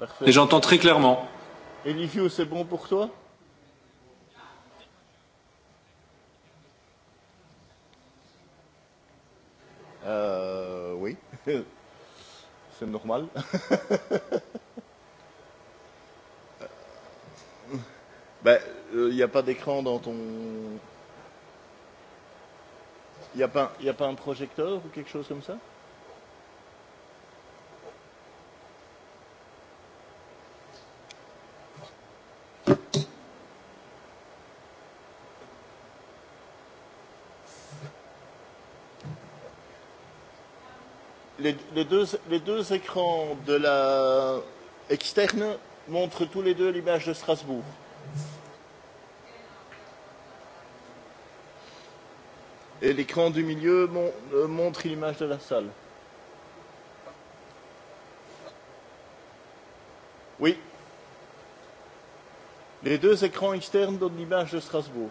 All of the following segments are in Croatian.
Parfait. Et j'entends très clairement. Et c'est bon pour toi Euh, oui. c'est normal. Euh, ben, il euh, n'y a pas d'écran dans ton... Il n'y a, pas, a pas un projecteur ou quelque chose comme ça les, les, deux, les deux écrans de la externe montrent tous les deux l'image de Strasbourg. Et l'écran du milieu euh, montre l'image de la salle. Oui. Les deux écrans externes donnent l'image de Strasbourg.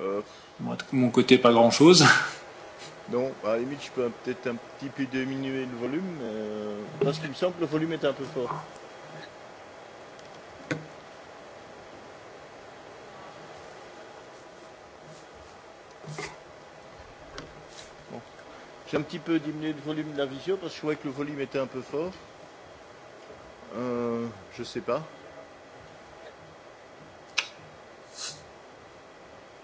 Euh, moi, de mon côté, pas grand chose. Donc à la limite, je peux peut-être un petit peu diminuer le volume, mais euh, parce qu'il me semble que le volume est un peu fort. Bon. J'ai un petit peu diminué le volume de la visio, parce que je trouvais que le volume était un peu fort. Euh, je sais pas.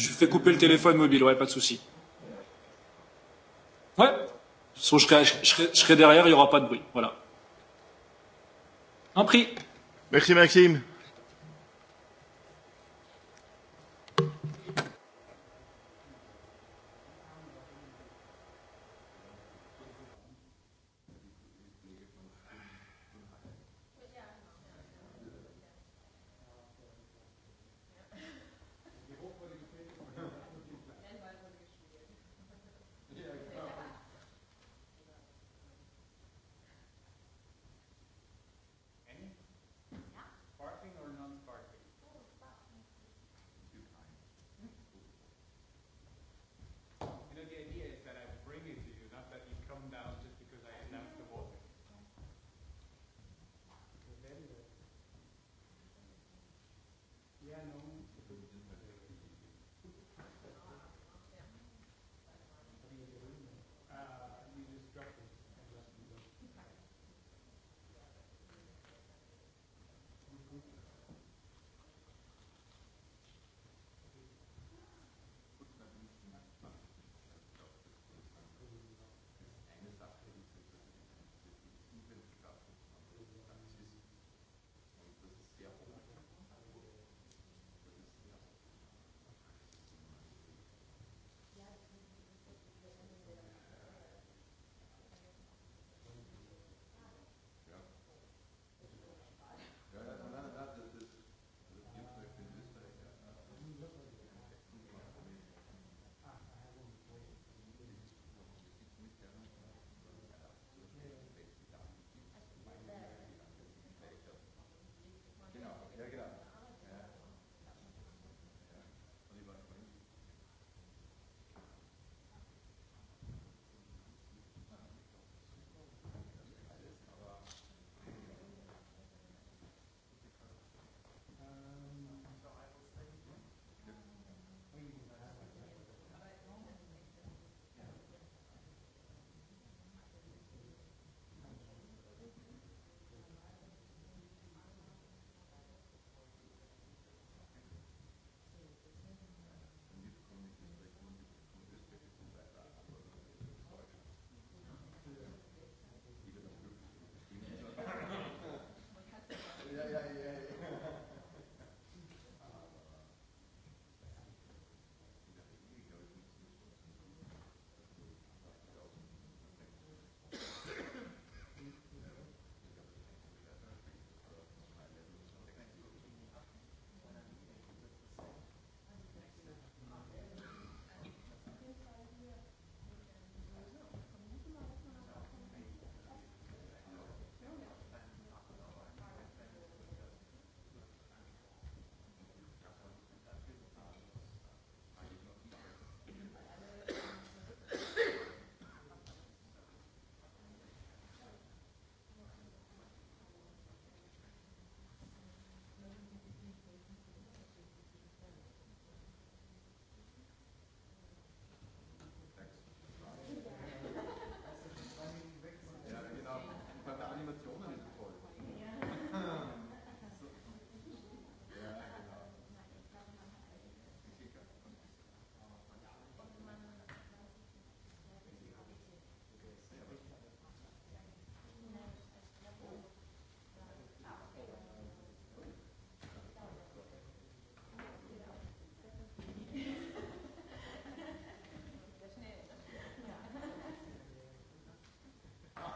Je fais couper le téléphone mobile, ouais, pas de souci. Ouais. je serai, je, serai, je serai derrière, il n'y aura pas de bruit. Voilà. En prix. Merci Maxime.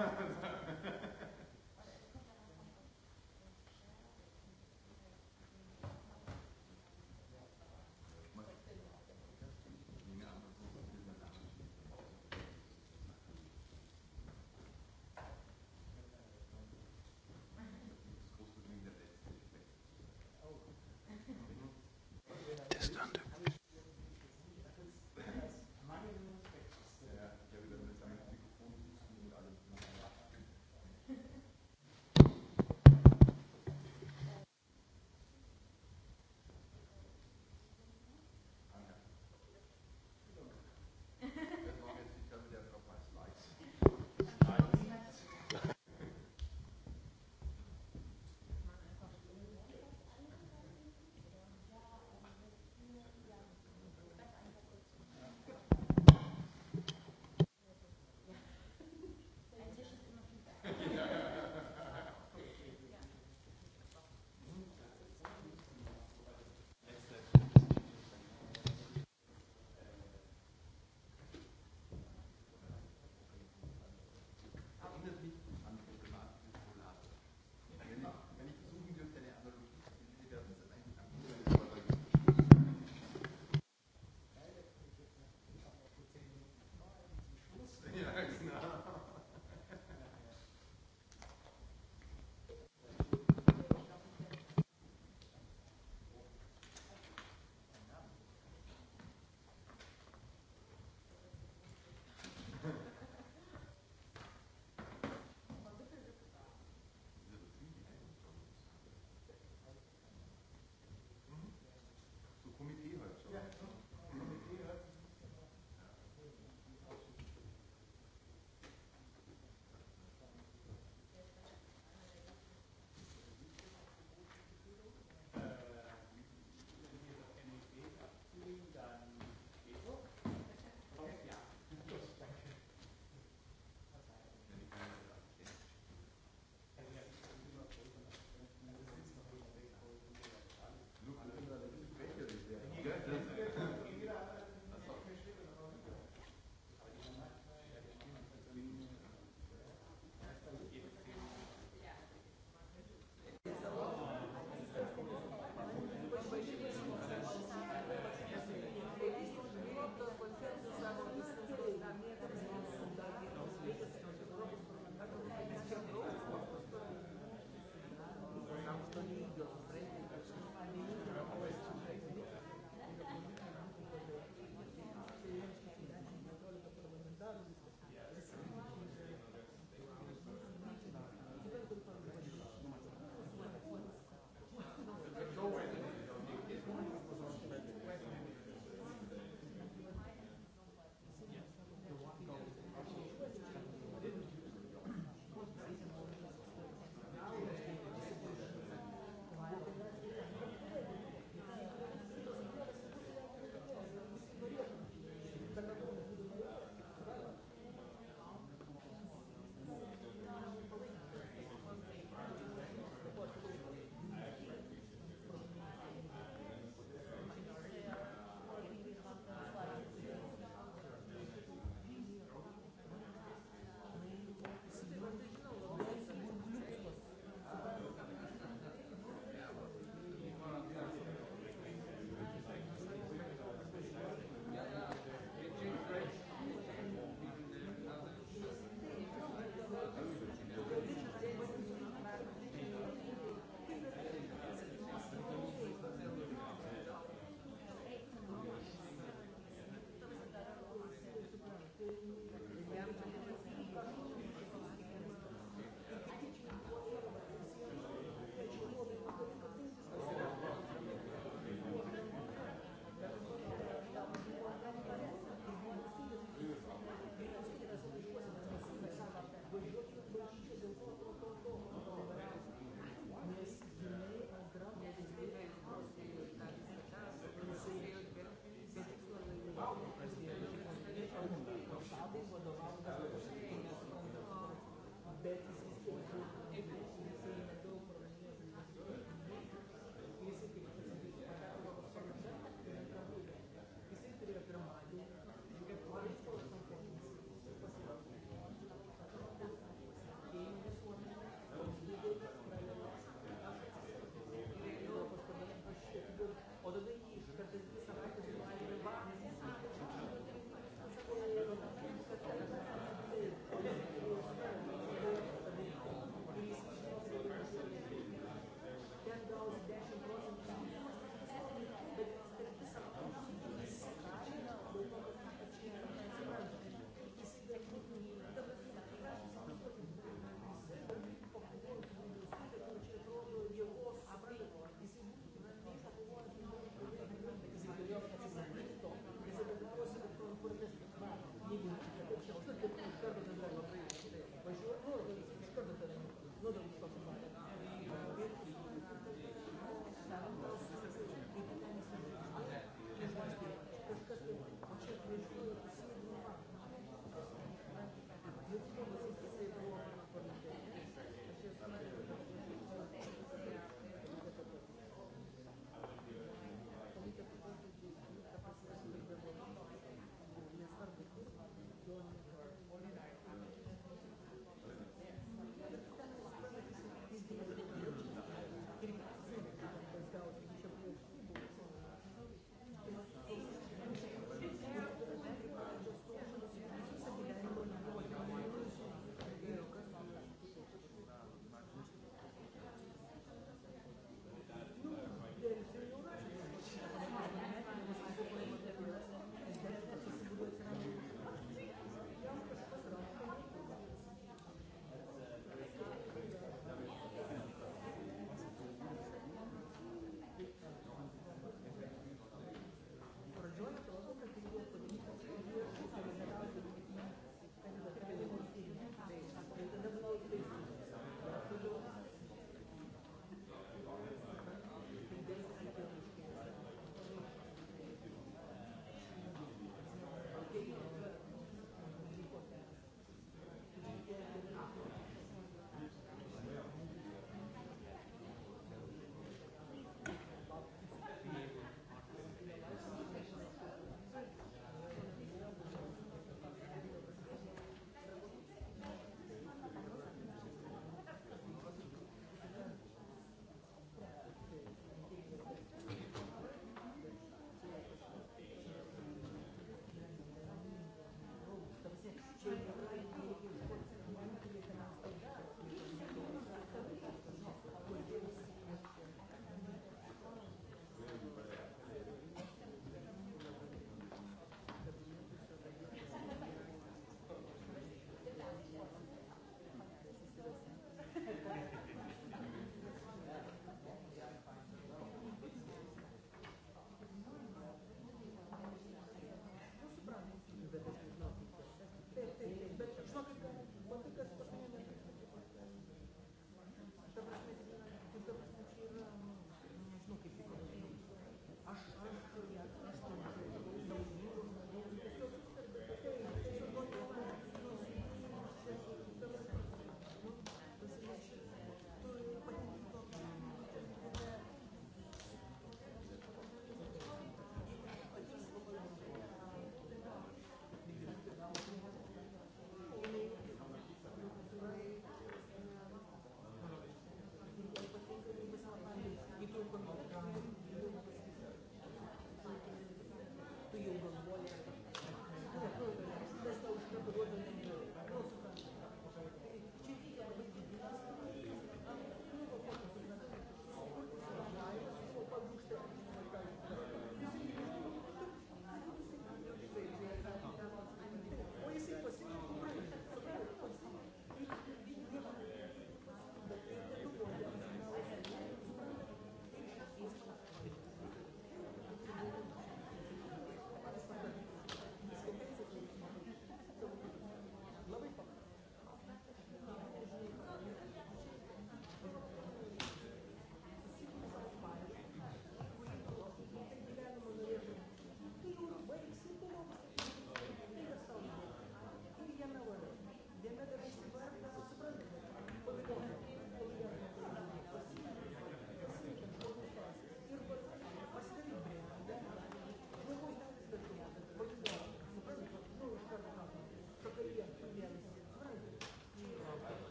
Hvala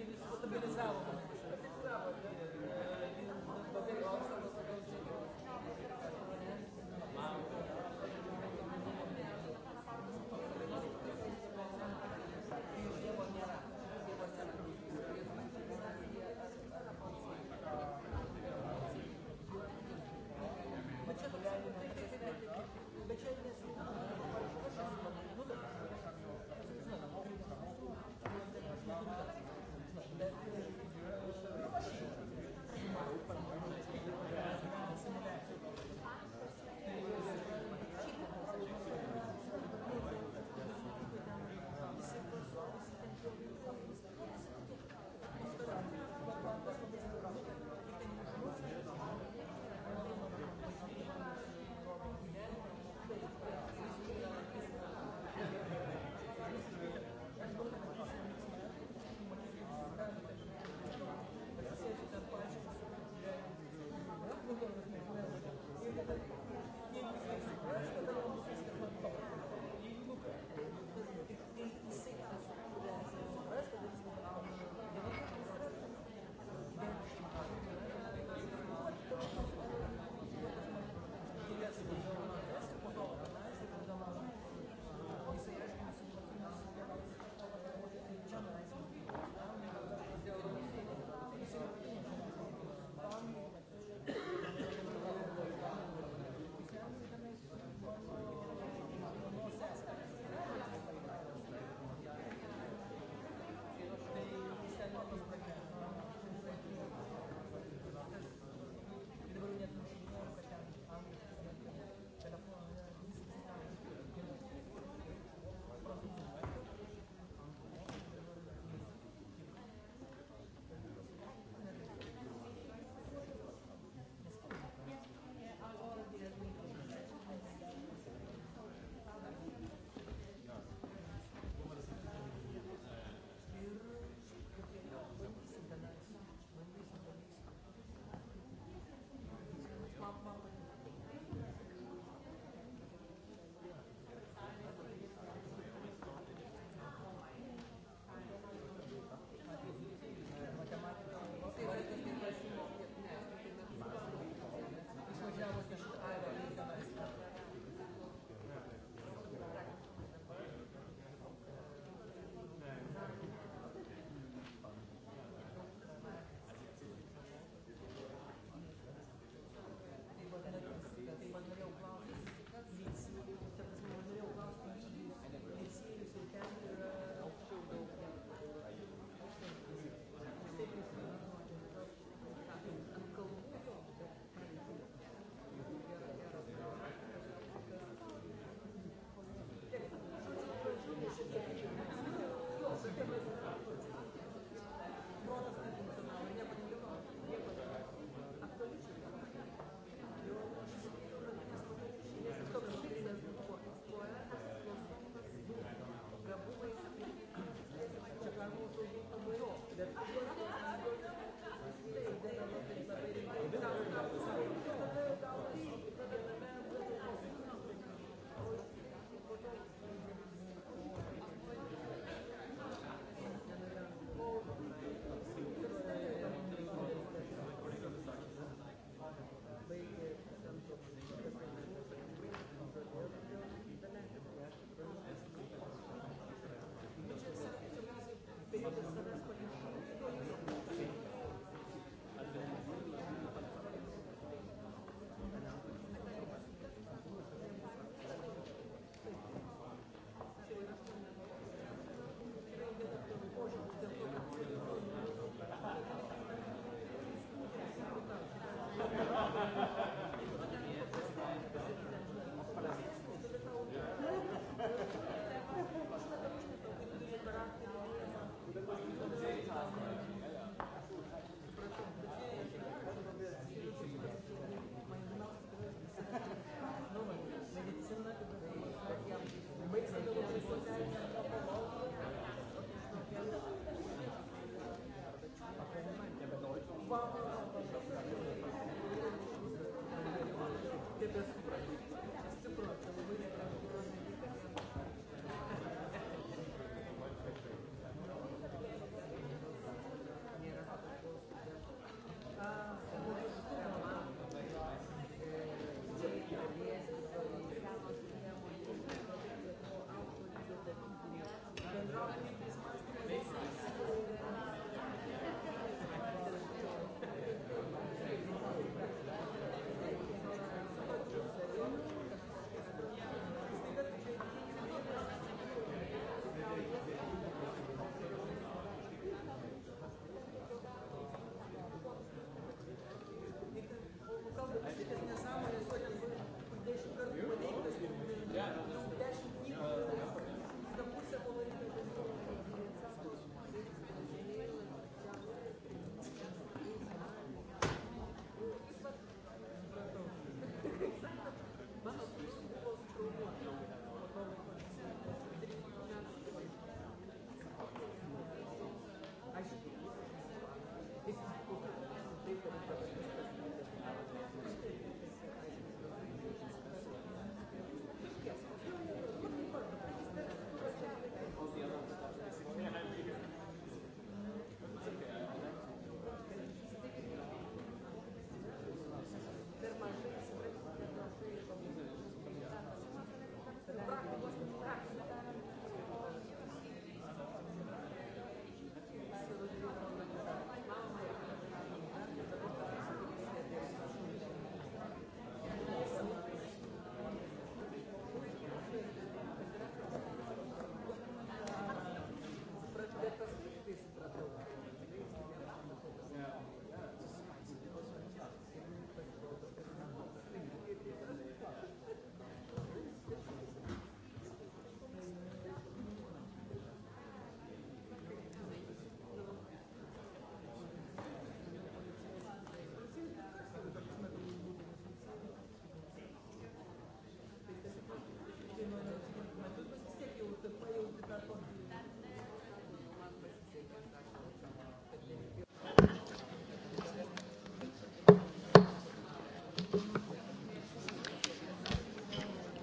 eni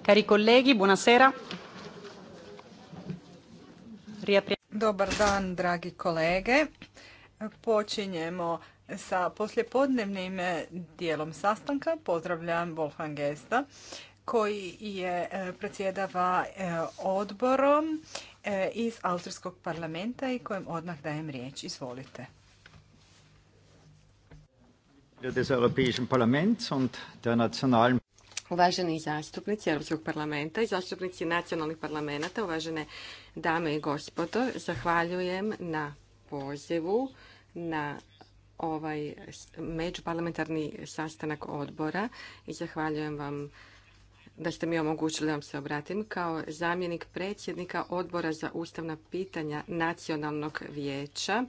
Cari colleghi, buonasera. Dobar dan, dragi kolege. Počinjemo sa poslijepodnevnim dijelom sastanka. Pozdravljam Wolfgang Gesta koji je e, predsjedava e, odborom e, iz Austrijskog parlamenta i kojem odmah dajem riječ. Izvolite. Uvaženi zastupnici Europskog parlamenta i zastupnici nacionalnih parlamenta, uvažene dame i gospodo, zahvaljujem na pozivu na ovaj međuparlamentarni sastanak odbora i zahvaljujem vam da ste mi omogućili da vam se obratim kao zamjenik predsjednika odbora za ustavna pitanja nacionalnog vijeća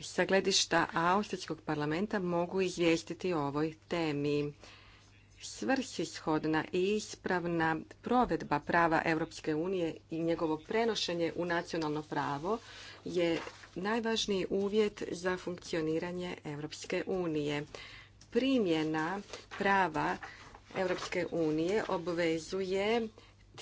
sa gledišta austrijskog parlamenta mogu izvijestiti o ovoj temi svrsishodna i ispravna provedba prava Europske unije i njegovo prenošenje u nacionalno pravo je najvažniji uvjet za funkcioniranje Europske unije. Primjena prava Europske unije obvezuje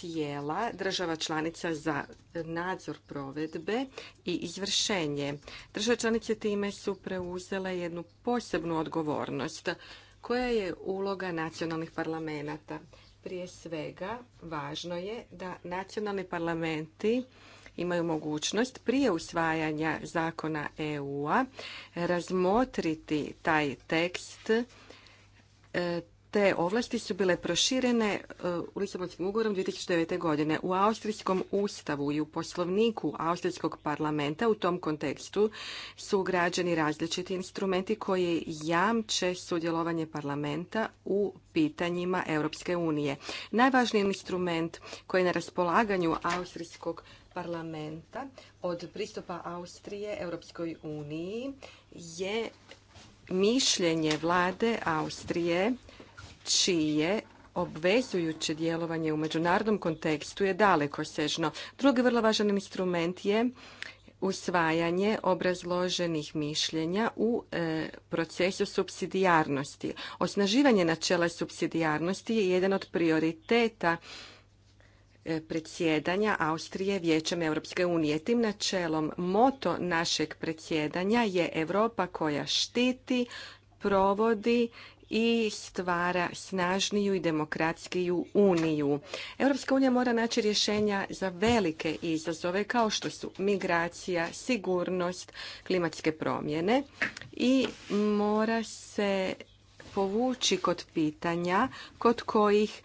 tijela država članica za nadzor provedbe i izvršenje. Države članice time su preuzele jednu posebnu odgovornost. Koja je uloga nacionalnih parlamenata? Prije svega, važno je da nacionalni parlamenti imaju mogućnost prije usvajanja zakona EU-a razmotriti taj tekst e, te ovlasti su bile proširene u e, Lisabonskim ugovorom 2009. godine. U Austrijskom ustavu i u poslovniku Austrijskog parlamenta u tom kontekstu su ugrađeni različiti instrumenti koji jamče sudjelovanje parlamenta u pitanjima Europske unije. Najvažniji instrument koji je na raspolaganju Austrijskog parlamenta od pristupa Austrije Europskoj uniji je mišljenje vlade Austrije čije obvezujuće djelovanje u međunarodnom kontekstu je daleko sežno. Drugi vrlo važan instrument je usvajanje obrazloženih mišljenja u e, procesu subsidijarnosti. Osnaživanje načela subsidijarnosti je jedan od prioriteta e, predsjedanja Austrije Vijećem Europske unije. Tim načelom moto našeg predsjedanja je Europa koja štiti, provodi i stvara snažniju i demokratskiju uniju. Europska unija mora naći rješenja za velike izazove kao što su migracija, sigurnost, klimatske promjene i mora se povući kod pitanja kod kojih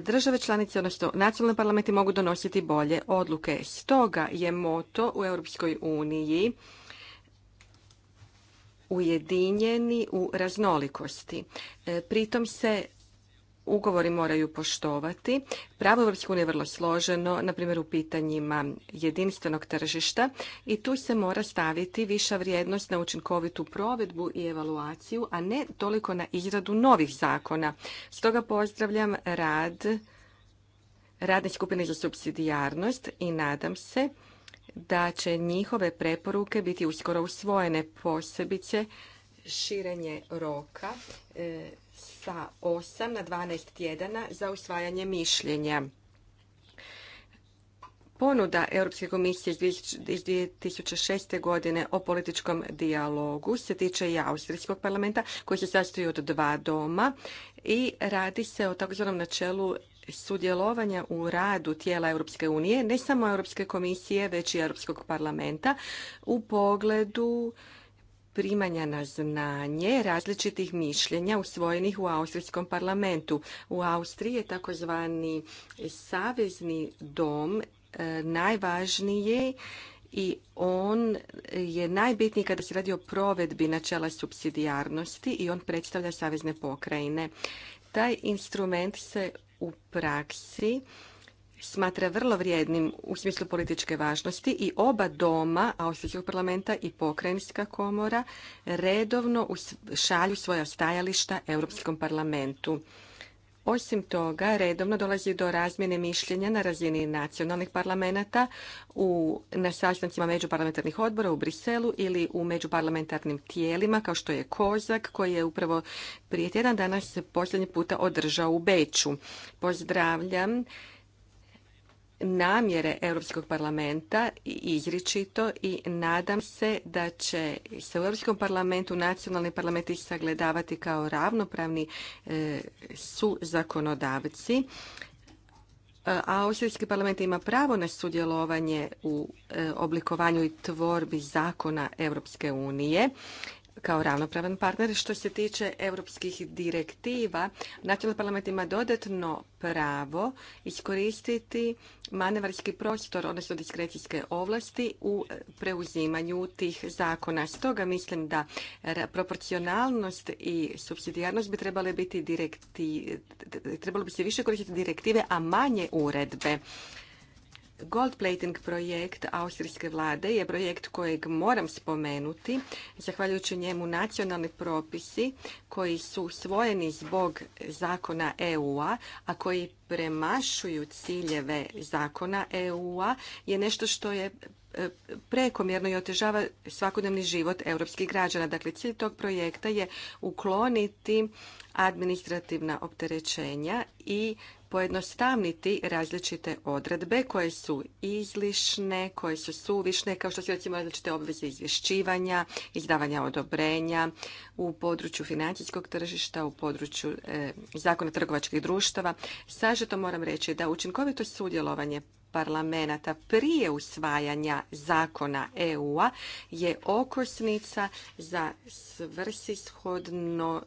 države članice, odnosno nacionalni parlamenti mogu donositi bolje odluke. Stoga je moto u Europskoj uniji ujedinjeni u raznolikosti. E, pritom se ugovori moraju poštovati. Pravo Europske unije je vrlo složeno, na primjer u pitanjima jedinstvenog tržišta i tu se mora staviti viša vrijednost na učinkovitu provedbu i evaluaciju, a ne toliko na izradu novih zakona. Stoga pozdravljam rad radne skupine za subsidijarnost i nadam se da će njihove preporuke biti uskoro usvojene posebice širenje roka e, sa 8 na 12 tjedana za usvajanje mišljenja. Ponuda Europske komisije iz 2006. godine o političkom dijalogu se tiče i Austrijskog parlamenta koji se sastoji od dva doma i radi se o takozvanom načelu sudjelovanja u radu tijela Europske unije, ne samo Europske komisije, već i Europskog parlamenta u pogledu primanja na znanje različitih mišljenja usvojenih u Austrijskom parlamentu. U Austriji je takozvani savezni dom e, najvažniji i on je najbitniji kada se radi o provedbi načela subsidijarnosti i on predstavlja savezne pokrajine. Taj instrument se u praksi smatra vrlo vrijednim u smislu političke važnosti i oba doma Austrijskog parlamenta i Pokrajinska komora redovno šalju svoja stajališta Europskom parlamentu. Osim toga, redovno dolazi do razmjene mišljenja na razini nacionalnih parlamenta u, na sastancima međuparlamentarnih odbora u Briselu ili u međuparlamentarnim tijelima kao što je Kozak koji je upravo prije tjedan danas se posljednji puta održao u Beču. Pozdravljam namjere Europskog parlamenta izričito i nadam se da će se u Europskom parlamentu nacionalni parlamenti sagledavati kao ravnopravni e, su zakonodavci. E, austrijski parlament ima pravo na sudjelovanje u e, oblikovanju i tvorbi zakona Europske unije kao ravnopravan partner. Što se tiče europskih direktiva, nacionalni parlament ima dodatno pravo iskoristiti manevarski prostor, odnosno diskrecijske ovlasti u preuzimanju tih zakona. Stoga mislim da proporcionalnost i subsidijarnost bi trebale biti direktive, trebalo bi se više koristiti direktive, a manje uredbe. Gold plating projekt austrijske vlade je projekt kojeg moram spomenuti. Zahvaljujući njemu nacionalni propisi koji su usvojeni zbog zakona EU-a, a koji premašuju ciljeve zakona EU-a, je nešto što je e, prekomjerno i otežava svakodnevni život europskih građana. Dakle, cilj tog projekta je ukloniti administrativna opterećenja i pojednostavniti različite odredbe koje su izlišne, koje su suvišne, kao što su recimo različite obveze izvješćivanja, izdavanja odobrenja u području financijskog tržišta, u području e, zakona trgovačkih društava. Sažeto moram reći da učinkovito sudjelovanje parlamenta prije usvajanja zakona EU-a je okosnica za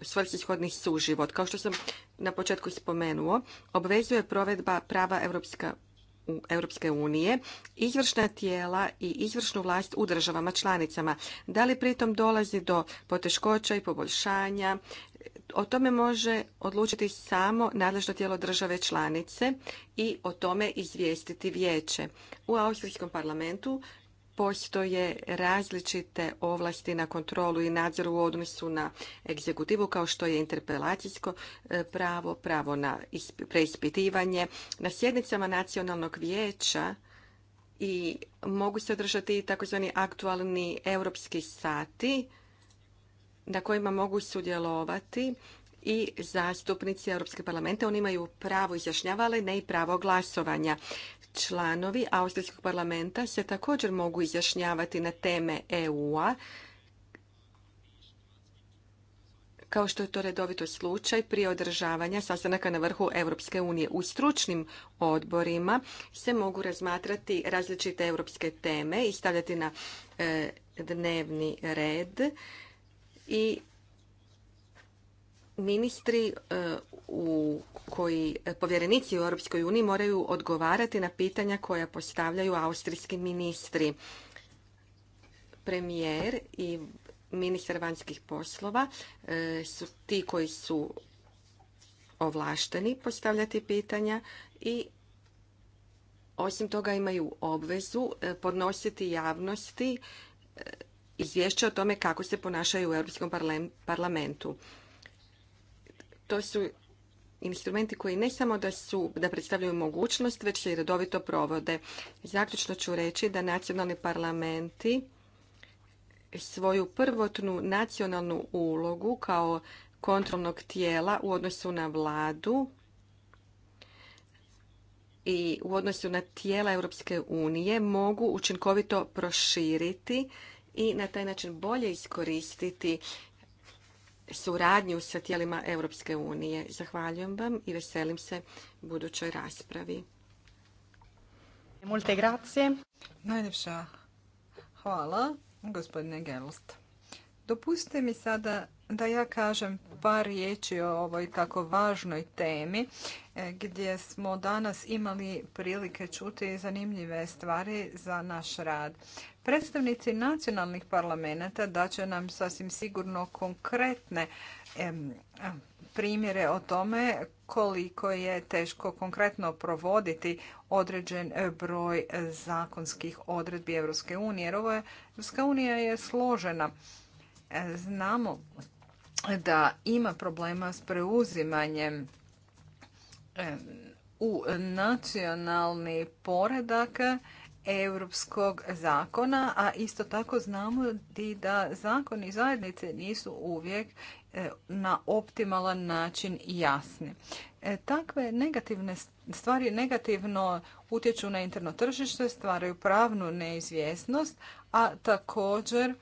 svrsishodni suživot. Kao što sam na početku spomenuo, obvezuje provedba prava Europska Europske unije, izvršna tijela i izvršnu vlast u državama članicama. Da li pritom dolazi do poteškoća i poboljšanja? O tome može odlučiti samo nadležno tijelo države članice i o tome izvijestiti vijeće. U Austrijskom parlamentu postoje različite ovlasti na kontrolu i nadzor u odnosu na egzekutivu kao što je interpelacijsko e, pravo, pravo na preispitivanje. Na sjednicama nacionalnog vijeća i mogu se održati takozvani aktualni europski sati na kojima mogu sudjelovati i zastupnici Europske parlamente. Oni imaju pravo izjašnjavale, ne i pravo glasovanja članovi Austrijskog parlamenta se također mogu izjašnjavati na teme EU-a, kao što je to redovito slučaj prije održavanja sastanaka na vrhu Europske unije. U stručnim odborima se mogu razmatrati različite europske teme i stavljati na e, dnevni red i ministri e, u koji e, povjerenici u Europskoj uniji moraju odgovarati na pitanja koja postavljaju austrijski ministri. Premijer i ministar vanjskih poslova e, su ti koji su ovlašteni postavljati pitanja i osim toga imaju obvezu podnositi javnosti izvješće o tome kako se ponašaju u Europskom parlamentu. To su instrumenti koji ne samo da su da predstavljaju mogućnost, već se i redovito provode. Zaključno ću reći da nacionalni parlamenti svoju prvotnu nacionalnu ulogu kao kontrolnog tijela u odnosu na vladu i u odnosu na tijela Europske unije mogu učinkovito proširiti i na taj način bolje iskoristiti suradnju sa tijelima Europske unije. Zahvaljujem vam i veselim se budućoj raspravi. Molte grazie. Najljepša hvala, gospodine gelst Dopustite mi sada da ja kažem par riječi o ovoj tako važnoj temi e, gdje smo danas imali prilike čuti zanimljive stvari za naš rad. Predstavnici nacionalnih parlamenta daće nam sasvim sigurno konkretne primjere o tome koliko je teško konkretno provoditi određen e, broj zakonskih odredbi Europske unije. Jer ovo je, Europska unija je složena. E, znamo da ima problema s preuzimanjem u nacionalni poredak europskog zakona, a isto tako znamo i da zakoni zajednice nisu uvijek e, na optimalan način jasni. E, takve negativne stvari negativno utječu na interno tržište, stvaraju pravnu neizvjesnost, a također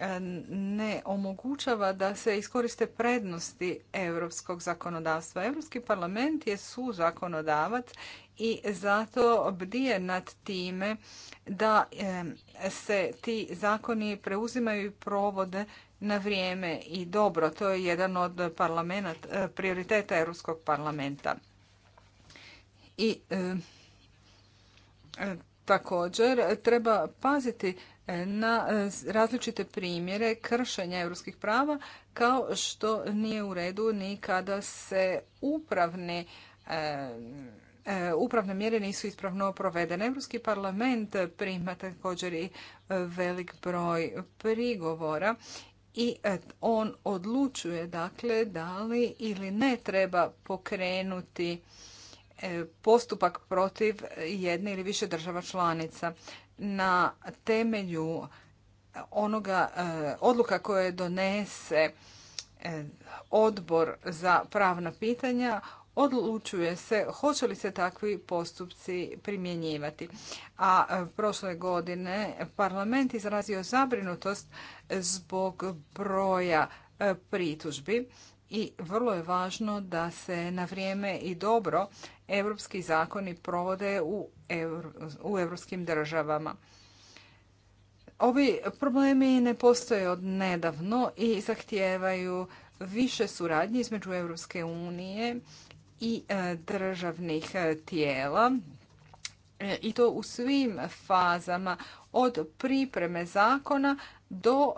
E, ne omogućava da se iskoriste prednosti europskog zakonodavstva. Europski parlament je su zakonodavac i zato bdije nad time da e, se ti zakoni preuzimaju i provode na vrijeme i dobro. To je jedan od e, prioriteta Europskog parlamenta. I također treba paziti na e, različite primjere kršenja europskih prava kao što nije u redu ni kada se upravne e, e, upravne mjere nisu ispravno provedene. Europski parlament prima također i velik broj prigovora i on odlučuje dakle da li ili ne treba pokrenuti postupak protiv jedne ili više država članica na temelju onoga e, odluka koje donese e, odbor za pravna pitanja odlučuje se hoće li se takvi postupci primjenjivati. A e, prošle godine parlament izrazio zabrinutost zbog broja pritužbi i vrlo je važno da se na vrijeme i dobro europski zakoni provode u europskim državama. Ovi problemi ne postoje od nedavno i zahtijevaju više suradnje između Europske unije i e, državnih e, tijela e, i to u svim fazama od pripreme zakona do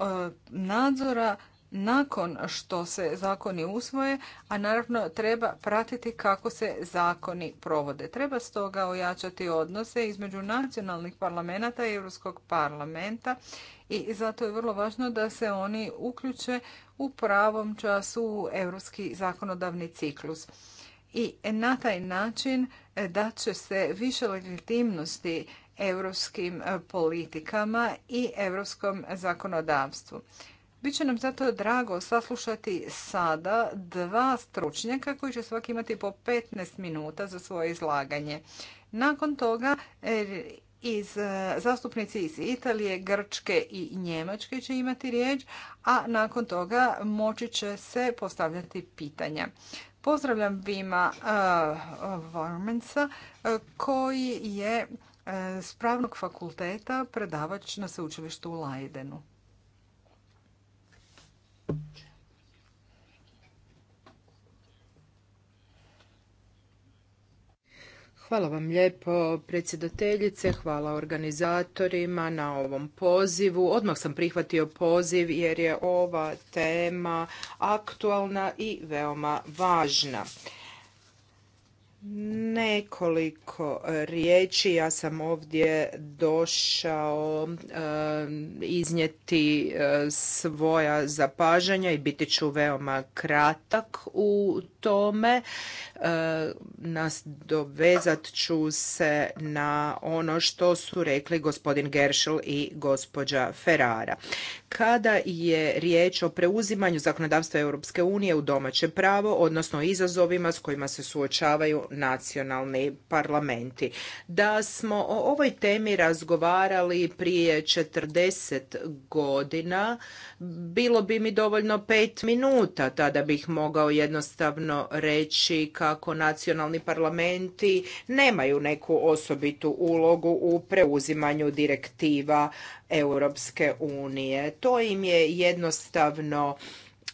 nadzora nakon što se zakoni usvoje, a naravno treba pratiti kako se zakoni provode. Treba stoga ojačati odnose između nacionalnih parlamenta i Europskog parlamenta i zato je vrlo važno da se oni uključe u pravom času u europski zakonodavni ciklus. I na taj način e, da će se više legitimnosti europskim politikama i europskom zakonodavstvu. Biće nam zato drago saslušati sada dva stručnjaka koji će svaki imati po 15 minuta za svoje izlaganje. Nakon toga er, iz e, zastupnici iz Italije, Grčke i Njemačke će imati riječ, a nakon toga moći će se postavljati pitanja. Pozdravljam Vima Varmensa e, e, koji je s pravnog fakulteta predavač na sveučilištu u Lajdenu. Hvala vam lijepo predsjedateljice, hvala organizatorima na ovom pozivu. Odmah sam prihvatio poziv jer je ova tema aktualna i veoma važna. Nekoliko e, riječi. Ja sam ovdje došao e, iznijeti e, svoja zapažanja i biti ću veoma kratak u tome. E, nas dovezat ću se na ono što su rekli gospodin Gershel i gospođa Ferrara. Kada je riječ o preuzimanju zakonodavstva Europske unije u domaće pravo, odnosno izazovima s kojima se suočavaju nacionalni parlamenti. Da smo o ovoj temi razgovarali prije 40 godina, bilo bi mi dovoljno pet minuta, tada bih mogao jednostavno reći kako nacionalni parlamenti nemaju neku osobitu ulogu u preuzimanju direktiva Europske unije. To im je jednostavno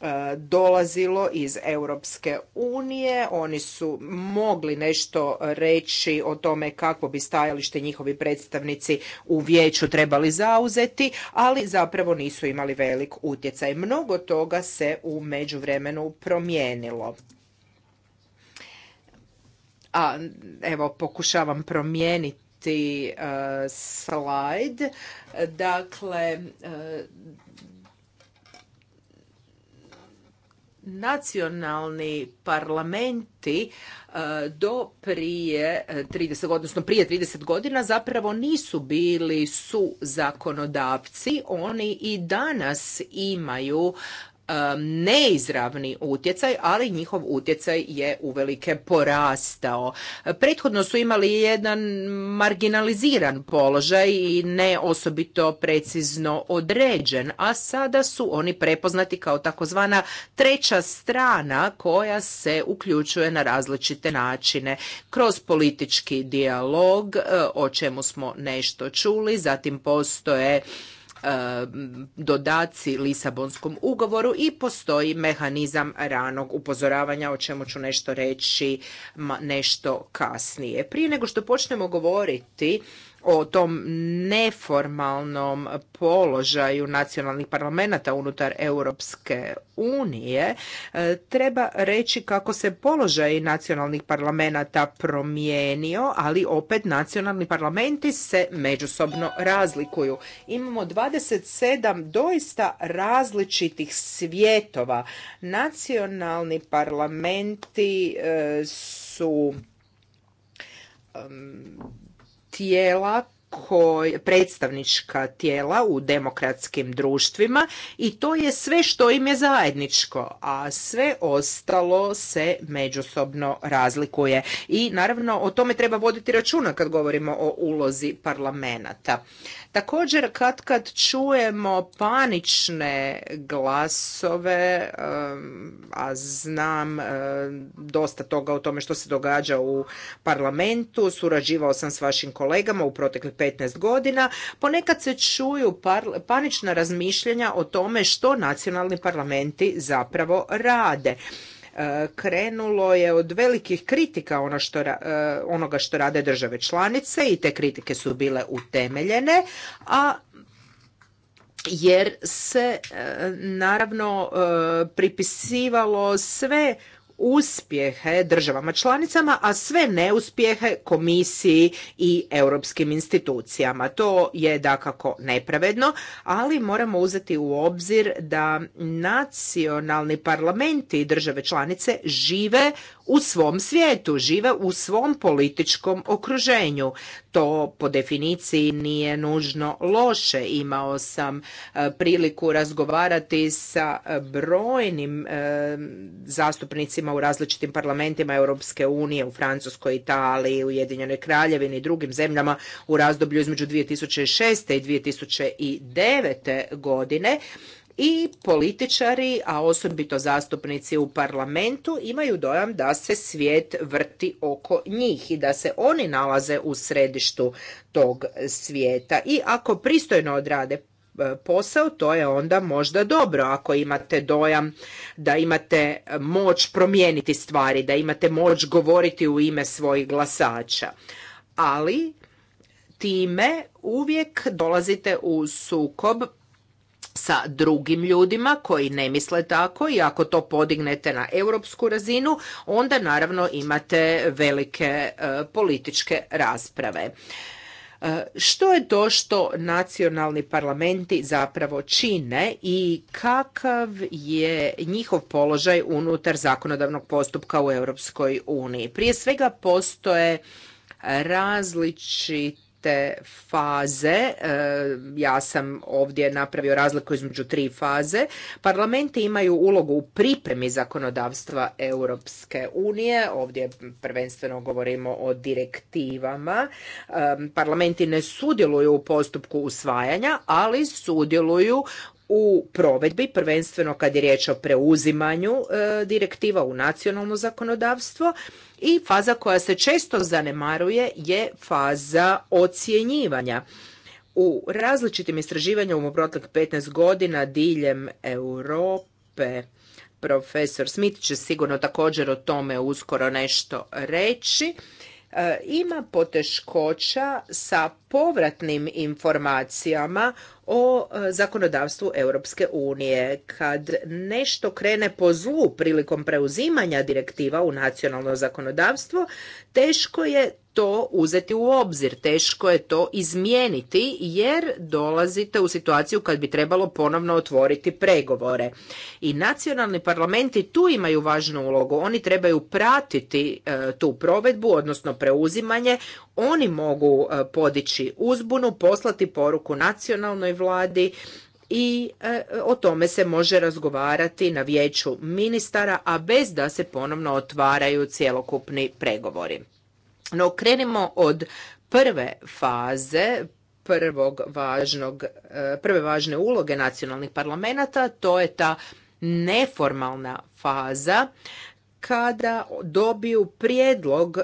e, dolazilo iz Europske unije. Oni su mogli nešto reći o tome kako bi stajalište njihovi predstavnici u vijeću trebali zauzeti, ali zapravo nisu imali velik utjecaj. Mnogo toga se u međuvremenu promijenilo a evo pokušavam promijeniti e, slajd. Dakle, e, nacionalni parlamenti e, do prije 30 odnosno prije 30 godina zapravo nisu bili su zakonodavci oni i danas imaju neizravni utjecaj, ali njihov utjecaj je uvelike porastao. Prethodno su imali jedan marginaliziran položaj i ne osobito precizno određen, a sada su oni prepoznati kao takozvana treća strana koja se uključuje na različite načine kroz politički dijalog, e, o čemu smo nešto čuli, zatim postoje E, dodaci Lisabonskom ugovoru i postoji mehanizam ranog upozoravanja o čemu ću nešto reći nešto kasnije. Prije nego što počnemo govoriti o tom neformalnom položaju nacionalnih parlamenta unutar Europske unije, e, treba reći kako se položaj nacionalnih parlamenta promijenio, ali opet nacionalni parlamenti se međusobno razlikuju. Imamo 27 doista različitih svjetova. Nacionalni parlamenti e, su tijela Koj, predstavnička tijela u demokratskim društvima i to je sve što im je zajedničko, a sve ostalo se međusobno razlikuje. I naravno o tome treba voditi računa kad govorimo o ulozi parlamenta. Također kad kad čujemo panične glasove, a znam dosta toga o tome što se događa u parlamentu, surađivao sam s vašim kolegama u proteklih 15 godina, ponekad se čuju panična razmišljanja o tome što nacionalni parlamenti zapravo rade. E, krenulo je od velikih kritika ono što, e, onoga što rade države članice i te kritike su bile utemeljene, a jer se e, naravno pripisivalo sve uspjehe državama članicama, a sve neuspjehe komisiji i europskim institucijama. To je dakako nepravedno, ali moramo uzeti u obzir da nacionalni parlamenti i države članice žive u svom svijetu, žive u svom političkom okruženju. To po definiciji nije nužno loše. Imao sam e, priliku razgovarati sa e, brojnim e, zastupnicima u različitim parlamentima Europske unije, u Francuskoj, Italiji, Ujedinjenoj Kraljevini i drugim zemljama u razdoblju između 2006. i 2009. godine i političari, a osobito zastupnici u parlamentu, imaju dojam da se svijet vrti oko njih i da se oni nalaze u središtu tog svijeta. I ako pristojno odrade e, posao, to je onda možda dobro ako imate dojam da imate moć promijeniti stvari, da imate moć govoriti u ime svojih glasača. Ali time uvijek dolazite u sukob sa drugim ljudima koji ne misle tako i ako to podignete na europsku razinu, onda naravno imate velike e, političke rasprave. E, što je to što nacionalni parlamenti zapravo čine i kakav je njihov položaj unutar zakonodavnog postupka u Europskoj uniji? Prije svega postoje različiti te faze, e, ja sam ovdje napravio razliku između tri faze, parlamenti imaju ulogu u pripremi zakonodavstva Europske unije, ovdje prvenstveno govorimo o direktivama, e, parlamenti ne sudjeluju u postupku usvajanja, ali sudjeluju u provedbi, prvenstveno kad je riječ o preuzimanju e, direktiva u nacionalno zakonodavstvo i faza koja se često zanemaruje je faza ocjenjivanja. U različitim istraživanjima u proteklih 15 godina diljem Europe profesor Smith će sigurno također o tome uskoro nešto reći. E, ima poteškoća sa povratnim informacijama o e, zakonodavstvu Europske unije. Kad nešto krene po zlu prilikom preuzimanja direktiva u nacionalno zakonodavstvo, teško je to uzeti u obzir, teško je to izmijeniti jer dolazite u situaciju kad bi trebalo ponovno otvoriti pregovore. I nacionalni parlamenti tu imaju važnu ulogu, oni trebaju pratiti e, tu provedbu, odnosno preuzimanje, oni mogu e, podići uzbunu, poslati poruku nacionalnoj vladi i e, o tome se može razgovarati na vijeću ministara, a bez da se ponovno otvaraju cjelokupni pregovori. No krenimo od prve faze, prvog važnog, e, prve važne uloge nacionalnih parlamenta, to je ta neformalna faza kada dobiju prijedlog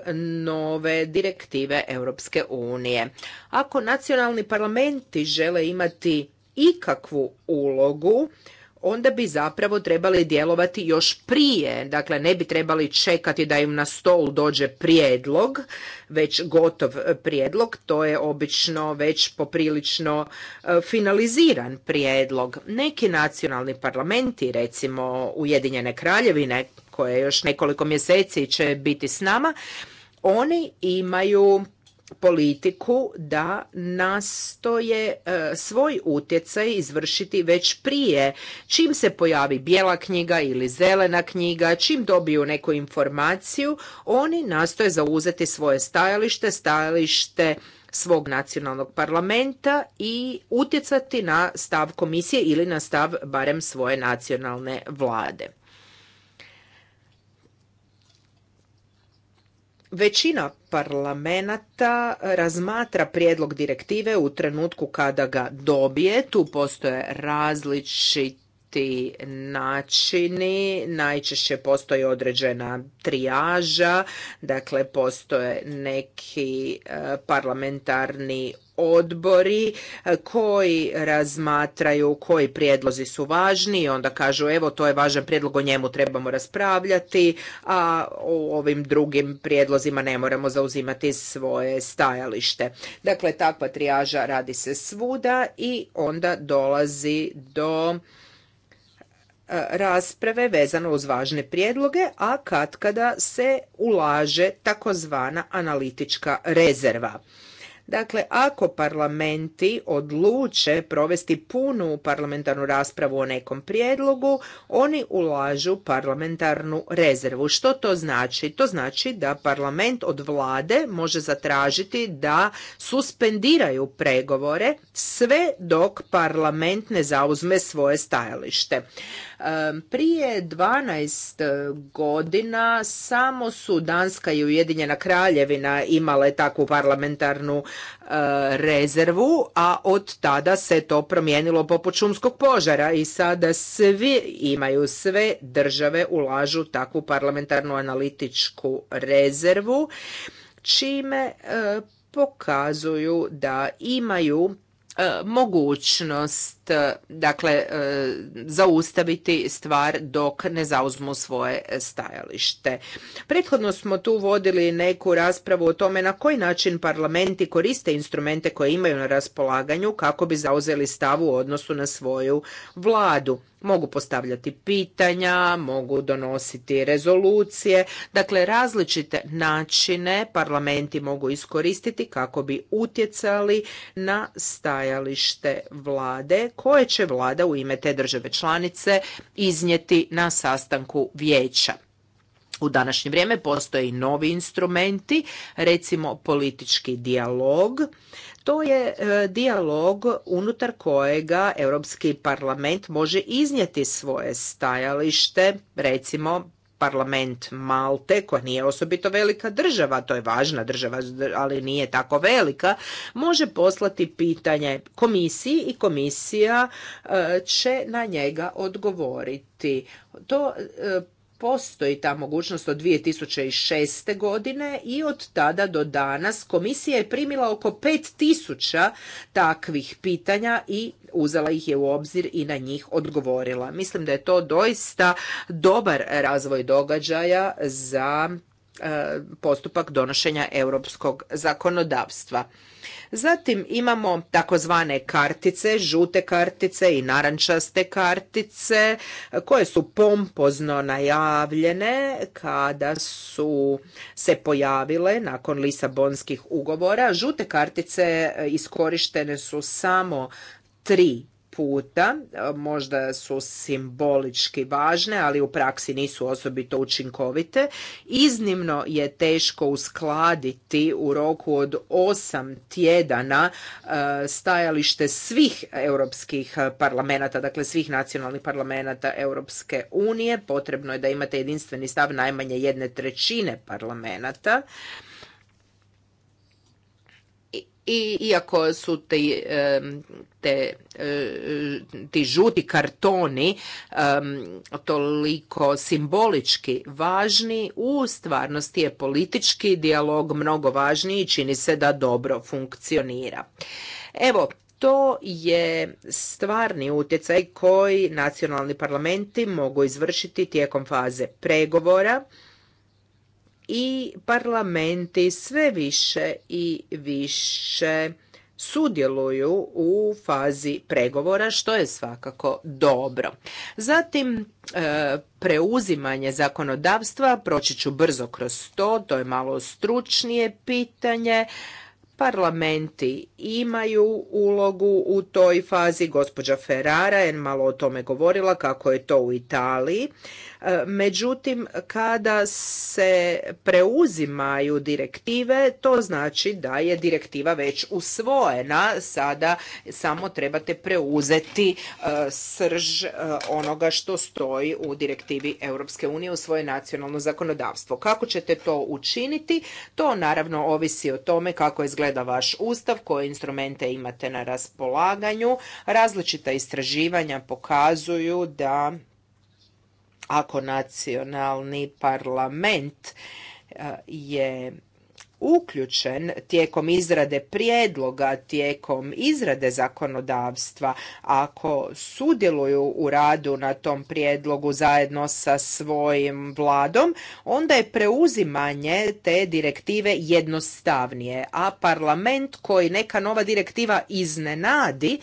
nove direktive Europske unije. Ako nacionalni parlamenti žele imati ikakvu ulogu onda bi zapravo trebali djelovati još prije. Dakle, ne bi trebali čekati da im na stol dođe prijedlog, već gotov prijedlog. To je obično već poprilično e, finaliziran prijedlog. Neki nacionalni parlamenti, recimo Ujedinjene kraljevine, koje još nekoliko mjeseci će biti s nama, oni imaju politiku da nastoje e, svoj utjecaj izvršiti već prije čim se pojavi bijela knjiga ili zelena knjiga, čim dobiju neku informaciju, oni nastoje zauzeti svoje stajalište, stajalište svog nacionalnog parlamenta i utjecati na stav komisije ili na stav barem svoje nacionalne vlade. Većina parlamenta razmatra prijedlog direktive u trenutku kada ga dobije. Tu postoje različiti ti načini. Najčešće postoji određena trijaža, dakle postoje neki e, parlamentarni odbori e, koji razmatraju koji prijedlozi su važni i onda kažu evo to je važan prijedlog, o njemu trebamo raspravljati, a o ovim drugim prijedlozima ne moramo zauzimati svoje stajalište. Dakle, takva trijaža radi se svuda i onda dolazi do E, rasprave vezano uz važne prijedloge, a katkada se ulaže takozvana analitička rezerva. Dakle, ako parlamenti odluče provesti punu parlamentarnu raspravu o nekom prijedlogu, oni ulažu parlamentarnu rezervu. Što to znači? To znači da parlament od vlade može zatražiti da suspendiraju pregovore sve dok parlament ne zauzme svoje stajalište. Prije 12 godina samo su Danska i Ujedinjena Kraljevina imale takvu parlamentarnu E, rezervu, a od tada se to promijenilo poput šumskog požara i sada svi imaju, sve države ulažu takvu parlamentarnu analitičku rezervu, čime e, pokazuju da imaju E, mogućnost e, dakle e, zaustaviti stvar dok ne zauzmu svoje stajalište. Prethodno smo tu vodili neku raspravu o tome na koji način parlamenti koriste instrumente koje imaju na raspolaganju kako bi zauzeli stav u odnosu na svoju vladu. Mogu postavljati pitanja, mogu donositi rezolucije, dakle različite načine parlamenti mogu iskoristiti kako bi utjecali na stajalište vlade koje će vlada u ime te države članice iznijeti na sastanku vijeća. U današnje vrijeme postoje i novi instrumenti, recimo politički dijalog. To je e, dijalog unutar kojega Europski parlament može iznijeti svoje stajalište, recimo parlament Malte, koja nije osobito velika država, to je važna država, ali nije tako velika, može poslati pitanje komisiji i komisija e, će na njega odgovoriti. To e, postoji ta mogućnost od 2006. godine i od tada do danas komisija je primila oko 5000 takvih pitanja i uzela ih je u obzir i na njih odgovorila. Mislim da je to doista dobar razvoj događaja za E, postupak donošenja europskog zakonodavstva. Zatim imamo takozvane kartice, žute kartice i narančaste kartice koje su pompozno najavljene kada su se pojavile nakon Lisabonskih ugovora. Žute kartice e, iskorištene su samo tri puta, e, možda su simbolički važne, ali u praksi nisu osobito učinkovite. Iznimno je teško uskladiti u roku od osam tjedana e, stajalište svih europskih parlamenta, dakle svih nacionalnih parlamenta Europske unije. Potrebno je da imate jedinstveni stav najmanje jedne trećine parlamenta i iako su te te, e, ti žuti kartoni toliko simbolički važni, u stvarnosti je politički dijalog mnogo važniji i čini se da dobro funkcionira. Evo, to je stvarni utjecaj koji nacionalni parlamenti mogu izvršiti tijekom faze pregovora i parlamenti sve više i više sudjeluju u fazi pregovora što je svakako dobro. Zatim e, preuzimanje zakonodavstva, proći ću brzo kroz to, to je malo stručnije pitanje. Parlamenti imaju ulogu u toj fazi, gospođa Ferrara je malo o tome govorila kako je to u Italiji. E, međutim, kada se preuzimaju direktive, to znači da je direktiva već usvojena, sada samo trebate preuzeti e, srž e, onoga što stoji u direktivi Europske unije u svoje nacionalno zakonodavstvo. Kako ćete to učiniti? To naravno ovisi o tome kako izgleda vaš ustav, koje instrumente imate na raspolaganju. Različita istraživanja pokazuju da ako nacionalni parlament e, je uključen tijekom izrade prijedloga, tijekom izrade zakonodavstva, ako sudjeluju u radu na tom prijedlogu zajedno sa svojim vladom, onda je preuzimanje te direktive jednostavnije. A parlament koji neka nova direktiva iznenadi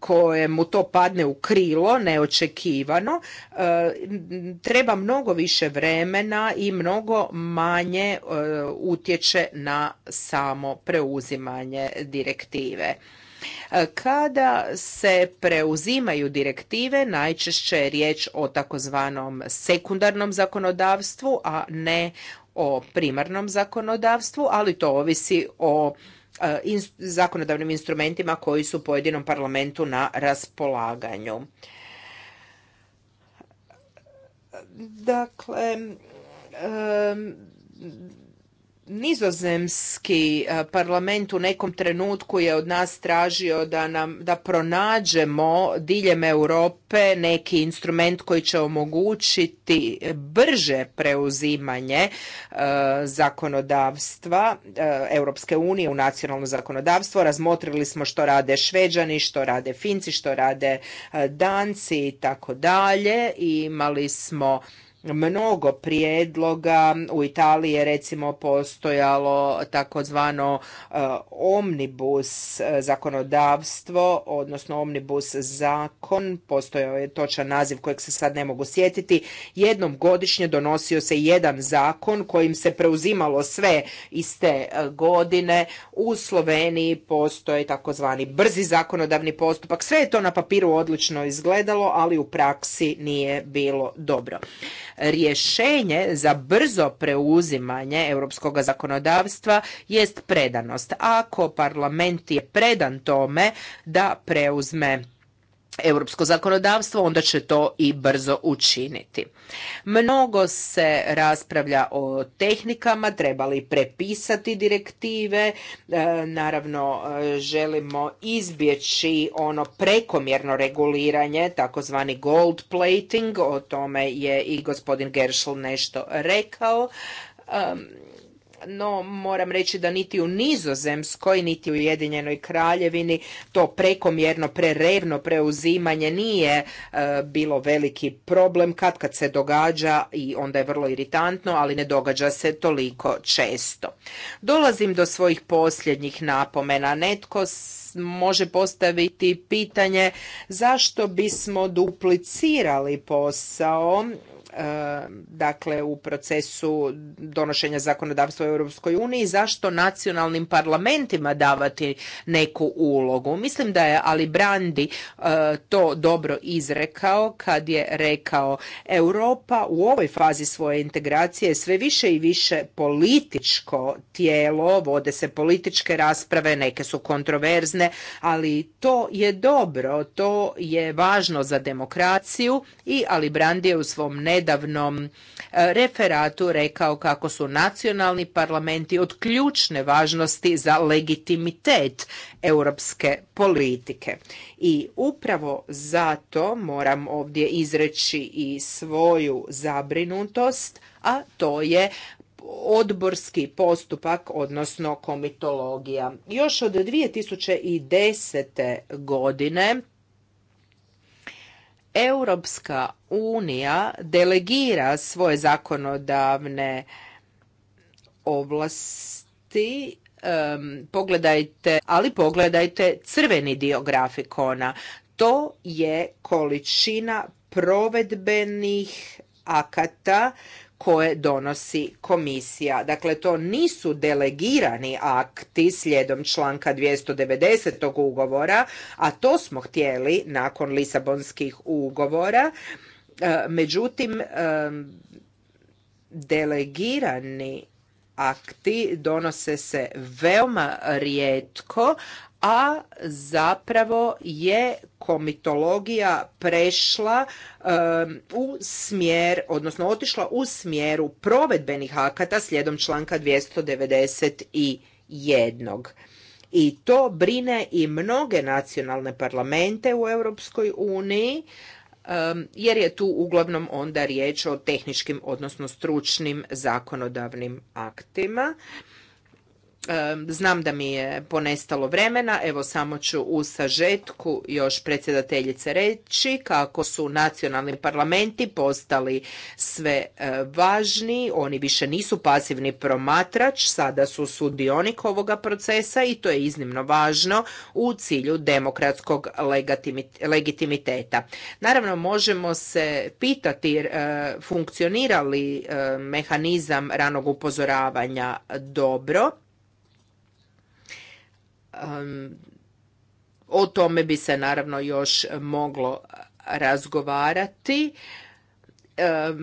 koje mu to padne u krilo neočekivano e, treba mnogo više vremena i mnogo manje e, utječe na samo preuzimanje direktive. E, kada se preuzimaju direktive, najčešće je riječ o takozvanom sekundarnom zakonodavstvu, a ne o primarnom zakonodavstvu, ali to ovisi o E, zakonodavnim instrumentima koji su pojedinom parlamentu na raspolaganju. Dakle, e, Nizozemski eh, parlament u nekom trenutku je od nas tražio da, nam, da pronađemo diljem Europe neki instrument koji će omogućiti brže preuzimanje eh, zakonodavstva eh, Europske unije u nacionalno zakonodavstvo. Razmotrili smo što rade Šveđani, što rade Finci, što rade Danci i tako dalje. Imali smo mnogo prijedloga. U Italiji je recimo postojalo takozvano e, omnibus zakonodavstvo, odnosno omnibus zakon, postojao je točan naziv kojeg se sad ne mogu sjetiti. Jednom godišnje donosio se jedan zakon kojim se preuzimalo sve iste e, godine. U Sloveniji postoje takozvani brzi zakonodavni postupak. Sve je to na papiru odlično izgledalo, ali u praksi nije bilo dobro rješenje za brzo preuzimanje europskog zakonodavstva jest predanost. Ako parlament je predan tome da preuzme europsko zakonodavstvo, onda će to i brzo učiniti. Mnogo se raspravlja o tehnikama, treba li prepisati direktive, e, naravno e, želimo izbjeći ono prekomjerno reguliranje, takozvani gold plating, o tome je i gospodin Gershel nešto rekao no moram reći da niti u Nizozemskoj, niti u Ujedinjenoj kraljevini to prekomjerno, prerevno preuzimanje nije e, bilo veliki problem kad kad se događa i onda je vrlo iritantno, ali ne događa se toliko često. Dolazim do svojih posljednjih napomena. Netko može postaviti pitanje zašto bismo duplicirali posao E, dakle u procesu donošenja zakonodavstva u Europskoj uniji, zašto nacionalnim parlamentima davati neku ulogu. Mislim da je Ali Brandi e, to dobro izrekao kad je rekao Europa u ovoj fazi svoje integracije sve više i više političko tijelo, vode se političke rasprave, neke su kontroverzne, ali to je dobro, to je važno za demokraciju i Ali Brandi je u svom nedavnom nedavnom e, referatu rekao kako su nacionalni parlamenti od ključne važnosti za legitimitet europske politike. I upravo zato moram ovdje izreći i svoju zabrinutost, a to je odborski postupak, odnosno komitologija. Još od 2010. godine Europska unija delegira svoje zakonodavne ovlasti pogledajte, ali pogledajte crveni dio grafikona. To je količina provedbenih akata koje donosi komisija. Dakle, to nisu delegirani akti slijedom članka 290. ugovora, a to smo htjeli nakon Lisabonskih ugovora. E, međutim, e, delegirani akti donose se veoma rijetko, a zapravo je komitologija prešla um, u smjer, odnosno otišla u smjeru provedbenih akata slijedom članka 291. I to brine i mnoge nacionalne parlamente u Europskoj uniji, jer je tu uglavnom onda riječ o tehničkim, odnosno stručnim zakonodavnim aktima. Znam da mi je ponestalo vremena, evo samo ću u sažetku još predsjedateljice reći kako su nacionalni parlamenti postali sve e, važniji, oni više nisu pasivni promatrač, sada su sudionik ovoga procesa i to je iznimno važno u cilju demokratskog legitimiteta. Naravno možemo se pitati e, funkcionira li e, mehanizam ranog upozoravanja dobro, o tome bi se naravno još moglo razgovarati.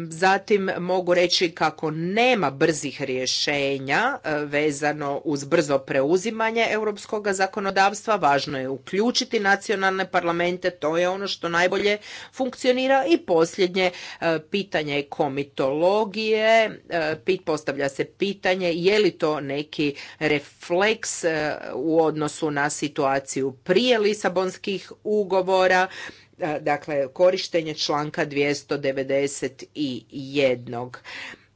Zatim mogu reći kako nema brzih rješenja e, vezano uz brzo preuzimanje europskog zakonodavstva. Važno je uključiti nacionalne parlamente, to je ono što najbolje funkcionira. I posljednje e, pitanje komitologije. E, postavlja se pitanje je li to neki refleks u odnosu na situaciju prije Lisabonskih ugovora dakle korištenje članka 291.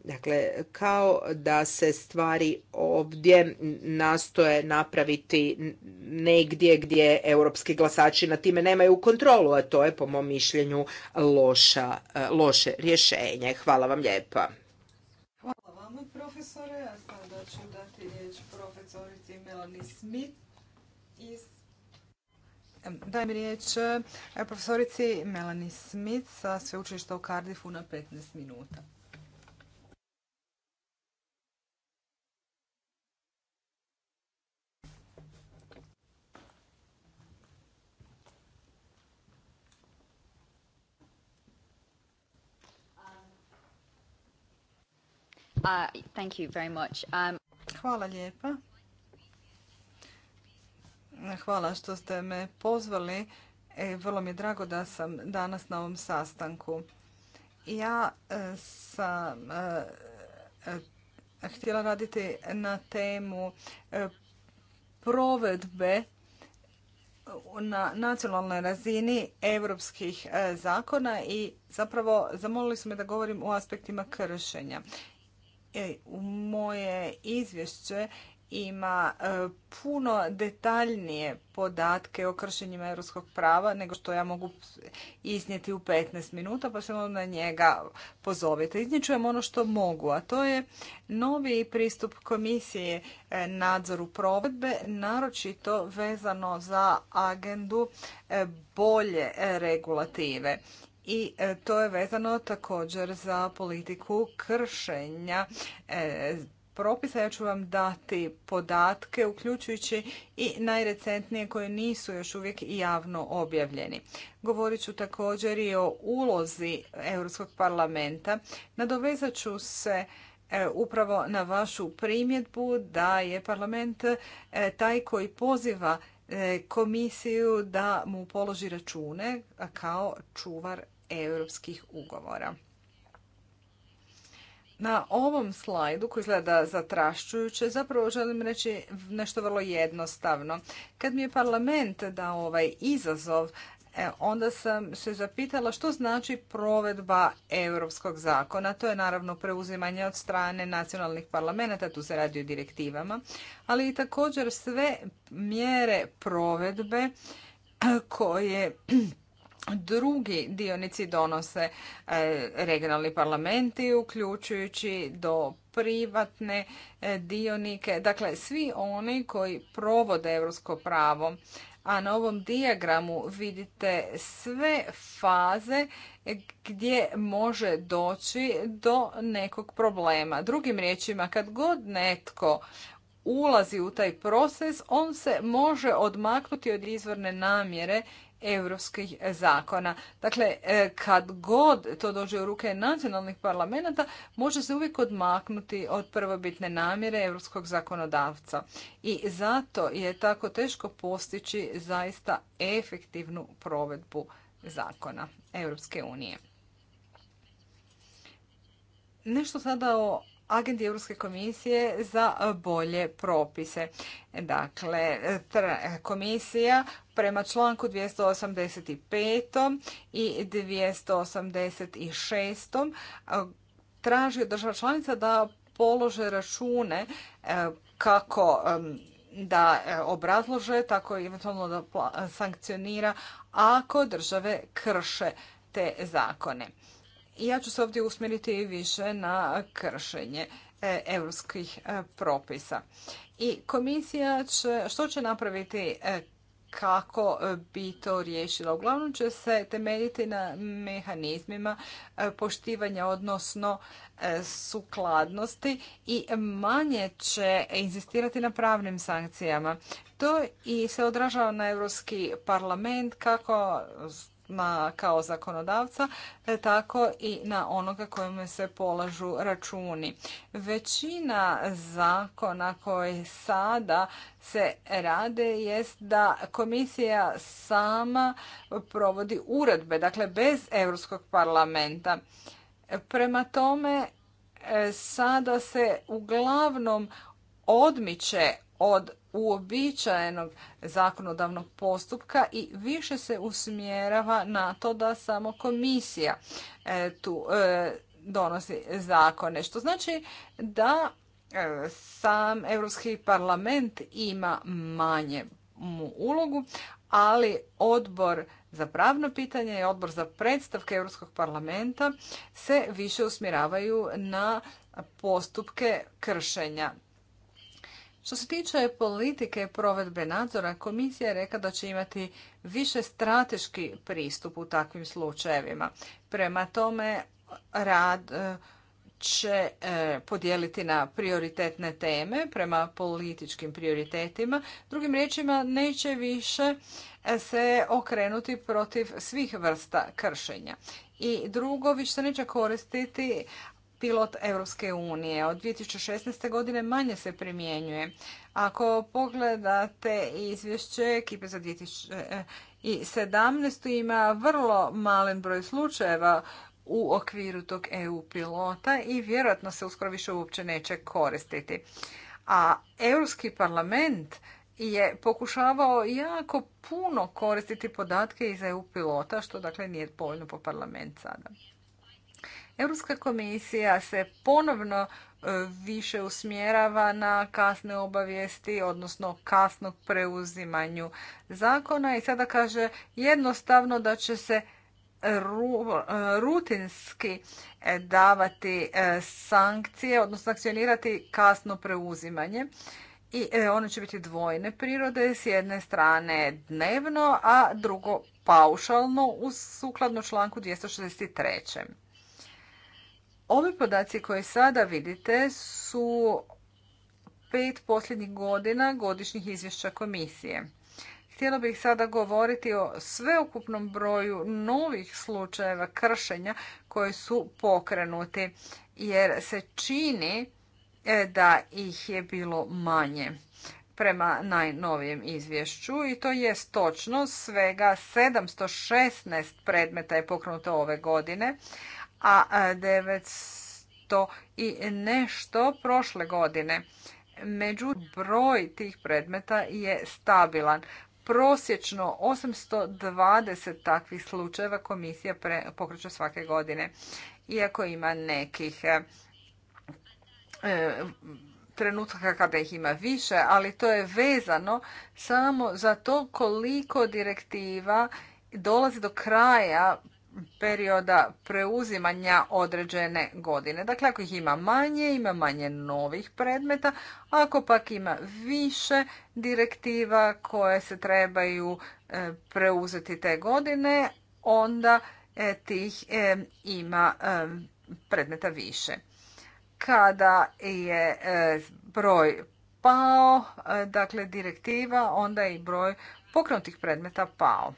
Dakle, kao da se stvari ovdje nastoje napraviti negdje gdje europski glasači na time nemaju kontrolu, a to je po mom mišljenju loša, loše rješenje. Hvala vam lijepa. Hvala vam profesore, a sada ću dati riječ Melanie Smith Dajem riječ e, profesorici Melanie Smith sa sveučilišta u Cardiffu na 15 minuta. Uh, um, Hvala lijepa. Hvala što ste me pozvali. E, vrlo mi je drago da sam danas na ovom sastanku. Ja e, sam e, htjela raditi na temu provedbe na nacionalnoj razini europskih zakona i zapravo zamolili su me da govorim o aspektima kršenja. U moje izvješće ima e, puno detaljnije podatke o kršenjima europskog prava nego što ja mogu iznijeti u 15 minuta, pa se onda njega pozovite. Izničujem ono što mogu, a to je novi pristup komisije e, nadzoru provedbe, naročito vezano za agendu e, bolje regulative. I to je vezano također za politiku kršenja propisa. Ja ću vam dati podatke, uključujući i najrecentnije koje nisu još uvijek javno objavljeni. Govorit ću također i o ulozi Europskog parlamenta. Nadovezat ću se e, upravo na vašu primjedbu da je parlament e, taj koji poziva e, komisiju da mu položi račune kao čuvar europskih ugovora. Na ovom slajdu koji izgleda zatrašćujuće zapravo želim reći nešto vrlo jednostavno. Kad mi je parlament dao ovaj izazov, e, onda sam se zapitala što znači provedba europskog zakona. To je naravno preuzimanje od strane nacionalnih parlamenta, tu se radi o direktivama, ali i također sve mjere provedbe koje drugi dionici donose e, regionalni parlamenti, uključujući do privatne e, dionike, dakle svi oni koji provode europsko pravo. A na ovom dijagramu vidite sve faze gdje može doći do nekog problema. Drugim riječima, kad god netko ulazi u taj proces, on se može odmaknuti od izvorne namjere europskih zakona. Dakle, e, kad god to dođe u ruke nacionalnih parlamenta, može se uvijek odmaknuti od prvobitne namjere europskog zakonodavca. I zato je tako teško postići zaista efektivnu provedbu zakona Europske unije. Nešto sada o agendi Europske komisije za e, bolje propise. Dakle, komisija prema članku 285. i 286. E, traži od država članica da polože račune e, kako da obrazlože, tako i eventualno da sankcionira ako države krše te zakone. Ja ću se ovdje usmjeriti više na kršenje europskih e, propisa. I komisija će, što će napraviti e, kako bi to riješila? Uglavnom će se temeljiti na mehanizmima e, poštivanja, odnosno sukladnosti i manje će inzistirati na pravnim sankcijama. To i se odražava na Europski parlament kako ma kao zakonodavca, e, tako i na onoga kojemu se polažu računi. Većina zakona koji sada se rade jest da komisija sama provodi uredbe, dakle bez Europskog parlamenta. Prema tome, e, sada se uglavnom odmiče od uobičajenog zakonodavnog postupka i više se usmjerava na to da samo komisija e, tu e, donosi zakone. Što znači da e, sam Europski parlament ima manje ulogu, ali odbor za pravno pitanje i odbor za predstavke Europskog parlamenta se više usmjeravaju na postupke kršenja što se tiče politike provedbe nadzora, komisija je rekla da će imati više strateški pristup u takvim slučajevima. Prema tome, rad e, će e, podijeliti na prioritetne teme prema političkim prioritetima. Drugim riječima, neće više e, se okrenuti protiv svih vrsta kršenja. I drugo, više se neće koristiti pilot Europske unije. Od 2016. godine manje se primjenjuje. Ako pogledate izvješće ekipe za 2017. E, ima vrlo malen broj slučajeva u okviru tog EU pilota i vjerojatno se uskoro više uopće neće koristiti. A Europski parlament je pokušavao jako puno koristiti podatke iz EU pilota, što dakle nije povoljno po parlament sada. Europska komisija se ponovno e, više usmjerava na kasne obavijesti, odnosno kasnog preuzimanju zakona i sada kaže jednostavno da će se e, rutinski e, davati sankcije, odnosno sankcionirati kasno preuzimanje. I one će biti dvojne prirode, s jedne strane dnevno, a drugo paušalno, uz sukladno članku 263. Ovi podaci koje sada vidite su pet posljednjih godina godišnjih izvješća komisije. Htjela bih sada govoriti o sveukupnom broju novih slučajeva kršenja koji su pokrenuti, jer se čini e, da ih je bilo manje prema najnovijem izvješću i to je točno svega 716 predmeta je pokrenuto ove godine, a 900 i nešto prošle godine. Međutim, broj tih predmeta je stabilan. Prosječno 820 takvih slučajeva komisija pokreće svake godine. Iako ima nekih e, e, trenutaka kada ih ima više, ali to je vezano samo za to koliko direktiva dolazi do kraja perioda preuzimanja određene godine. Dakle, ako ih ima manje, ima manje novih predmeta, ako pak ima više direktiva koje se trebaju e, preuzeti te godine, onda e, tih e, ima predmeta više. Kada je broj pao, dakle direktiva, onda je i broj pokrenutih predmeta pao.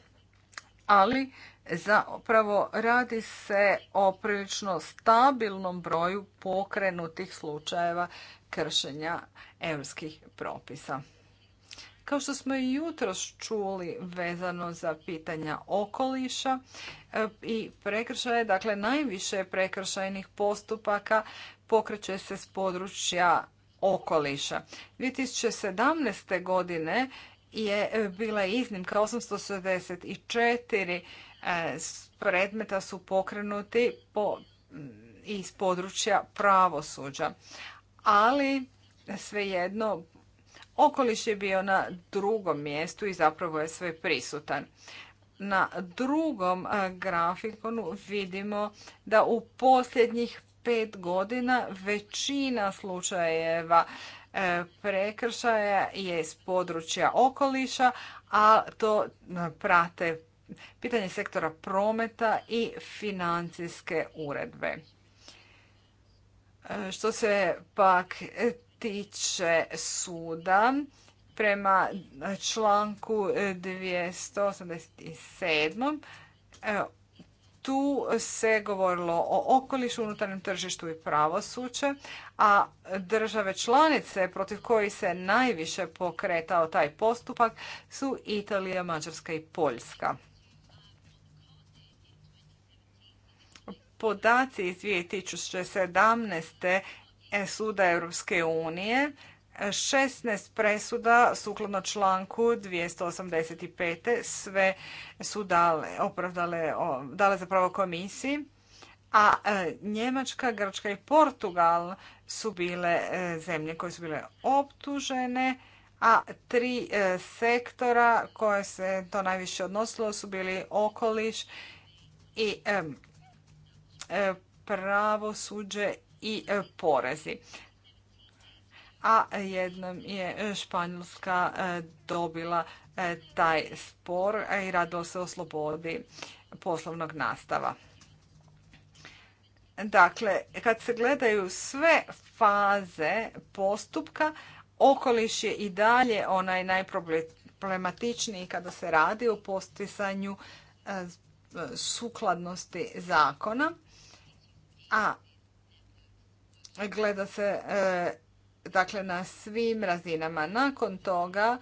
Ali Zapravo radi se o prilično stabilnom broju pokrenutih slučajeva kršenja europskih propisa. Kao što smo i jutros čuli vezano za pitanja okoliša e, i prekršaje, dakle najviše prekršajnih postupaka pokreće se s područja okoliša. 2017. godine je bila iznimka 864 E, predmeta su pokrenuti po, iz područja pravosuđa. Ali svejedno okoliš je bio na drugom mjestu i zapravo je sve prisutan. Na drugom e, grafikonu vidimo da u posljednjih pet godina većina slučajeva e, prekršaja je iz područja okoliša, a to prate pitanje sektora prometa i financijske uredbe. E, što se pak tiče suda, prema članku 287. E, tu se govorilo o okolišu, unutarnjem tržištu i pravosuđe, a države članice protiv koji se najviše pokretao taj postupak su Italija, Mađarska i Poljska. podaci iz 2017. suda Europske unije 16 presuda sukladno članku 285. sve su dale, opravdale, dale zapravo komisiji, a e, Njemačka, Grčka i Portugal su bile e, zemlje koje su bile optužene, a tri e, sektora koje se to najviše odnosilo su bili okoliš i E, suđe i e, porezi. A jednom je Španjolska e, dobila taj spor i rado se oslobodi poslovnog nastava. Dakle, kad se gledaju sve faze postupka, okoliš je i dalje onaj najproblematičniji kada se radi o postisanju sukladnosti zakona a gleda se e, dakle na svim razinama. Nakon toga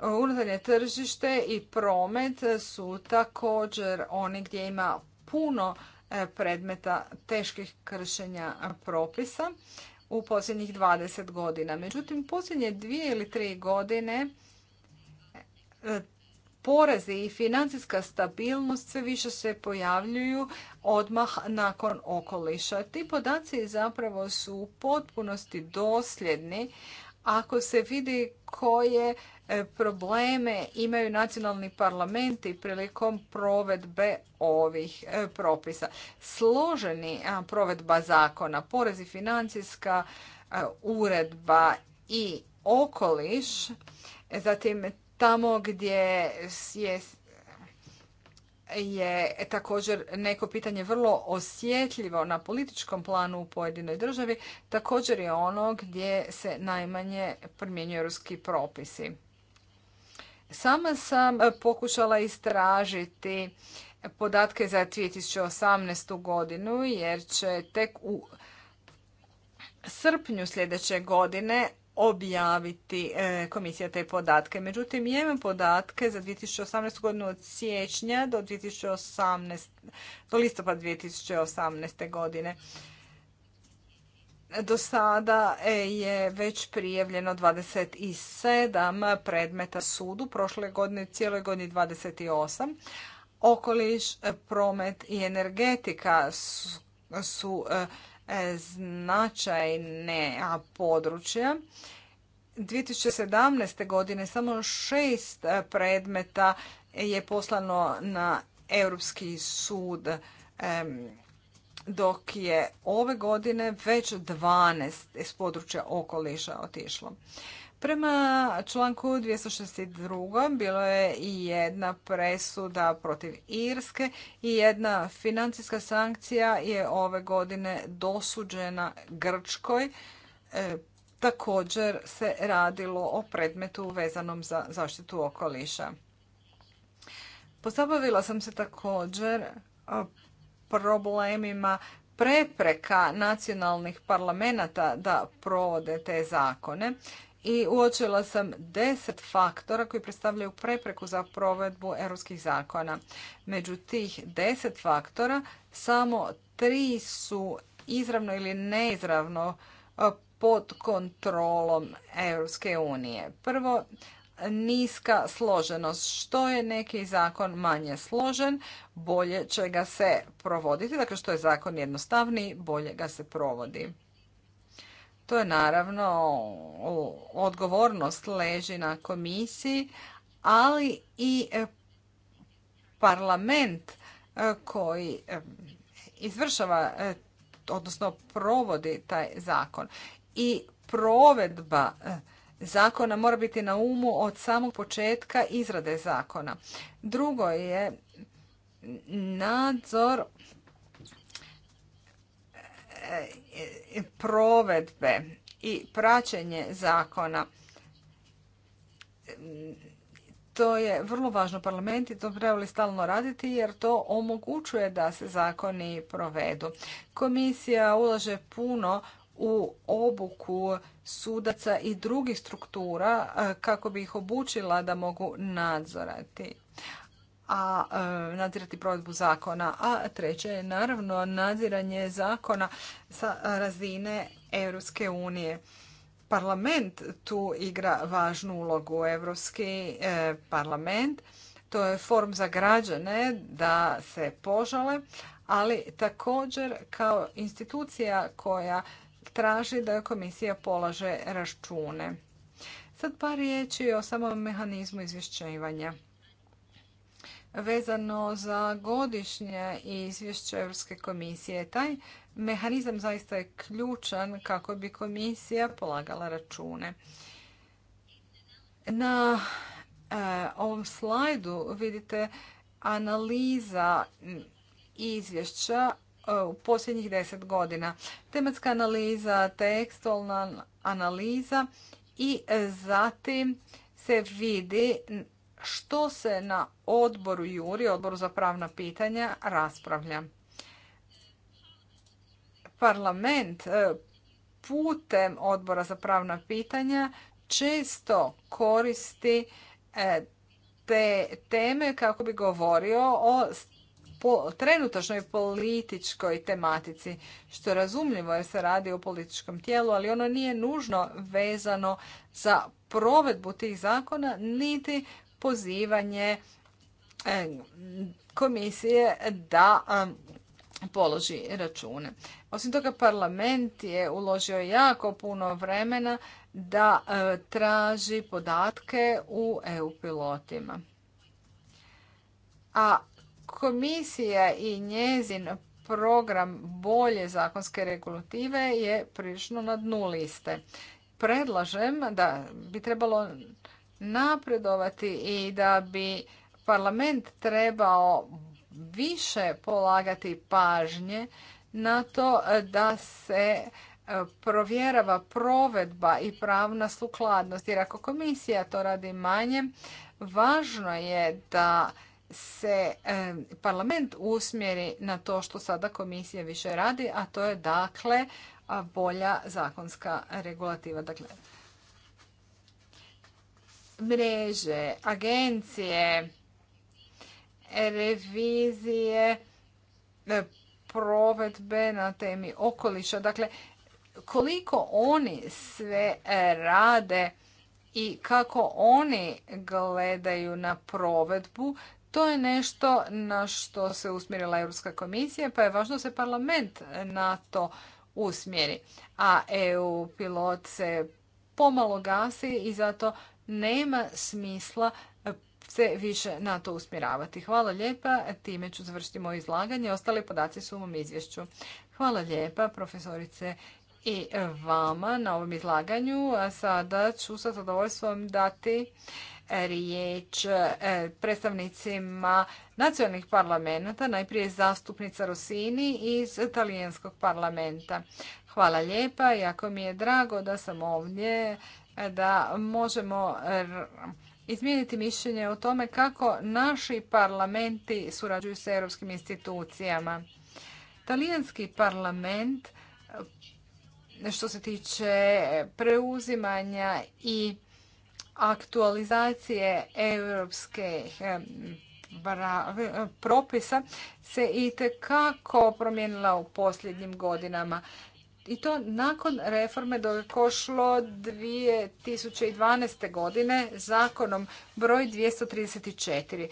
unutarnje tržište i promet su također oni gdje ima puno e, predmeta teških kršenja propisa u posljednjih 20 godina. Međutim, posljednje dvije ili tri godine e, porezi i financijska stabilnost sve više se pojavljuju odmah nakon okoliša. Ti podaci zapravo su u potpunosti dosljedni ako se vidi koje e, probleme imaju nacionalni parlamenti prilikom provedbe ovih e, propisa. Složeni provedba zakona, porezi financijska e, uredba i okoliš, zatim Tamo gdje je je također neko pitanje vrlo osjetljivo na političkom planu u pojedinoj državi, također je ono gdje se najmanje primjenjuju ruski propisi. Sama sam e, pokušala istražiti podatke za 2018. godinu jer će tek u srpnju sljedeće godine objaviti e, komisija te podatke. Međutim, ja imam podatke za 2018. godinu od siječnja do 2018, 2018. godine. Do sada e, je već prijavljeno 27 predmeta sudu, prošle godine, cijeloj godini 28. Okoliš, promet i energetika su, su e, E, značajne područja. 2017. godine samo šest e, predmeta je poslano na Europski sud, dok je ove godine već 12 iz područja okoliša otišlo. Prema članku 262. bilo je i jedna presuda protiv Irske i jedna financijska sankcija je ove godine dosuđena Grčkoj. E, također se radilo o predmetu vezanom za zaštitu okoliša. Pozabavila sam se također e, problemima prepreka nacionalnih parlamenta da provode te zakone i uočila sam deset faktora koji predstavljaju prepreku za provedbu europskih zakona. Među tih deset faktora samo tri su izravno ili neizravno e, pod kontrolom Europske unije. Prvo, niska složenost. Što je neki zakon manje složen, bolje će ga se provoditi. Dakle, što je zakon jednostavniji, bolje ga se provodi. To je naravno odgovornost leži na komisiji, ali i e, parlament e, koji e, izvršava, odnosno provodi taj zakon. I provedba zakona mora biti na umu od samog početka izrade zakona. Drugo je nadzor provedbe i praćenje zakona. To je vrlo važno parlament i to trebali stalno raditi jer to omogućuje da se zakoni provedu. Komisija ulaže puno u obuku sudaca i drugih struktura kako bi ih obučila da mogu nadzorati a e, nadzirati provedbu zakona, a treće je naravno nadziranje zakona sa razine Europske unije. Parlament tu igra važnu ulogu. Europski e, parlament to je form za građane da se požale, ali također kao institucija koja traži da komisija polaže račune. Sad par riječi o samom mehanizmu izvješćivanja vezano za godišnje izvješće Europske komisije. Taj mehanizam zaista je ključan kako bi komisija polagala račune. Na e, ovom slajdu vidite analiza izvješća e, u posljednjih deset godina. Tematska analiza, tekstualna analiza i e, zatim se vidi što se na odboru Juri, odboru za pravna pitanja, raspravlja. Parlament e, putem odbora za pravna pitanja često koristi e, te teme kako bi govorio o trenutačnoj političkoj tematici, što je razumljivo jer se radi o političkom tijelu, ali ono nije nužno vezano za provedbu tih zakona, niti pozivanje e, komisije da e, položi račune. Osim toga, parlament je uložio jako puno vremena da e, traži podatke u EU pilotima. A komisija i njezin program bolje zakonske regulative je prilično na dnu liste. Predlažem da bi trebalo napredovati i da bi parlament trebao više polagati pažnje na to eh, da se eh, provjerava provedba i pravna sukladnost. Jer ako komisija to radi manje, važno je da se eh, parlament usmjeri na to što sada komisija više radi, a to je dakle bolja zakonska regulativa. Dakle, mreže, agencije, revizije, e, provedbe na temi okoliša. Dakle, koliko oni sve e, rade i kako oni gledaju na provedbu, to je nešto na što se usmjerila Europska komisija, pa je važno se parlament na to usmjeri. A EU pilot se pomalo gasi i zato nema smisla se više na to usmjeravati. Hvala lijepa, time ću završiti moje izlaganje. Ostali podaci su u mom izvješću. Hvala lijepa, profesorice i vama na ovom izlaganju. sada ću sa zadovoljstvom dati riječ e, predstavnicima nacionalnih parlamenta, najprije zastupnica Rosini iz italijanskog parlamenta. Hvala lijepa, jako mi je drago da sam ovdje da možemo eh, izmijeniti mišljenje o tome kako naši parlamenti surađuju sa europskim institucijama. Talijanski parlament eh, što se tiče preuzimanja i aktualizacije europskih eh, propisa se i promijenila u posljednjim godinama i to nakon reforme do je košlo 2012. godine zakonom broj 234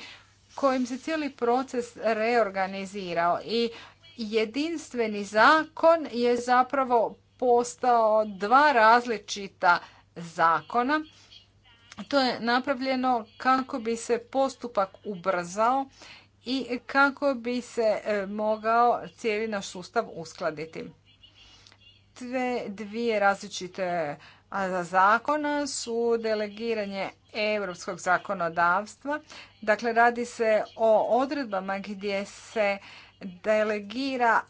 kojim se cijeli proces reorganizirao i jedinstveni zakon je zapravo postao dva različita zakona. To je napravljeno kako bi se postupak ubrzao i kako bi se e, mogao cijeli naš sustav uskladiti te dvije različite zakona su delegiranje europskog zakonodavstva. Dakle, radi se o odredbama gdje se delegira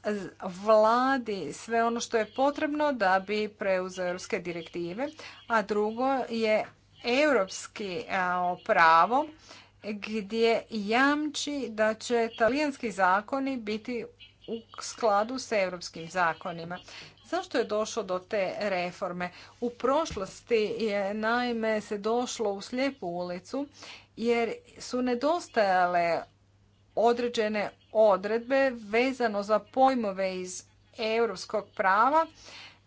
vladi sve ono što je potrebno da bi preuzeo europske direktive, a drugo je europski pravo gdje jamči da će talijanski zakoni biti u skladu s europskim zakonima. Zašto je došlo do te reforme? U prošlosti je naime se došlo u slijepu ulicu jer su nedostajale određene odredbe vezano za pojmove iz europskog prava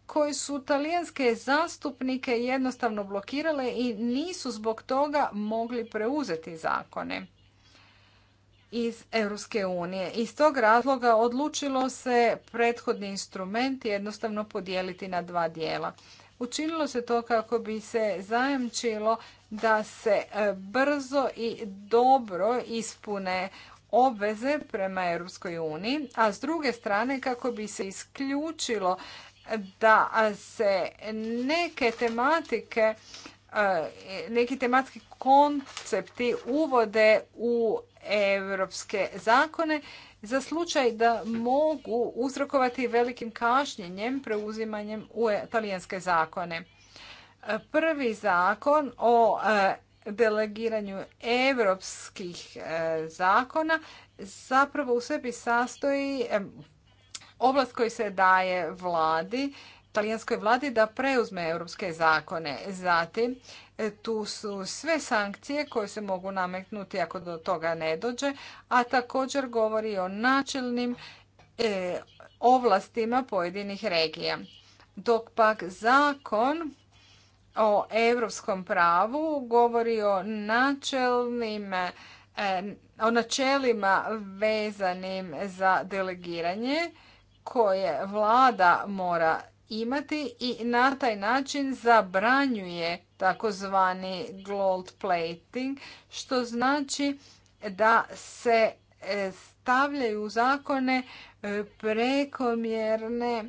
koje su talijanske zastupnike jednostavno blokirale i nisu zbog toga mogli preuzeti zakone iz Europske unije. Iz tog razloga odlučilo se prethodni instrument jednostavno podijeliti na dva dijela. Učinilo se to kako bi se zajamčilo da se e, brzo i dobro ispune obveze prema Europskoj uniji, a s druge strane kako bi se isključilo da se neke tematike E, neki tematski koncepti uvode u europske zakone za slučaj da mogu uzrokovati velikim kašnjenjem preuzimanjem u talijanske zakone. Prvi zakon o e, delegiranju europskih e, zakona zapravo u sebi sastoji oblast koji se daje vladi talijanskoj vladi da preuzme europske zakone. Zatim, e, tu su sve sankcije koje se mogu nametnuti ako do toga ne dođe, a također govori o načelnim e, ovlastima pojedinih regija. Dok pak zakon o europskom pravu govori o načelnim e, o načelima vezanim za delegiranje koje vlada mora imati i na taj način zabranjuje takozvani gold plating, što znači da se e, stavljaju u zakone e, prekomjerne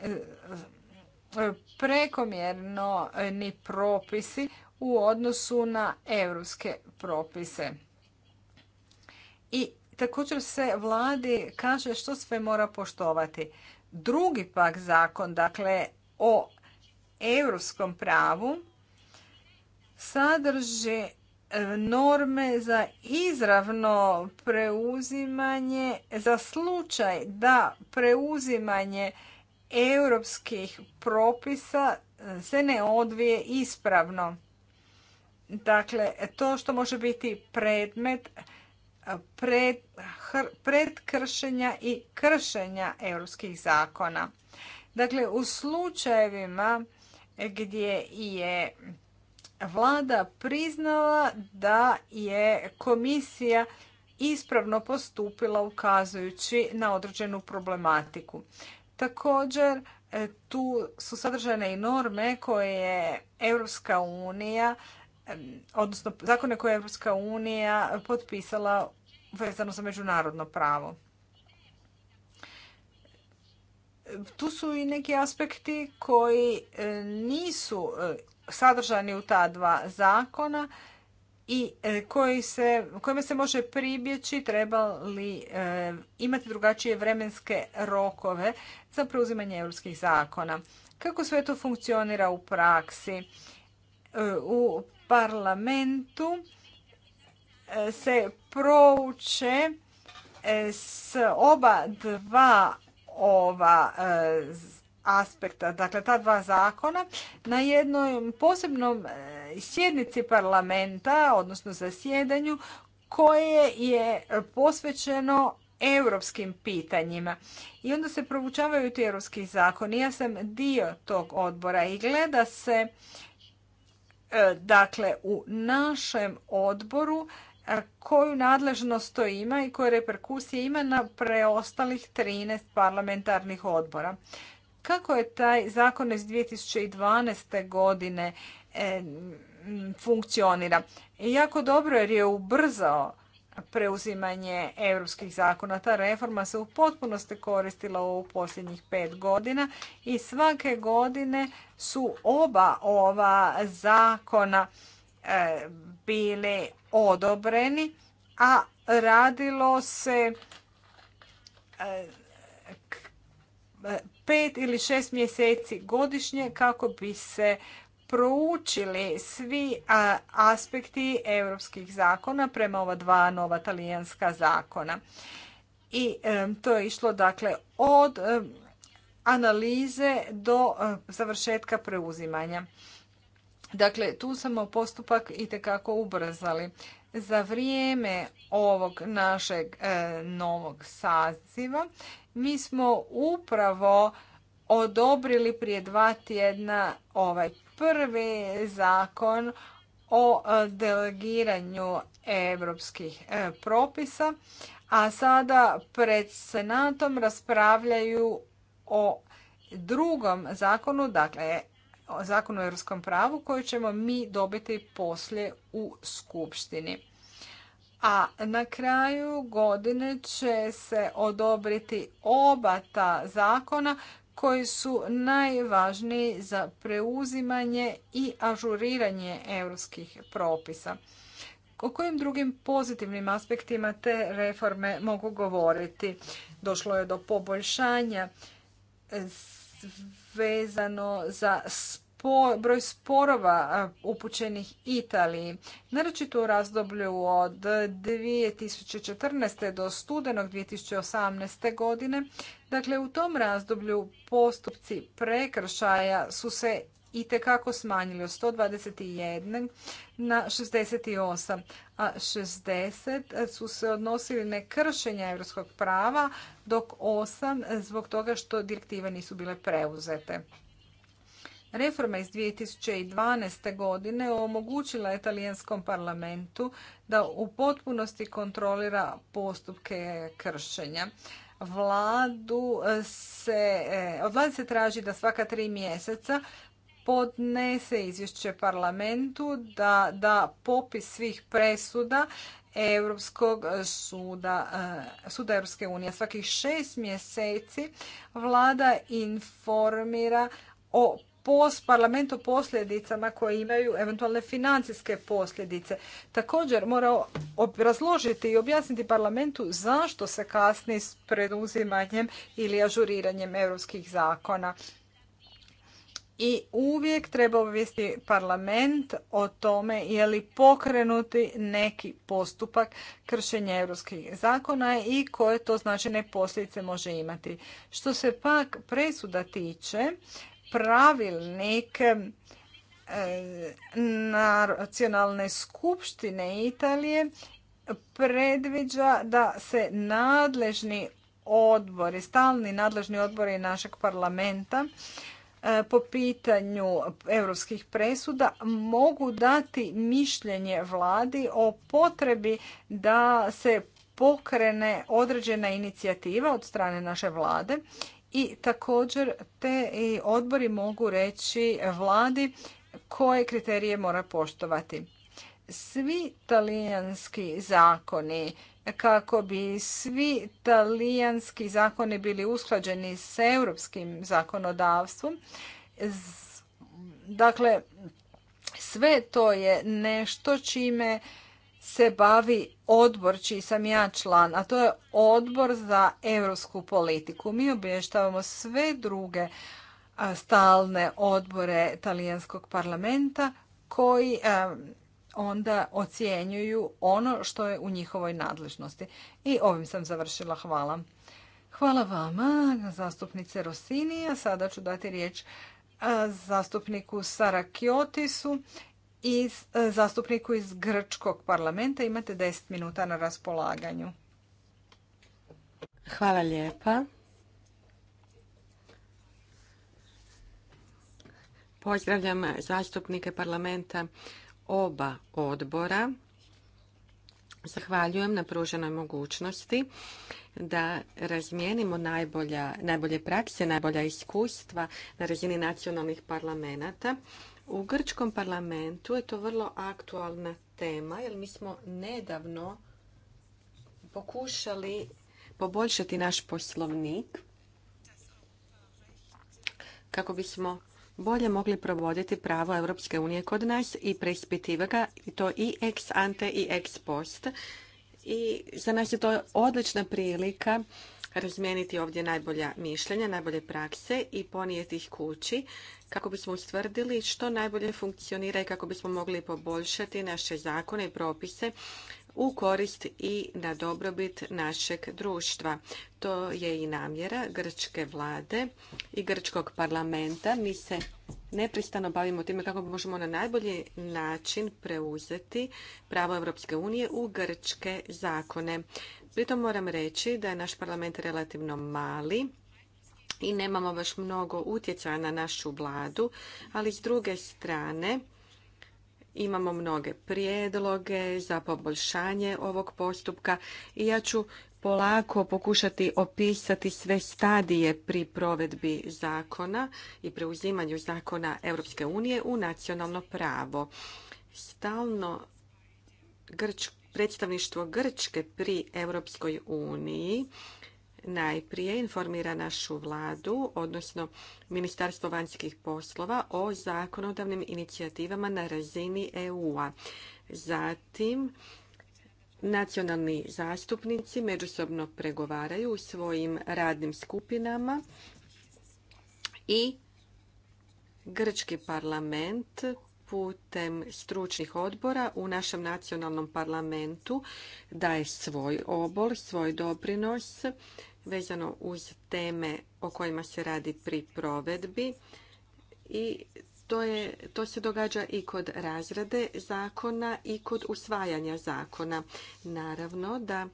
e, prekomjerno ni propisi u odnosu na europske propise. I također se vladi kaže što sve mora poštovati drugi pak zakon, dakle o europskom pravu, sadrži e, norme za izravno preuzimanje, za slučaj da preuzimanje europskih propisa se ne odvije ispravno. Dakle, to što može biti predmet pred, predkršenja i kršenja europskih zakona. Dakle, u slučajevima gdje je vlada priznala da je komisija ispravno postupila ukazujući na određenu problematiku. Također, tu su sadržane i norme koje je Europska unija, odnosno zakone koje je Europska unija potpisala vezano za međunarodno pravo. Tu su i neki aspekti koji e, nisu e, sadržani u ta dva zakona i e, koji se, kojima se može pribjeći treba li imati drugačije vremenske rokove za preuzimanje europskih zakona. Kako sve to funkcionira u praksi? U parlamentu se prouče e, s oba dva ova e, aspekta, dakle ta dva zakona, na jednom posebnom e, sjednici parlamenta, odnosno zasjedanju, koje je posvećeno europskim pitanjima. I onda se provučavaju ti europski zakoni. Ja sam dio tog odbora i gleda se dakle u našem odboru koju nadležnost to ima i koje reperkusije ima na preostalih 13 parlamentarnih odbora. Kako je taj zakon iz 2012. godine e, funkcionira? Jako dobro jer je ubrzao preuzimanje europskih zakona. Ta reforma se u potpunosti koristila u posljednjih pet godina i svake godine su oba ova zakona e, bili odobreni, a radilo se e, pet ili šest mjeseci godišnje kako bi se proučili svi aspekti europskih zakona prema ova dva nova talijanska zakona. I e, to je išlo dakle od e, analize do završetka preuzimanja. Dakle, tu smo postupak i tekako ubrzali. Za vrijeme ovog našeg e, novog saziva mi smo upravo odobrili prije dva tjedna ovaj prvi zakon o e, delegiranju europskih e, propisa, a sada pred Senatom raspravljaju o drugom zakonu, dakle zakon o europskom pravu koji ćemo mi dobiti poslije u Skupštini. A na kraju godine će se odobriti oba ta zakona koji su najvažniji za preuzimanje i ažuriranje europskih propisa. O kojim drugim pozitivnim aspektima te reforme mogu govoriti? Došlo je do poboljšanja vezano za broj sporova upućenih Italiji, naročito u razdoblju od 2014. do studenog 2018. godine. Dakle, u tom razdoblju postupci prekršaja su se i tekako smanjili od 121 na 68, a 60 su se odnosili na kršenja europskog prava, dok 8 zbog toga što direktive nisu bile preuzete. Reforma iz 2012. godine omogućila je talijanskom parlamentu da u potpunosti kontrolira postupke kršenja. Vladu se, eh, od vlade se traži da svaka tri mjeseca podnese izvješće parlamentu da da popis svih presuda Europskog suda, eh, suda Europske unije. Svakih šest mjeseci vlada informira o post parlamentu posljedicama koje imaju eventualne financijske posljedice. Također mora obrazložiti i objasniti parlamentu zašto se kasni s preduzimanjem ili ažuriranjem europskih zakona i uvijek treba obvijesti parlament o tome je li pokrenuti neki postupak kršenja europskih zakona i koje to značajne posljedice može imati. Što se pak presuda tiče, pravilnik e, nacionalne skupštine Italije predviđa da se nadležni odbori, stalni nadležni odbori našeg parlamenta E, po pitanju europskih presuda mogu dati mišljenje vladi o potrebi da se pokrene određena inicijativa od strane naše vlade i također te i odbori mogu reći vladi koje kriterije mora poštovati. Svi talijanski zakoni kako bi svi talijanski zakoni bili usklađeni s europskim zakonodavstvom. Dakle, sve to je nešto čime se bavi odbor čiji sam ja član, a to je odbor za europsku politiku. Mi obještavamo sve druge stalne odbore talijanskog parlamenta koji onda ocjenjuju ono što je u njihovoj nadležnosti. I ovim sam završila. Hvala. Hvala vama, zastupnice Rosini. A sada ću dati riječ e, zastupniku Kiotisu i e, zastupniku iz Grčkog parlamenta. Imate 10 minuta na raspolaganju. Hvala lijepa. Pozdravljam zastupnike parlamenta oba odbora. Zahvaljujem na pruženoj mogućnosti da razmijenimo najbolja, najbolje prakse, najbolja iskustva na razini nacionalnih parlamenta. U grčkom parlamentu je to vrlo aktualna tema jer mi smo nedavno pokušali poboljšati naš poslovnik kako bismo bolje mogli provoditi pravo Europske unije kod nas i preispitiva ga i to i ex ante i ex post. I za nas je to odlična prilika razmijeniti ovdje najbolja mišljenja, najbolje prakse i ponijeti ih kući kako bismo ustvrdili što najbolje funkcionira i kako bismo mogli poboljšati naše zakone i propise u korist i na dobrobit našeg društva. To je i namjera grčke vlade i grčkog parlamenta. Mi se nepristano bavimo time kako možemo na najbolji način preuzeti pravo Europske unije u grčke zakone. Pritom moram reći da je naš parlament relativno mali i nemamo baš mnogo utjecaja na našu vladu, ali s druge strane Imamo mnoge prijedloge za poboljšanje ovog postupka i ja ću polako pokušati opisati sve stadije pri provedbi zakona i preuzimanju zakona Europske unije u nacionalno pravo. Stalno predstavništvo Grčke pri Europskoj uniji najprije informira našu vladu, odnosno Ministarstvo vanjskih poslova o zakonodavnim inicijativama na razini EU-a. Zatim, nacionalni zastupnici međusobno pregovaraju u svojim radnim skupinama i Grčki parlament putem stručnih odbora u našem nacionalnom parlamentu daje svoj obol, svoj doprinos vezano uz teme o kojima se radi pri provedbi i to, je, to se događa i kod razrade zakona i kod usvajanja zakona. Naravno da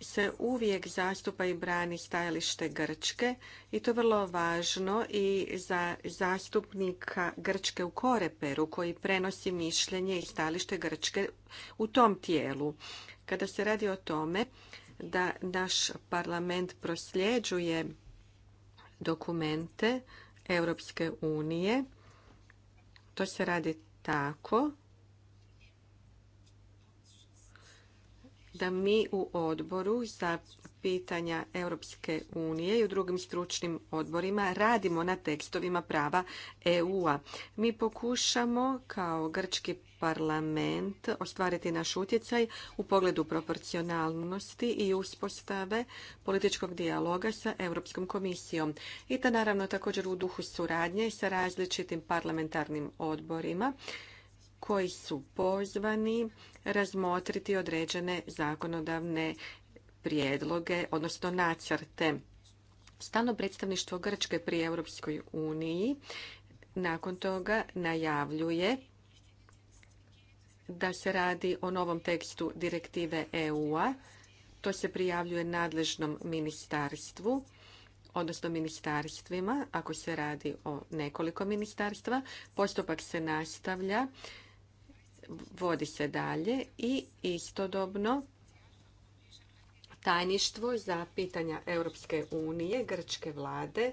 se uvijek zastupa i brani stajalište Grčke i to je vrlo važno i za zastupnika Grčke u Koreperu koji prenosi mišljenje i stajalište Grčke u tom tijelu. Kada se radi o tome da naš parlament prosljeđuje dokumente Europske unije. To se radi tako da mi u odboru za pitanja Europske unije i u drugim stručnim odborima radimo na tekstovima prava EU-a. Mi pokušamo kao grčki parlament ostvariti naš utjecaj u pogledu proporcionalnosti i uspostave političkog dijaloga sa Europskom komisijom. I to naravno također u duhu suradnje sa različitim parlamentarnim odborima koji su pozvani razmotriti određene zakonodavne prijedloge, odnosno nacrte. Stalno predstavništvo Grčke pri Europskoj uniji nakon toga najavljuje da se radi o novom tekstu direktive EU-a. To se prijavljuje nadležnom ministarstvu, odnosno ministarstvima, ako se radi o nekoliko ministarstva. Postupak se nastavlja, vodi se dalje i istodobno tajništvo za pitanja Europske unije, grčke vlade,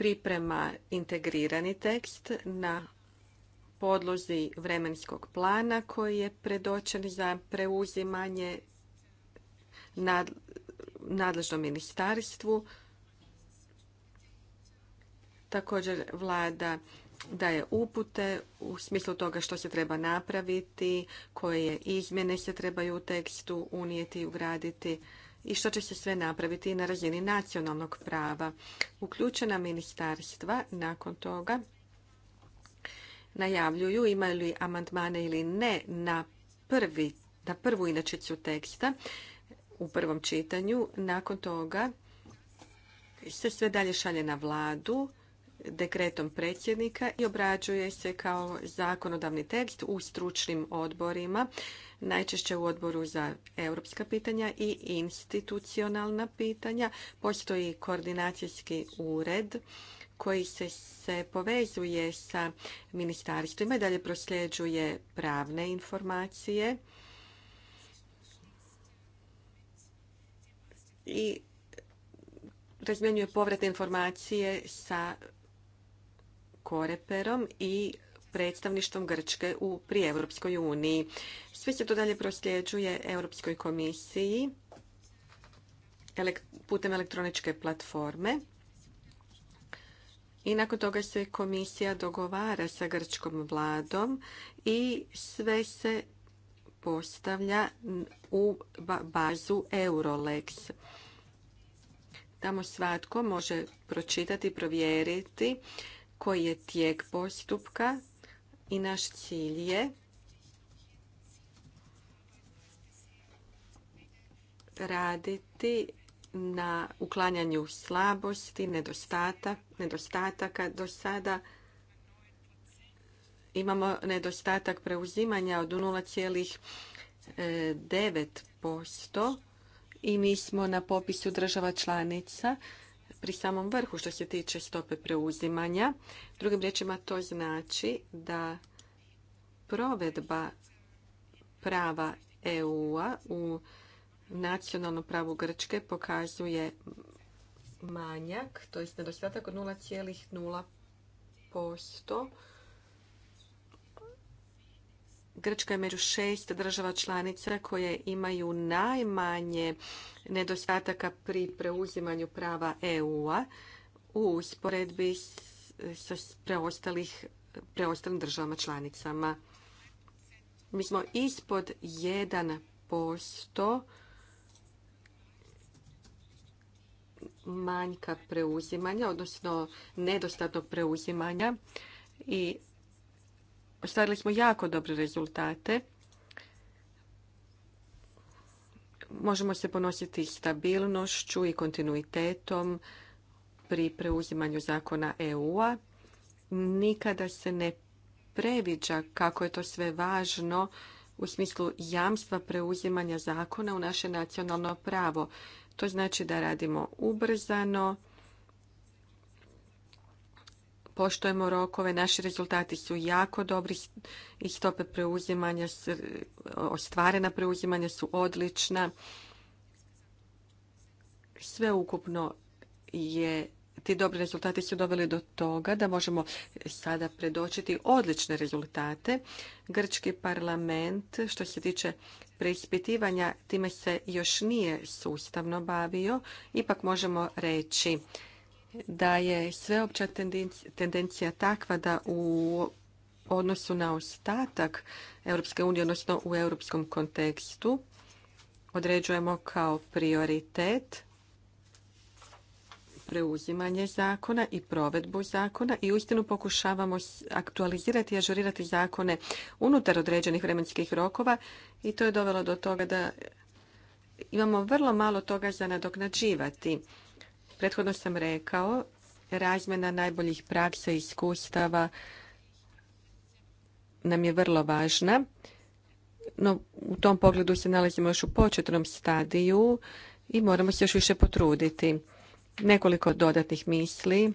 priprema integrirani tekst na podlozi vremenskog plana koji je predočen za preuzimanje nadležnom ministarstvu. Također vlada daje upute u smislu toga što se treba napraviti, koje izmjene se trebaju u tekstu unijeti i ugraditi i što će se sve napraviti na razini nacionalnog prava. Uključena ministarstva nakon toga najavljuju imaju li amandmane ili ne na, prvi, na prvu inačicu teksta u prvom čitanju. Nakon toga se sve dalje šalje na vladu dekretom predsjednika i obrađuje se kao zakonodavni tekst u stručnim odborima najčešće u odboru za europska pitanja i institucionalna pitanja. Postoji koordinacijski ured koji se, se povezuje sa ministarstvima i dalje prosljeđuje pravne informacije. I razmjenjuje povratne informacije sa koreperom i predstavništvom Grčke u, pri Europskoj uniji. Sve se to dalje prosljeđuje Europskoj komisiji putem elektroničke platforme. I nakon toga se komisija dogovara sa grčkom vladom i sve se postavlja u bazu Eurolex. Tamo svatko može pročitati, provjeriti koji je tijek postupka i naš cilj je raditi na uklanjanju slabosti, nedostataka. Do sada imamo nedostatak preuzimanja od 0,9% e, i mi smo na popisu država članica pri samom vrhu što se tiče stope preuzimanja. Drugim riječima to znači da provedba prava EU-a u nacionalnom pravu Grčke pokazuje manjak, to je nedostatak od 0,0% Grčka je među šest država članica koje imaju najmanje nedostataka pri preuzimanju prava EU-a u usporedbi sa preostalim državama članicama. Mi smo ispod 1% manjka preuzimanja, odnosno nedostatnog preuzimanja i Ostvarili smo jako dobre rezultate. Možemo se ponositi stabilnošću i kontinuitetom pri preuzimanju zakona EU-a. Nikada se ne previđa kako je to sve važno u smislu jamstva preuzimanja zakona u naše nacionalno pravo. To znači da radimo ubrzano, poštojemo rokove, naši rezultati su jako dobri i stope preuzimanja, ostvarena preuzimanja su odlična. Sve ukupno je ti dobri rezultati su doveli do toga da možemo sada predočiti odlične rezultate. Grčki parlament što se tiče preispitivanja time se još nije sustavno bavio. Ipak možemo reći da je sveopća tendencija takva da u odnosu na ostatak Europske unije, odnosno u europskom kontekstu, određujemo kao prioritet preuzimanje zakona i provedbu zakona i uistinu pokušavamo aktualizirati i ažurirati zakone unutar određenih vremenskih rokova i to je dovelo do toga da imamo vrlo malo toga za nadoknađivati. Prethodno sam rekao, razmjena najboljih praksa i iskustava nam je vrlo važna. No, u tom pogledu se nalazimo još u početnom stadiju i moramo se još više potruditi. Nekoliko dodatnih misli.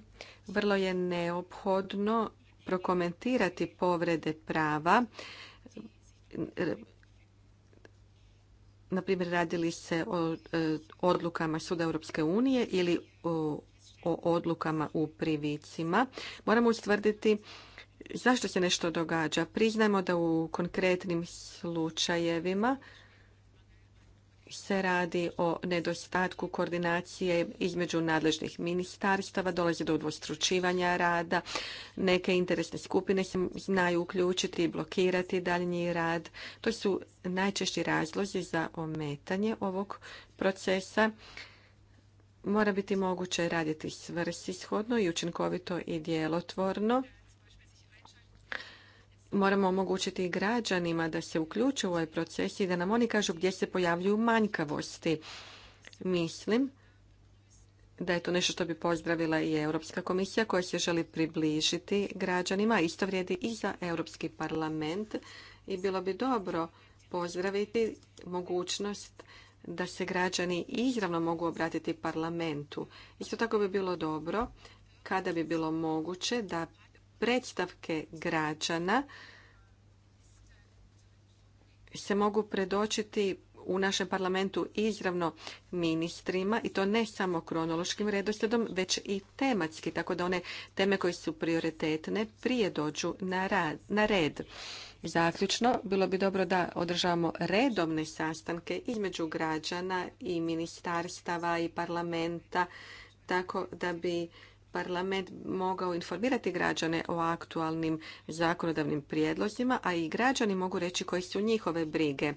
Vrlo je neophodno prokomentirati povrede prava na primjer radili se o e, odlukama Suda Europske unije ili o odlukama u privicima, moramo ustvrditi zašto se nešto događa. Priznajmo da u konkretnim slučajevima se radi o nedostatku koordinacije između nadležnih ministarstava, dolazi do udvostručivanja rada, neke interesne skupine se znaju uključiti i blokirati daljnji rad. To su najčešći razlozi za ometanje ovog procesa. Mora biti moguće raditi svrsishodno i učinkovito i djelotvorno moramo omogućiti i građanima da se uključe u ovaj proces i da nam oni kažu gdje se pojavljuju manjkavosti. Mislim da je to nešto što bi pozdravila i Europska komisija koja se želi približiti građanima. Isto vrijedi i za Europski parlament i bilo bi dobro pozdraviti mogućnost da se građani izravno mogu obratiti parlamentu. Isto tako bi bilo dobro kada bi bilo moguće da predstavke građana se mogu predočiti u našem parlamentu izravno ministrima i to ne samo kronološkim redosljedom, već i tematski, tako da one teme koje su prioritetne prije dođu na red. Zaključno, bilo bi dobro da održavamo redovne sastanke između građana i ministarstava i parlamenta, tako da bi parlament mogao informirati građane o aktualnim zakonodavnim prijedlozima, a i građani mogu reći koji su njihove brige.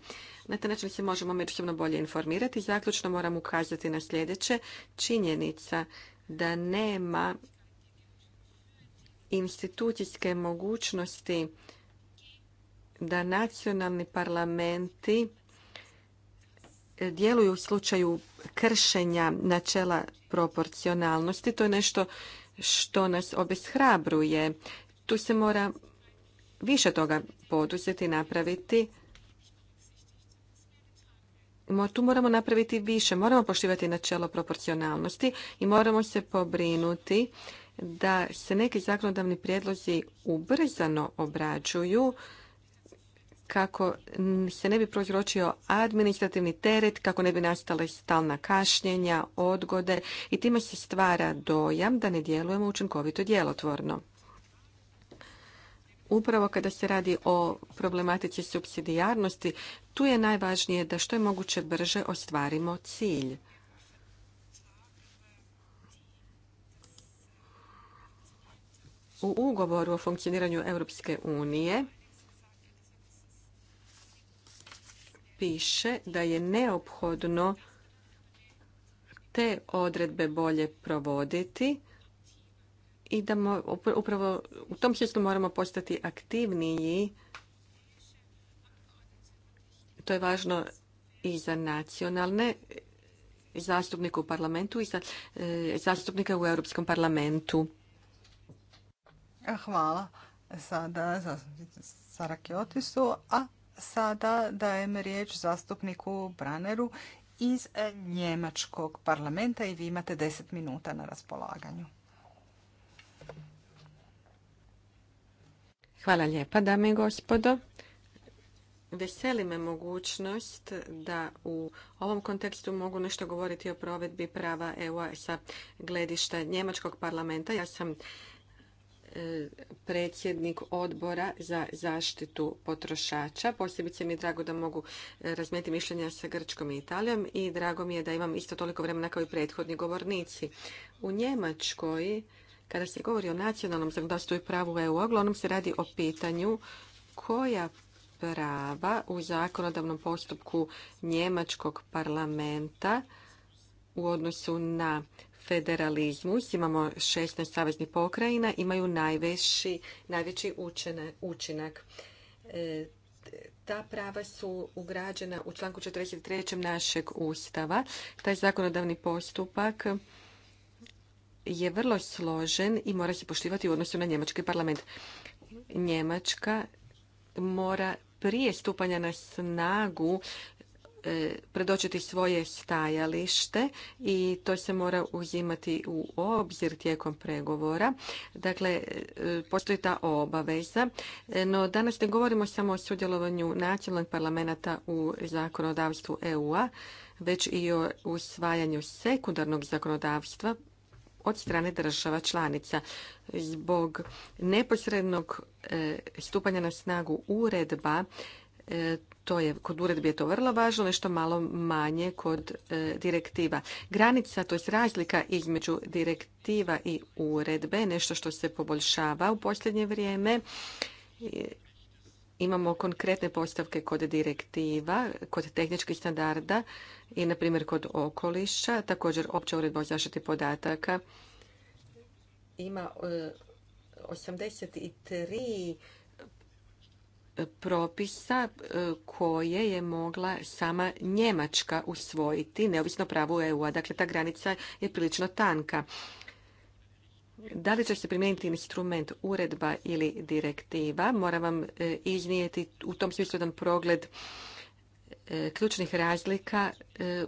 Na taj način se možemo međusobno bolje informirati. Zaključno moram ukazati na sljedeće. Činjenica da nema institucijske mogućnosti da nacionalni parlamenti djeluju u slučaju kršenja načela proporcionalnosti. To je nešto što nas obeshrabruje. Tu se mora više toga poduzeti, napraviti. Tu moramo napraviti više. Moramo poštivati načelo proporcionalnosti i moramo se pobrinuti da se neki zakonodavni prijedlozi ubrzano obrađuju kako se ne bi prozročio administrativni teret, kako ne bi nastale stalna kašnjenja, odgode i time se stvara dojam da ne djelujemo učinkovito djelotvorno. Upravo kada se radi o problematici subsidijarnosti, tu je najvažnije da što je moguće brže ostvarimo cilj. U ugovoru o funkcioniranju Europske unije piše da je neophodno te odredbe bolje provoditi i da upravo u tom smislu moramo postati aktivniji. To je važno i za nacionalne zastupnike u parlamentu i za e, zastupnike u Europskom parlamentu. Hvala. Sada Sara Kiotisu, a sada dajem riječ zastupniku Braneru iz Njemačkog parlamenta i vi imate deset minuta na raspolaganju. Hvala lijepa, dame i gospodo. Veseli me mogućnost da u ovom kontekstu mogu nešto govoriti o provedbi prava EU sa gledišta Njemačkog parlamenta. Ja sam predsjednik odbora za zaštitu potrošača. Posebice mi je drago da mogu e, razmijeti mišljenja sa Grčkom i Italijom i drago mi je da imam isto toliko vremena kao i prethodni govornici. U Njemačkoj, kada se govori o nacionalnom zakonodavstvu i pravu EU, uglavnom se radi o pitanju koja prava u zakonodavnom postupku Njemačkog parlamenta u odnosu na federalizmu. Imamo 16 saveznih pokrajina, imaju najveći, učinak. E, ta prava su ugrađena u članku 43. našeg ustava. Taj zakonodavni postupak je vrlo složen i mora se poštivati u odnosu na njemački parlament. Njemačka mora prije stupanja na snagu E, predočiti svoje stajalište i to se mora uzimati u obzir tijekom pregovora. Dakle, e, postoji ta obaveza, e, no danas ne govorimo samo o sudjelovanju nacionalnog parlamenta u zakonodavstvu EU-a, već i o usvajanju sekundarnog zakonodavstva od strane država članica. Zbog neposrednog stupanja na snagu uredba to je, kod uredbe je to vrlo važno, nešto malo manje kod e, direktiva. Granica, to je razlika između direktiva i uredbe, nešto što se poboljšava u posljednje vrijeme. imamo konkretne postavke kod direktiva, kod tehničkih standarda i, na primjer, kod okoliša. Također, opća uredba o zaštiti podataka ima e, 83 propisa e, koje je mogla sama Njemačka usvojiti, neovisno pravu EU-a. Dakle, ta granica je prilično tanka. Da li će se primijeniti instrument uredba ili direktiva? Moram vam e, iznijeti u tom smislu jedan progled e, ključnih razlika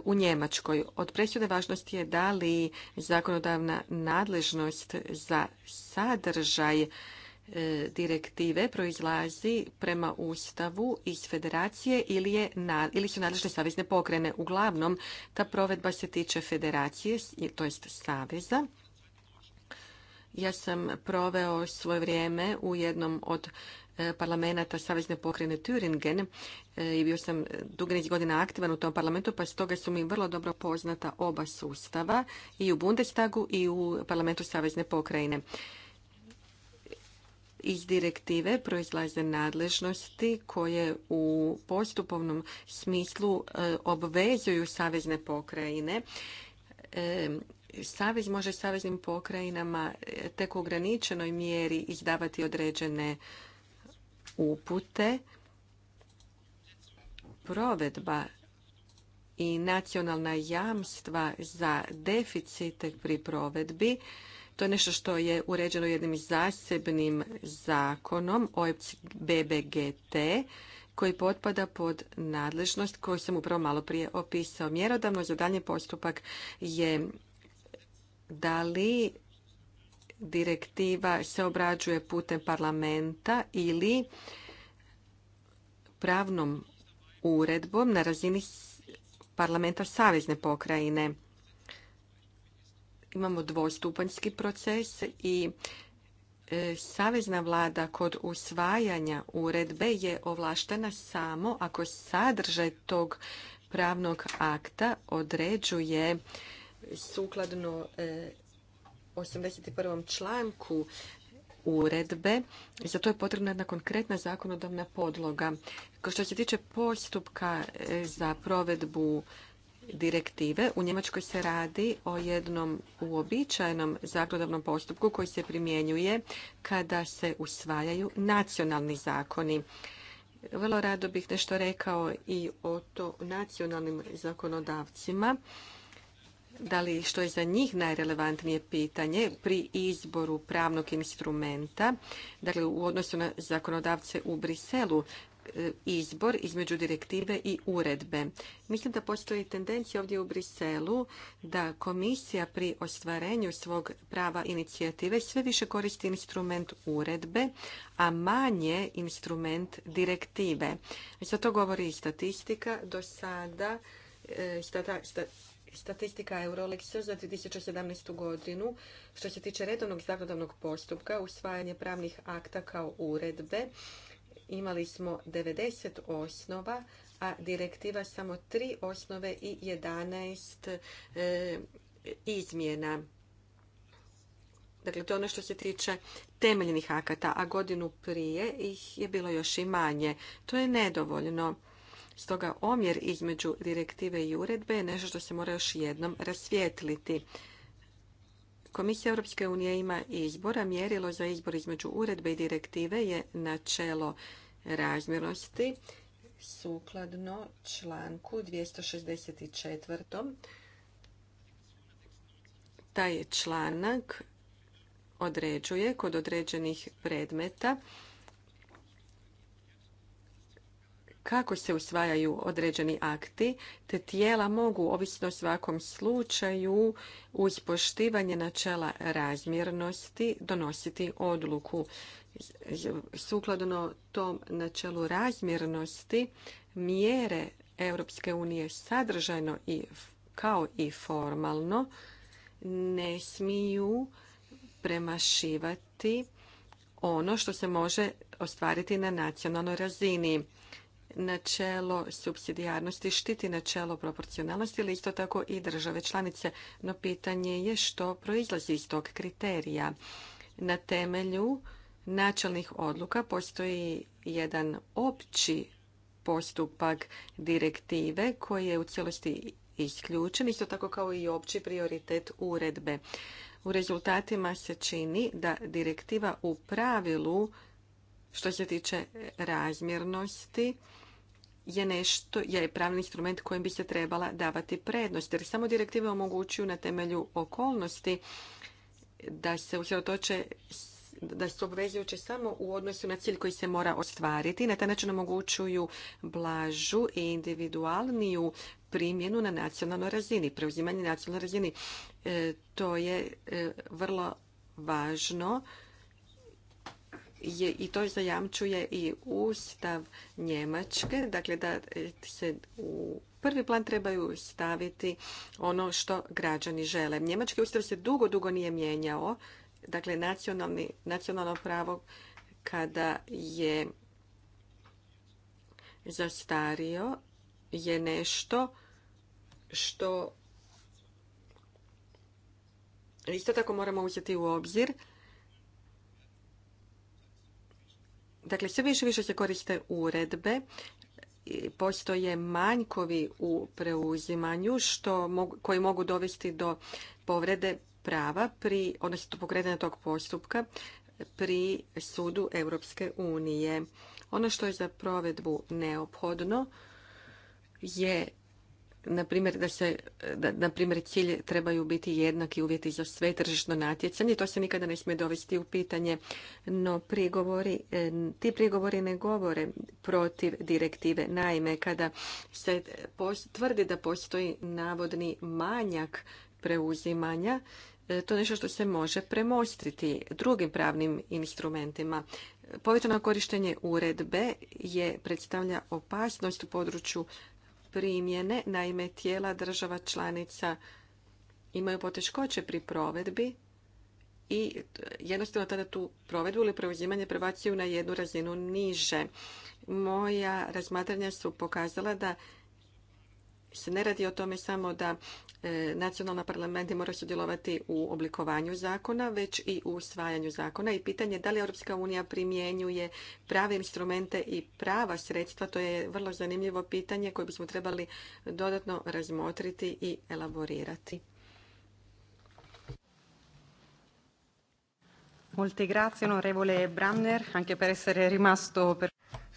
u Njemačkoj. Od presude važnosti je da li zakonodavna nadležnost za sadržaj E, direktive proizlazi prema Ustavu iz federacije ili, je, ili su nadležne savezne pokrene. Uglavnom, ta provedba se tiče federacije, to jest saveza. Ja sam proveo svoje vrijeme u jednom od e, parlamenta Savezne pokrene Thüringen e, i bio sam dugi niz godina aktivan u tom parlamentu, pa stoga su mi vrlo dobro poznata oba sustava i u Bundestagu i u parlamentu Savezne pokrajine. Iz direktive proizlaze nadležnosti koje u postupovnom smislu e, obvezuju savezne pokrajine e, Savez može saveznim pokrajinama e, tek u ograničenoj mjeri izdavati određene upute. Provedba i nacionalna jamstva za deficite pri provedbi to je nešto što je uređeno jednim zasebnim zakonom OEPC BBGT koji potpada pod nadležnost koju sam upravo malo prije opisao. Mjerodavno za daljnji postupak je da li direktiva se obrađuje putem parlamenta ili pravnom uredbom na razini parlamenta Savezne pokrajine imamo dvostupanjski proces i e, savezna vlada kod usvajanja uredbe je ovlaštena samo ako sadržaj tog pravnog akta određuje sukladno 81. E, članku uredbe. Za to je potrebna jedna konkretna zakonodavna podloga. Što se tiče postupka e, za provedbu direktive. U Njemačkoj se radi o jednom uobičajenom zakonodavnom postupku koji se primjenjuje kada se usvajaju nacionalni zakoni. Vrlo rado bih nešto rekao i o to nacionalnim zakonodavcima. Da li što je za njih najrelevantnije pitanje pri izboru pravnog instrumenta, dakle u odnosu na zakonodavce u Briselu, E, izbor između direktive i uredbe. Mislim da postoji tendencija ovdje u Briselu da komisija pri ostvarenju svog prava inicijative sve više koristi instrument uredbe, a manje instrument direktive. Za to govori i statistika. Do sada e, statistika Eurolexa za 2017. godinu što se tiče redovnog zakonodavnog postupka, usvajanje pravnih akta kao uredbe, Imali smo 90 osnova, a direktiva samo tri osnove i 11 e, izmjena. Dakle, to je ono što se tiče temeljnih akata, a godinu prije ih je bilo još i manje. To je nedovoljno. Stoga omjer između direktive i uredbe je nešto što se mora još jednom rasvijetliti. Komisija Europske unije ima izbora. Mjerilo za izbor između uredbe i direktive je načelo razmjernosti sukladno članku 264. Taj članak određuje kod određenih predmeta kako se usvajaju određeni akti, te tijela mogu, ovisno o svakom slučaju, uz poštivanje načela razmjernosti donositi odluku sukladno tom načelu razmjernosti mjere Europske unije sadržajno i kao i formalno ne smiju premašivati ono što se može ostvariti na nacionalnoj razini. Načelo subsidijarnosti štiti načelo proporcionalnosti, ali isto tako i države članice. No pitanje je što proizlazi iz tog kriterija. Na temelju načelnih odluka postoji jedan opći postupak direktive koji je u cijelosti isključen, isto tako kao i opći prioritet uredbe. U rezultatima se čini da direktiva u pravilu što se tiče razmjernosti je nešto, je pravni instrument kojim bi se trebala davati prednost. Jer samo direktive omogućuju na temelju okolnosti da se usredotoče da su obvezujuće samo u odnosu na cilj koji se mora ostvariti. Na taj način omogućuju blažu i individualniju primjenu na nacionalnoj razini, preuzimanje na nacionalnoj razini. E, to je e, vrlo važno i to zajamčuje i Ustav Njemačke, dakle da se u prvi plan trebaju staviti ono što građani žele. Njemački ustav se dugo, dugo nije mijenjao dakle nacionalni, nacionalno pravo kada je zastario je nešto što isto tako moramo uzeti u obzir. Dakle, sve više više se koriste uredbe, postoje manjkovi u preuzimanju što, koji mogu dovesti do povrede prava pri, odnosno pokretanja tog postupka pri sudu Europske unije. Ono što je za provedbu neophodno je na primjer da se da, na primjer cilj trebaju biti jednaki uvjeti za sve tržišno natjecanje to se nikada ne smije dovesti u pitanje no prigovori e, ti prigovori ne govore protiv direktive naime kada se tvrdi da postoji navodni manjak preuzimanja E, to nešto što se može premostriti drugim pravnim instrumentima. Povećano korištenje uredbe je predstavlja opasnost u području primjene, naime tijela država članica imaju poteškoće pri provedbi i jednostavno tada tu provedbu ili preuzimanje prebacuju na jednu razinu niže. Moja razmatranja su pokazala da se ne radi o tome samo da e, nacionalna parlamenta mora sudjelovati u oblikovanju zakona, već i u usvajanju zakona. I pitanje je da li Europska unija primjenjuje prave instrumente i prava sredstva, to je vrlo zanimljivo pitanje koje bismo trebali dodatno razmotriti i elaborirati. Molte grazie onorevole Bramner, anche per essere rimasto per...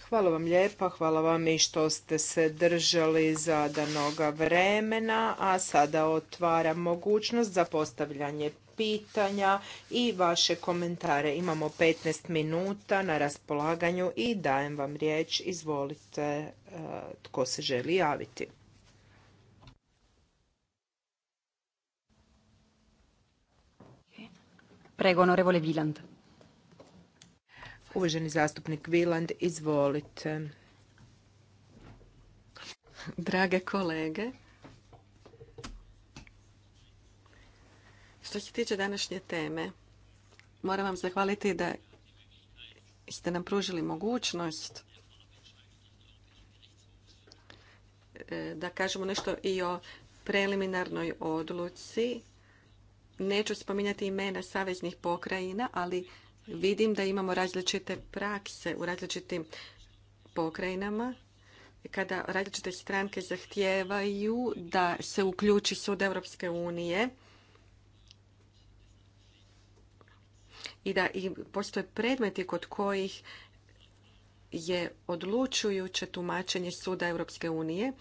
Hvala vam lijepa, hvala vam i što ste se držali zadanoga vremena, a sada otvaram mogućnost za postavljanje pitanja i vaše komentare. Imamo 15 minuta na raspolaganju i dajem vam riječ. Izvolite e, tko se želi javiti. Prego, onorevole Viland. Uvaženi zastupnik Viland, izvolite. Drage kolege, što se tiče današnje teme, moram vam zahvaliti da ste nam pružili mogućnost e, da kažemo nešto i o preliminarnoj odluci. Neću spominjati imena saveznih pokrajina, ali Vidim da imamo različite prakse u različitim pokrajinama kada različite stranke zahtijevaju da se uključi sud Europske unije i da postoje predmeti kod kojih je odlučujuće tumačenje suda Europske unije.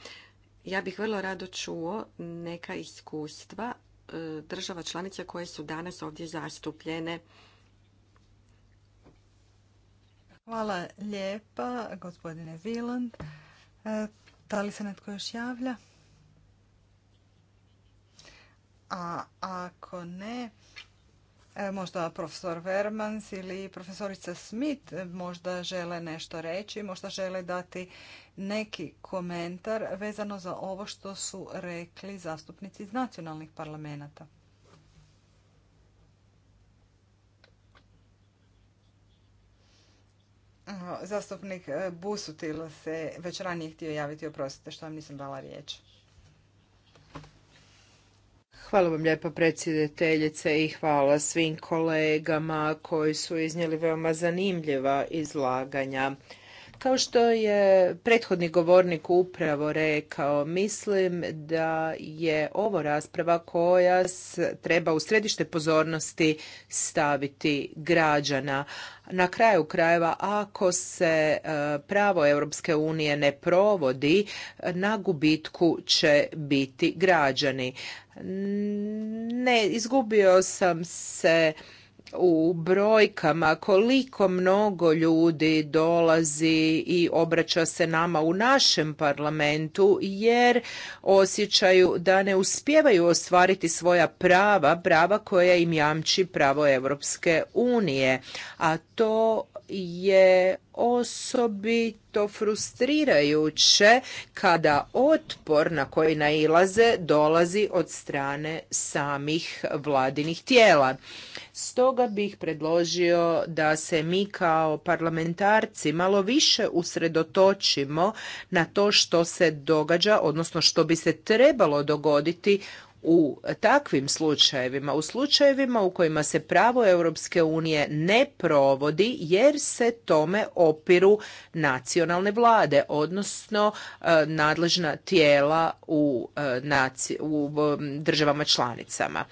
Ja bih vrlo rado čuo neka iskustva e, država članica koje su danas ovdje zastupljene. Hvala lijepa, gospodine Viland. E, da li se netko još javlja? A ako ne, e, možda profesor Vermans ili profesorica Smith možda žele nešto reći, možda žele dati neki komentar vezano za ovo što su rekli zastupnici iz nacionalnih parlamenta. Zastupnik e, Busutil se već ranije htio javiti, oprostite što vam nisam dala riječ. Hvala vam lijepa predsjedateljice i hvala svim kolegama koji su iznijeli veoma zanimljiva izlaganja. Kao što je prethodni govornik upravo rekao, mislim da je ovo rasprava koja treba u središte pozornosti staviti građana. Na kraju krajeva, ako se e, pravo Europske unije ne provodi, na gubitku će biti građani. Ne, izgubio sam se u brojkama koliko mnogo ljudi dolazi i obraća se nama u našem parlamentu jer osjećaju da ne uspijevaju ostvariti svoja prava, prava koja im jamči pravo Europske unije, a to je osobito frustrirajuće kada otpor na koji nailaze dolazi od strane samih vladinih tijela. Stoga bih predložio da se mi kao parlamentarci malo više usredotočimo na to što se događa, odnosno što bi se trebalo dogoditi u takvim slučajevima, u slučajevima u kojima se pravo Europske unije ne provodi jer se tome opiru nacionalne vlade, odnosno e, nadležna tijela u, e, u državama članicama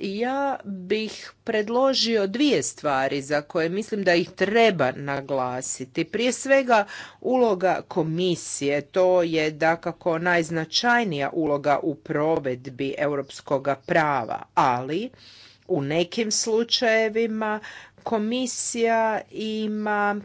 ja bih predložio dvije stvari za koje mislim da ih treba naglasiti. Prije svega uloga komisije, to je dakako najznačajnija uloga u provedbi europskoga prava, ali u nekim slučajevima komisija ima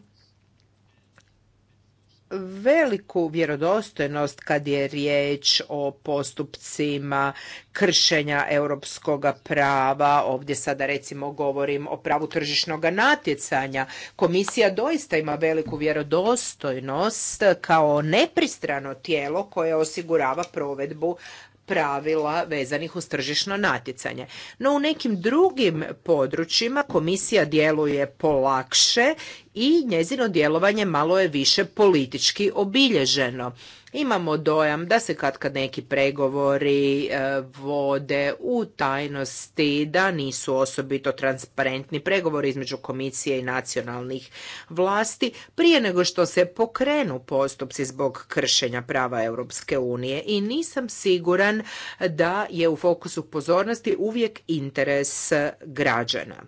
veliku vjerodostojnost kad je riječ o postupcima kršenja europskog prava. Ovdje sada recimo govorim o pravu tržišnog natjecanja. Komisija doista ima veliku vjerodostojnost kao nepristrano tijelo koje osigurava provedbu pravila vezanih uz tržišno natjecanje. No u nekim drugim područjima komisija djeluje polakše i njezino djelovanje malo je više politički obilježeno. Imamo dojam da se kad kad neki pregovori e, vode u tajnosti, da nisu osobito transparentni pregovori između komisije i nacionalnih vlasti prije nego što se pokrenu postupci zbog kršenja prava Europske unije i nisam siguran da je u fokusu pozornosti uvijek interes građana.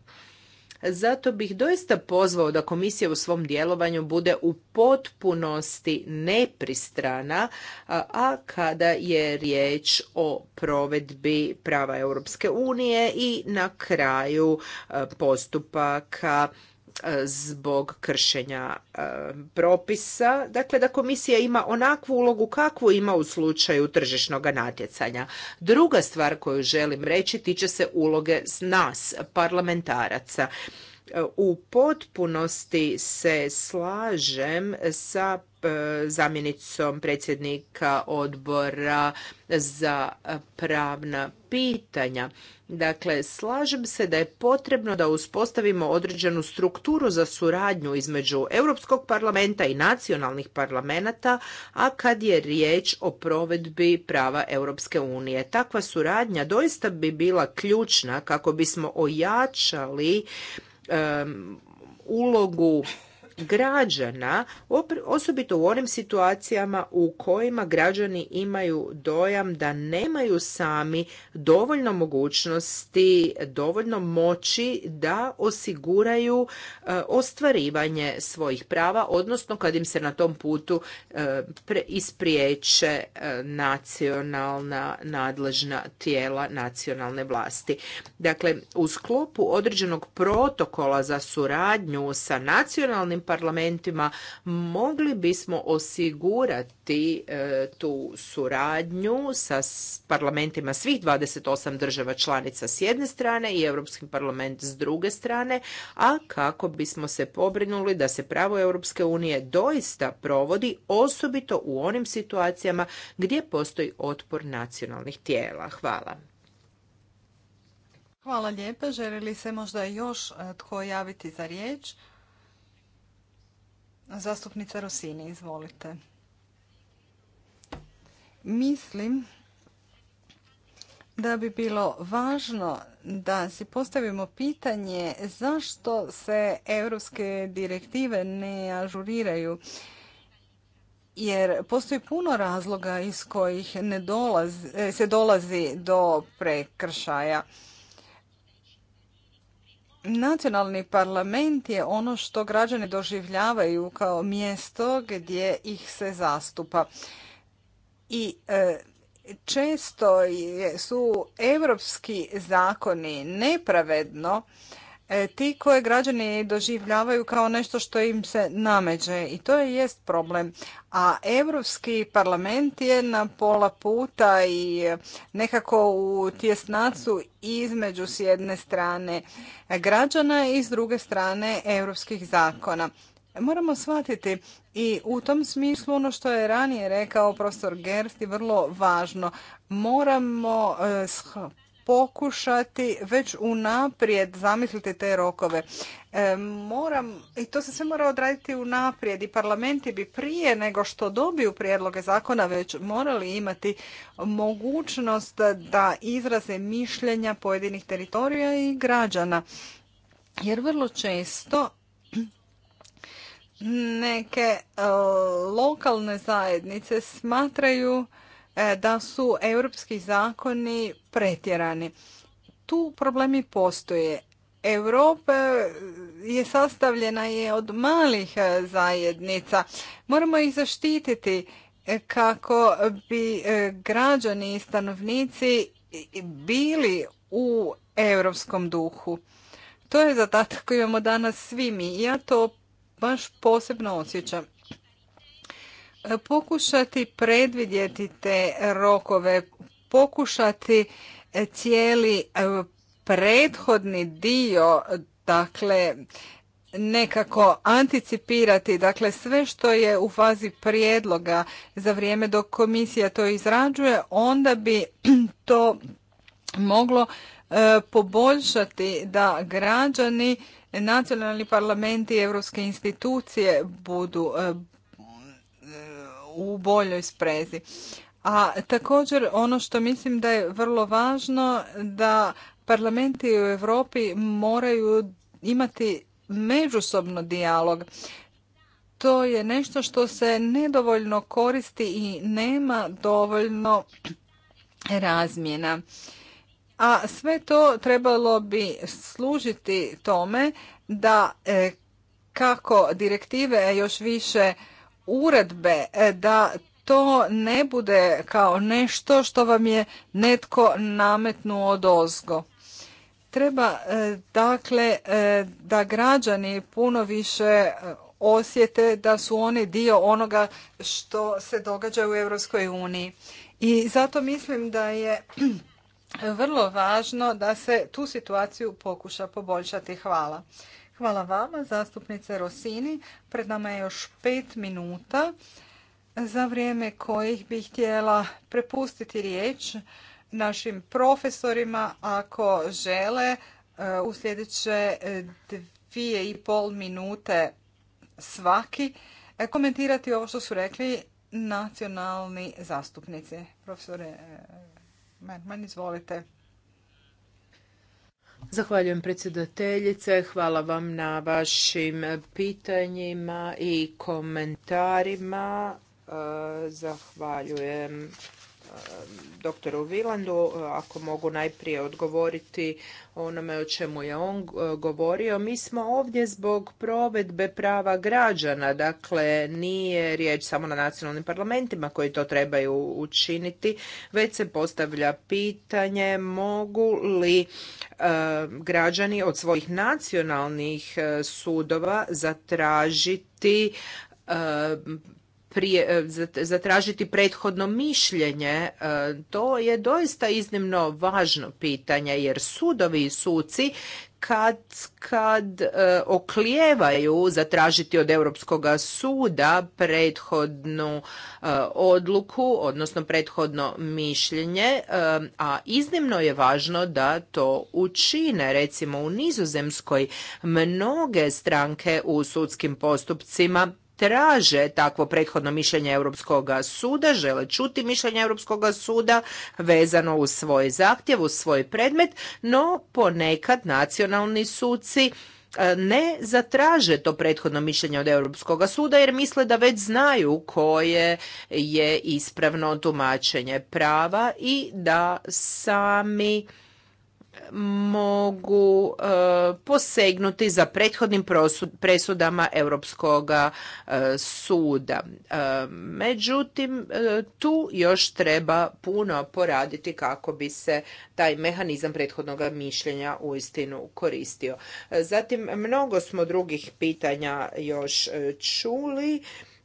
Zato bih doista pozvao da komisija u svom djelovanju bude u potpunosti nepristrana, a kada je riječ o provedbi prava Europske unije i na kraju postupaka zbog kršenja e, propisa, dakle da komisija ima onakvu ulogu kakvu ima u slučaju tržišnog natjecanja. Druga stvar koju želim reći tiče se uloge nas, parlamentaraca. U potpunosti se slažem sa e, zamjenicom predsjednika odbora za pravna pitanja. Dakle, slažem se da je potrebno da uspostavimo određenu strukturu za suradnju između Europskog parlamenta i nacionalnih parlamenta, a kad je riječ o provedbi prava Europske unije. Takva suradnja doista bi bila ključna kako bismo ojačali Um, ulogu građana, osobito u onim situacijama u kojima građani imaju dojam da nemaju sami dovoljno mogućnosti, dovoljno moći da osiguraju e, ostvarivanje svojih prava, odnosno kad im se na tom putu e, ispriječe e, nacionalna nadležna tijela nacionalne vlasti. Dakle, u sklopu određenog protokola za suradnju sa nacionalnim parlamentima mogli bismo osigurati e, tu suradnju sa parlamentima svih 28 država članica s jedne strane i Europski parlament s druge strane, a kako bismo se pobrinuli da se pravo Europske unije doista provodi osobito u onim situacijama gdje postoji otpor nacionalnih tijela. Hvala. Hvala lijepa. Želi li se možda još e, tko javiti za riječ? Zastupnica Rosini, izvolite. Mislim da bi bilo važno da si postavimo pitanje zašto se europske direktive ne ažuriraju jer postoji puno razloga iz kojih se dolazi do prekršaja nacionalni parlament je ono što građani doživljavaju kao mjesto gdje ih se zastupa. I e, često su europski zakoni nepravedno E, ti koje građani doživljavaju kao nešto što im se nameđe i to je jest problem. A Europski parlament je na pola puta i nekako u tjesnacu između s jedne strane građana i s druge strane europskih zakona. Moramo shvatiti i u tom smislu ono što je ranije rekao profesor Gersti vrlo važno. Moramo e, pokušati već unaprijed zamisliti te rokove. E, moram, i to se sve mora odraditi unaprijed i parlamenti bi prije nego što dobiju prijedloge zakona već morali imati mogućnost da izraze mišljenja pojedinih teritorija i građana. Jer vrlo često neke e, lokalne zajednice smatraju e, da su europski zakoni pretjerani. Tu problemi postoje. Europa je sastavljena je od malih zajednica. Moramo ih zaštititi kako bi građani i stanovnici bili u europskom duhu. To je zadatak koji imamo danas svi mi. Ja to baš posebno osjećam. Pokušati predvidjeti te rokove, pokušati e, cijeli e, prethodni dio, dakle, nekako anticipirati, dakle sve što je u fazi prijedloga za vrijeme dok komisija to izrađuje, onda bi to moglo e, poboljšati da građani, nacionalni parlamenti i europske institucije budu u boljoj sprezi. A također ono što mislim da je vrlo važno da parlamenti u Europi moraju imati međusobno dijalog. To je nešto što se nedovoljno koristi i nema dovoljno razmjena. A sve to trebalo bi služiti tome da e, kako direktive, a još više uredbe, e, da to ne bude kao nešto što vam je netko nametnuo od Treba e, dakle e, da građani puno više e, osjete da su oni dio onoga što se događa u Europskoj uniji. I zato mislim da je vrlo važno da se tu situaciju pokuša poboljšati. Hvala. Hvala vama, zastupnice Rosini. Pred nama je još pet minuta za vrijeme kojih bih htjela prepustiti riječ našim profesorima ako žele e, u sljedeće e, dvije i pol minute svaki e, komentirati ovo što su rekli nacionalni zastupnici. Profesore Merman, izvolite. Zahvaljujem predsjedateljice, hvala vam na vašim pitanjima i komentarima. Zahvaljujem e, doktoru Vilandu, ako mogu najprije odgovoriti onome o čemu je on e, govorio. Mi smo ovdje zbog provedbe prava građana, dakle nije riječ samo na nacionalnim parlamentima koji to trebaju učiniti, već se postavlja pitanje mogu li e, građani od svojih nacionalnih sudova zatražiti prije, e, zatražiti prethodno mišljenje. E, to je doista iznimno važno pitanje jer sudovi i suci kad, kad e, oklijevaju zatražiti od Europskog suda prethodnu e, odluku, odnosno prethodno mišljenje, a iznimno je važno da to učine. Recimo u Nizozemskoj mnoge stranke u sudskim postupcima traže takvo prethodno mišljenje Europskog suda, žele čuti mišljenje Europskog suda vezano u svoj zahtjev, u svoj predmet, no ponekad nacionalni suci e, ne zatraže to prethodno mišljenje od Europskog suda jer misle da već znaju koje je ispravno tumačenje prava i da sami mogu e, posegnuti za prethodnim presudama Europskog e, suda. E, međutim, tu još treba puno poraditi kako bi se taj mehanizam prethodnog mišljenja uistinu koristio. Zatim, mnogo smo drugih pitanja još čuli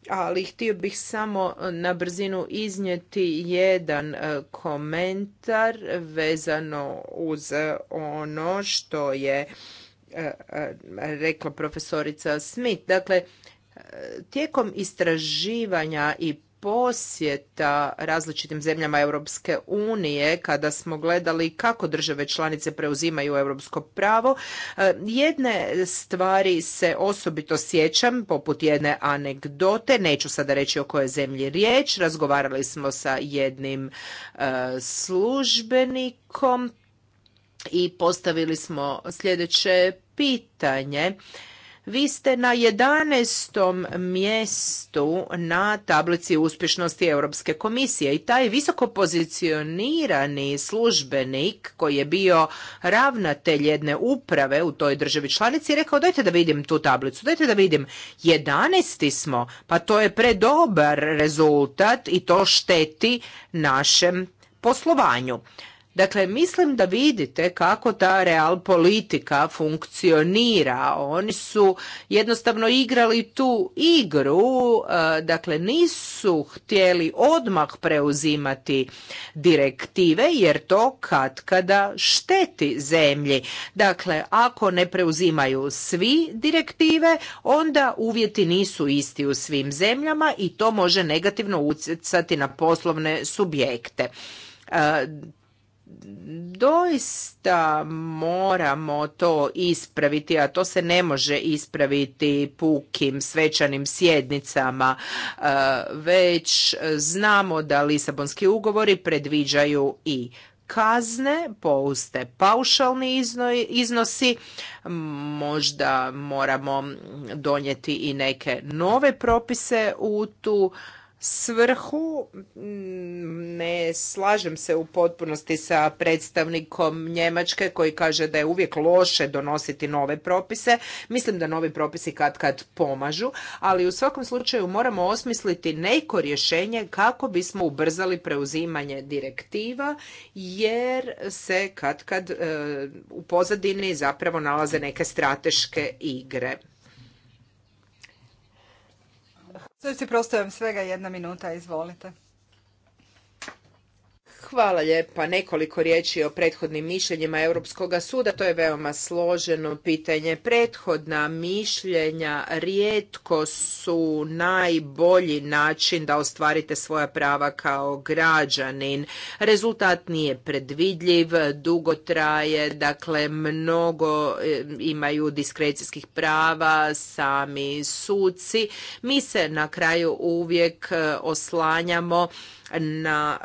ali htio bih samo e, na brzinu iznijeti jedan e, komentar vezano uz e, ono što je rekla profesorica Smith. Dakle, tijekom istraživanja i posjeta različitim zemljama Europske unije kada smo gledali kako države članice preuzimaju europsko pravo. E, jedne stvari se osobito sjećam, poput jedne anegdote, neću sada reći o kojoj zemlji riječ, razgovarali smo sa jednim e, službenikom i postavili smo sljedeće pitanje vi ste na 11. mjestu na tablici uspješnosti Europske komisije i taj visoko pozicionirani službenik koji je bio ravnatelj jedne uprave u toj državi članici je rekao dajte da vidim tu tablicu, dajte da vidim 11. smo, pa to je predobar rezultat i to šteti našem poslovanju. Dakle, mislim da vidite kako ta real politika funkcionira. Oni su jednostavno igrali tu igru, e, dakle nisu htjeli odmah preuzimati direktive jer to katkada šteti zemlji. Dakle, ako ne preuzimaju svi direktive, onda uvjeti nisu isti u svim zemljama i to može negativno utjecati na poslovne subjekte e, doista moramo to ispraviti, a to se ne može ispraviti pukim svečanim sjednicama, e, već znamo da Lisabonski ugovori predviđaju i kazne, pouste paušalni iznosi, možda moramo donijeti i neke nove propise u tu svrhu. Mm, ne slažem se u potpunosti sa predstavnikom Njemačke koji kaže da je uvijek loše donositi nove propise. Mislim da novi propisi kad kad pomažu, ali u svakom slučaju moramo osmisliti neko rješenje kako bismo ubrzali preuzimanje direktiva jer se kad kad e, u pozadini zapravo nalaze neke strateške igre. Znači, vam svega jedna minuta, izvolite. Hvala lijepa. Nekoliko riječi o prethodnim mišljenjima Europskog suda. To je veoma složeno pitanje. Prethodna mišljenja rijetko su najbolji način da ostvarite svoja prava kao građanin. Rezultat nije predvidljiv, dugo traje, dakle mnogo e, imaju diskrecijskih prava sami suci. Mi se na kraju uvijek e, oslanjamo na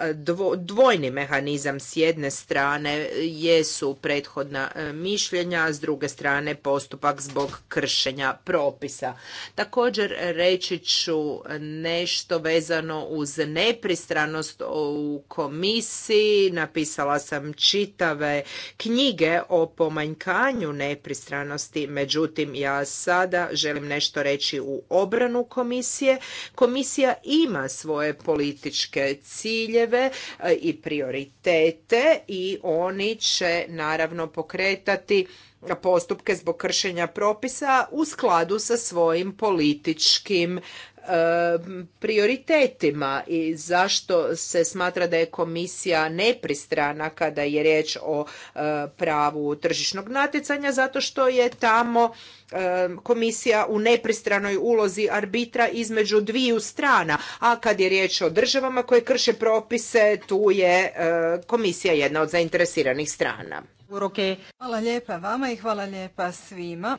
dvojni mehanizam. S jedne strane jesu prethodna e, mišljenja, s druge strane postupak zbog kršenja propisa. Također reći ću nešto vezano uz nepristranost u komisiji. Napisala sam čitave knjige o pomanjkanju nepristranosti, međutim ja sada želim nešto reći u obranu komisije. Komisija ima svoje političke ciljeve e, i prioritete i oni će naravno pokretati postupke zbog kršenja propisa u skladu sa svojim političkim prioritetima i zašto se smatra da je komisija nepristrana kada je riječ o e, pravu tržišnog natjecanja zato što je tamo e, komisija u nepristranoj ulozi arbitra između dviju strana, a kad je riječ o državama koje krše propise, tu je e, komisija jedna od zainteresiranih strana. Hvala lijepa vama i hvala lijepa svima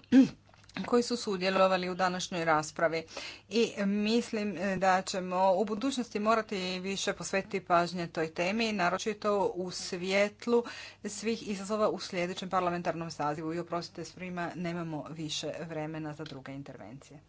koji su sudjelovali u današnjoj raspravi. I mislim e, da ćemo u budućnosti morati više posvetiti pažnje toj temi, naročito u svjetlu svih izazova u sljedećem parlamentarnom sazivu. I oprostite svima, nemamo više vremena za druge intervencije.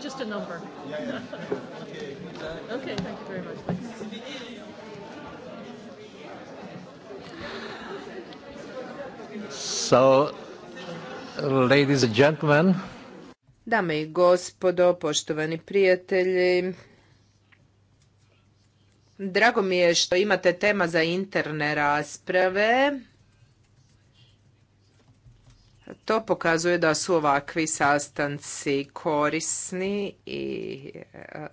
Just a number. Yeah, yeah. okay, okay, thank you very much. Thanks. So, ladies and gentlemen. Dame i gospodo, poštovani prijatelji, drago mi je što imate tema za interne rasprave. To pokazuje da su ovakvi sastanci korisni i e,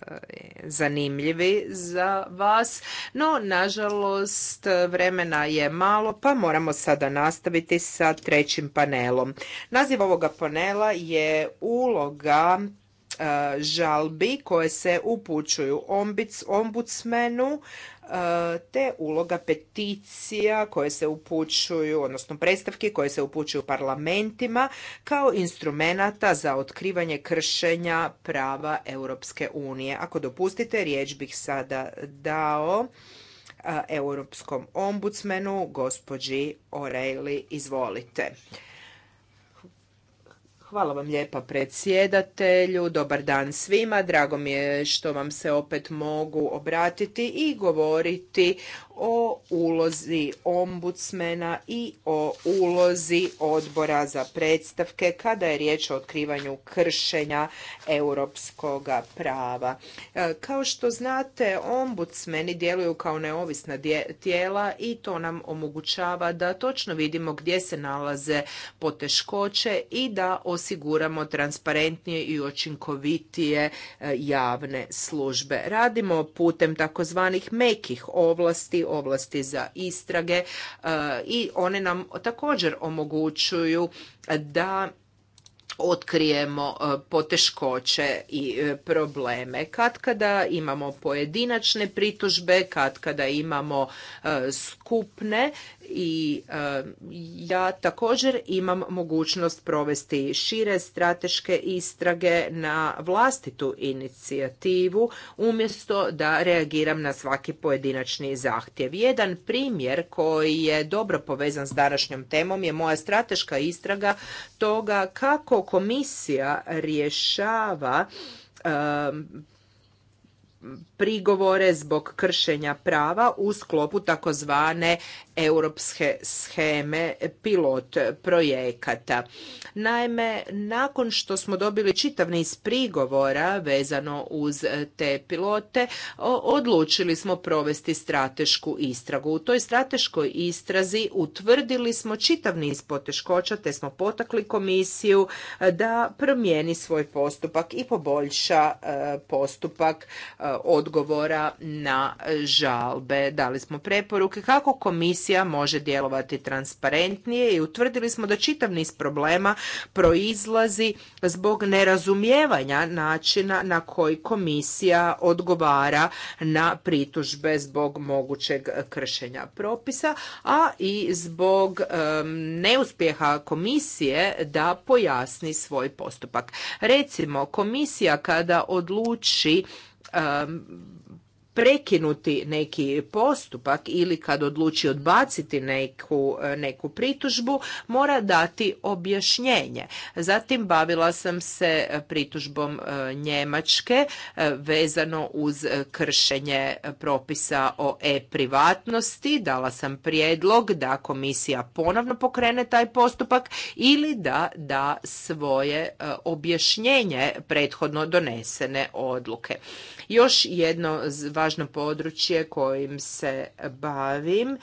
zanimljivi za vas, no nažalost vremena je malo pa moramo sada nastaviti sa trećim panelom. Naziv ovoga panela je uloga e, žalbi koje se upućuju ombudsmenu te uloga peticija koje se upućuju, odnosno predstavke koje se upućuju parlamentima kao instrumenata za otkrivanje kršenja prava Europske unije. Ako dopustite, riječ bih sada dao europskom ombudsmenu, gospođi O'Reilly. Izvolite. Hvala vam lijepa predsjedatelju, dobar dan svima, drago mi je što vam se opet mogu obratiti i govoriti o ulozi ombudsmena i o ulozi odbora za predstavke kada je riječ o otkrivanju kršenja europskog prava. E, kao što znate, ombudsmeni djeluju kao neovisna tijela i to nam omogućava da točno vidimo gdje se nalaze poteškoće i da osiguramo transparentnije i učinkovitije e, javne službe. Radimo putem takozvanih mekih ovlasti oblasti ovlasti za istrage e, i one nam također omogućuju da otkrijemo e, poteškoće i e, probleme. Kad kada imamo pojedinačne pritužbe, kad kada imamo e, skupne i ja također imam mogućnost provesti šire strateške istrage na vlastitu inicijativu umjesto da reagiram na svaki pojedinačni zahtjev. Jedan primjer koji je dobro povezan s današnjom temom je moja strateška istraga toga kako kako komisija rješava um, prigovore zbog kršenja prava u sklopu takozvane europske sheme pilot projekata. Naime, nakon što smo dobili čitav niz prigovora vezano uz te pilote, odlučili smo provesti stratešku istragu. U toj strateškoj istrazi utvrdili smo čitav niz poteškoća te smo potakli komisiju e, da promijeni svoj postupak i poboljša e, postupak e, odgovora na žalbe. Dali smo preporuke kako komisija može djelovati transparentnije i utvrdili smo da čitav niz problema proizlazi zbog nerazumijevanja načina na koji komisija odgovara na pritužbe zbog mogućeg kršenja propisa, a i zbog neuspjeha komisije da pojasni svoj postupak. Recimo, komisija kada odluči Um, prekinuti neki postupak ili kad odluči odbaciti neku, eh, neku pritužbu, mora dati objašnjenje. Zatim bavila sam se pritužbom eh, Njemačke eh, vezano uz kršenje propisa o e-privatnosti. Dala sam prijedlog da komisija ponovno pokrene taj postupak ili da da svoje objašnjenje prethodno donesene odluke. Još jedno važno područje kojim se bavim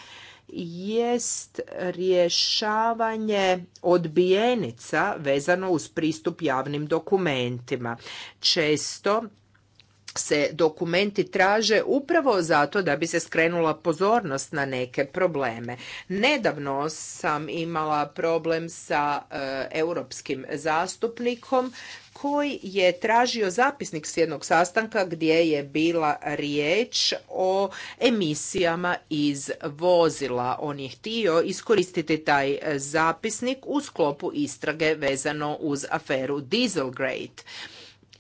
jest rješavanje odbijenica vezano uz pristup javnim dokumentima. Često se dokumenti traže upravo zato da bi se skrenula pozornost na neke probleme. Nedavno sam imala problem sa e, europskim zastupnikom koji je tražio zapisnik s jednog sastanka gdje je bila riječ o emisijama iz vozila. On je htio iskoristiti taj e, zapisnik u sklopu istrage vezano uz aferu Dieselgate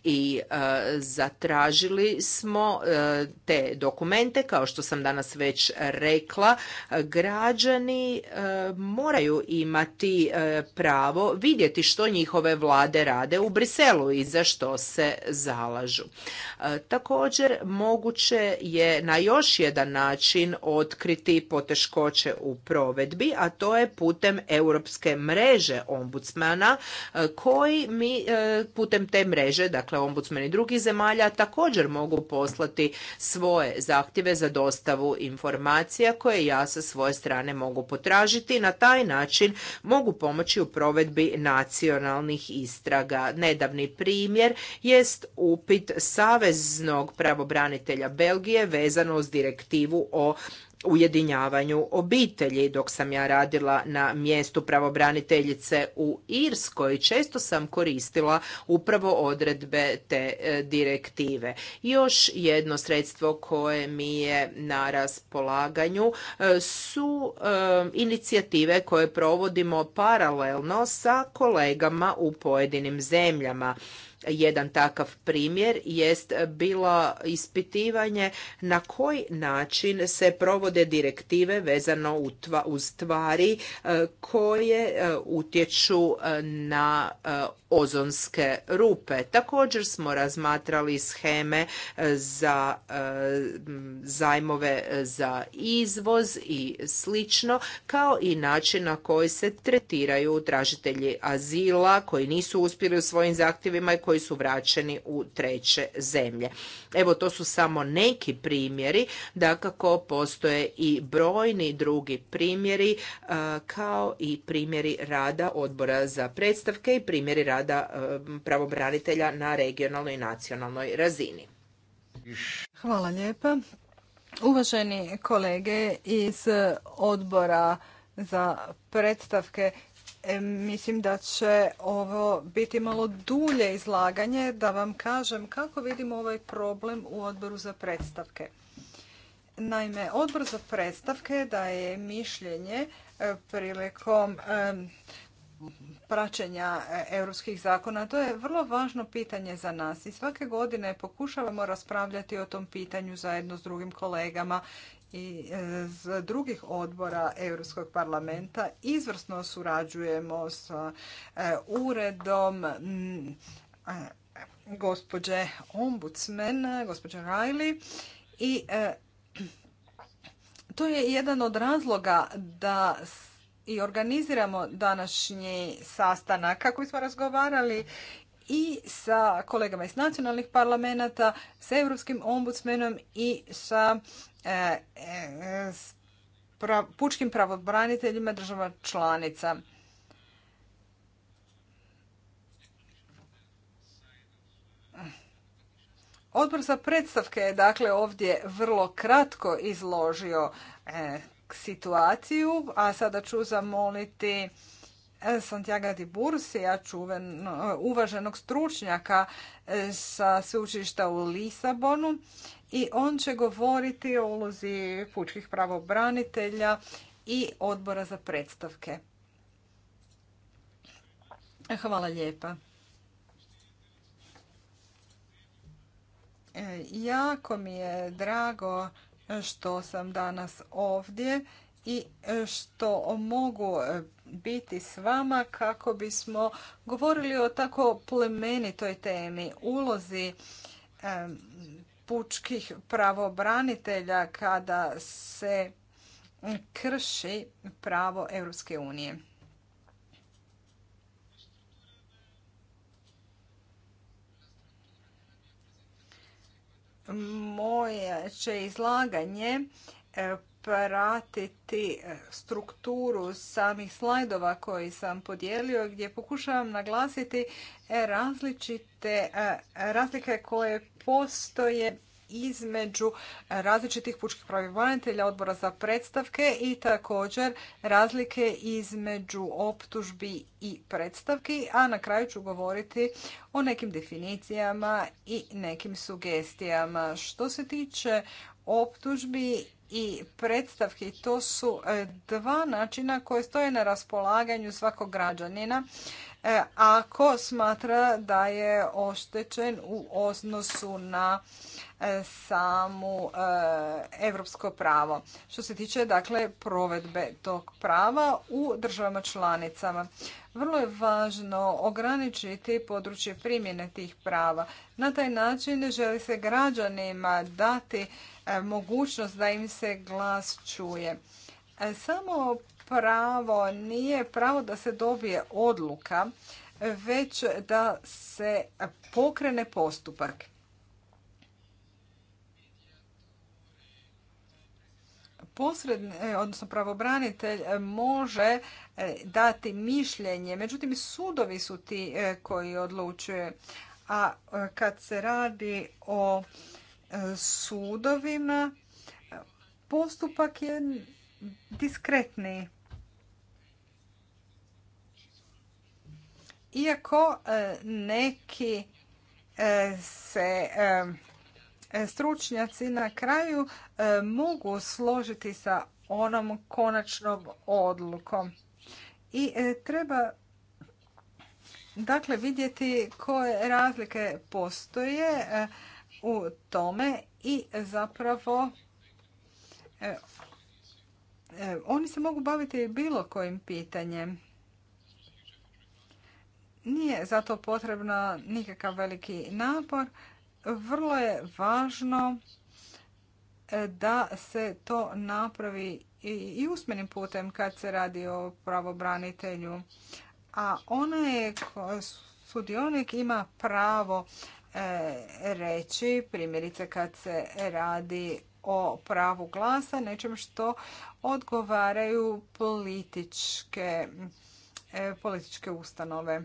i e, zatražili smo e, te dokumente kao što sam danas već rekla građani e, moraju imati pravo vidjeti što njihove vlade rade u Briselu i za što se zalažu. Također moguće je na još jedan način otkriti poteškoće u provedbi, a to je putem europske mreže ombudsmana koji mi putem te mreže dakle dakle ombudsmeni drugih zemalja također mogu poslati svoje zahtjeve za dostavu informacija koje ja sa svoje strane mogu potražiti i na taj način mogu pomoći u provedbi nacionalnih istraga. Nedavni primjer jest upit Saveznog pravobranitelja Belgije vezano uz direktivu o ujedinjavanju obitelji dok sam ja radila na mjestu pravobraniteljice u Irskoj često sam koristila upravo odredbe te e, direktive. Još jedno sredstvo koje mi je na raspolaganju e, su e, inicijative koje provodimo paralelno sa kolegama u pojedinim zemljama. Jedan takav primjer jest bilo ispitivanje na koji način se provode direktive vezano uz tvari e, koje e, utječu e, na ozonske rupe. Također smo razmatrali sheme za zajmove za izvoz i slično, kao i način na koji se tretiraju tražitelji azila koji nisu uspjeli u svojim zahtjevima i koji koji su vraćeni u treće zemlje. Evo to su samo neki primjeri, dakako postoje i brojni drugi primjeri e, kao i primjeri rada odbora za predstavke i primjeri rada e, pravobranitelja na regionalnoj i nacionalnoj razini. Hvala lijepa. Uvaženi kolege iz odbora za predstavke, E, mislim da će ovo biti malo dulje izlaganje da vam kažem kako vidimo ovaj problem u odboru za predstavke. Naime, odbor za predstavke daje mišljenje e, prilikom e, praćenja europskih zakona. To je vrlo važno pitanje za nas i svake godine pokušavamo raspravljati o tom pitanju zajedno s drugim kolegama i iz e, drugih odbora Europskog parlamenta izvrsno surađujemo s e, uredom e, gospođe ombudsmena, gospođe Riley i to je jedan od razloga da i organiziramo današnji sastanak kako smo razgovarali i sa kolegama iz nacionalnih parlamenta, s europskim ombudsmenom i sa e, e s pučkim pravobraniteljima država članica. Odbor za predstavke je dakle ovdje vrlo kratko izložio e, situaciju, a sada ću zamoliti Santiago di Bursija, čuven, uh, uvaženog stručnjaka uh, sa sveučilišta u Lisabonu i on će govoriti o ulozi pučkih pravobranitelja i odbora za predstavke. Hvala lijepa. E, jako mi je drago što sam danas ovdje i e, što mogu e, biti s vama kako bismo govorili o tako plemenitoj temi, ulozi e, pučkih pravobranitelja kada se krši pravo Europske unije. Moje će izlaganje pratiti e, strukturu samih slajdova koji sam podijelio gdje pokušavam naglasiti e, različite e, razlike koje postoje između različitih pučkih pravobranitelja odbora za predstavke i također razlike između optužbi i predstavki, a na kraju ću govoriti o nekim definicijama i nekim sugestijama. Što se tiče optužbi i predstavki. To su e, dva načina koje stoje na raspolaganju svakog građanina E, ako smatra da je oštećen u odnosu na e, samu europsko pravo. Što se tiče dakle provedbe tog prava u državama članicama. Vrlo je važno ograničiti područje primjene tih prava. Na taj način želi se građanima dati e, mogućnost da im se glas čuje. Samo pravo nije pravo da se dobije odluka, već da se pokrene postupak. E, odnosno pravobranitelj može e, dati mišljenje, međutim sudovi su ti e, koji odlučuje. A kad se radi o sudovima, postupak je diskretniji. Iako e, neki e, se e, stručnjaci na kraju mogu složiti sa onom konačnom odlukom. I treba dakle vidjeti koje razlike postoje u tome i zapravo oni se mogu baviti bilo kojim pitanjem. Nije zato potrebna nikakav veliki napor. Vrlo je važno e, da se to napravi i usmenim putem kad se radi o pravobranitelju. A ona je sudionik ima pravo e, reći, primjerice kad se radi o pravu glasa, nečem što odgovaraju političke, e, političke ustanove.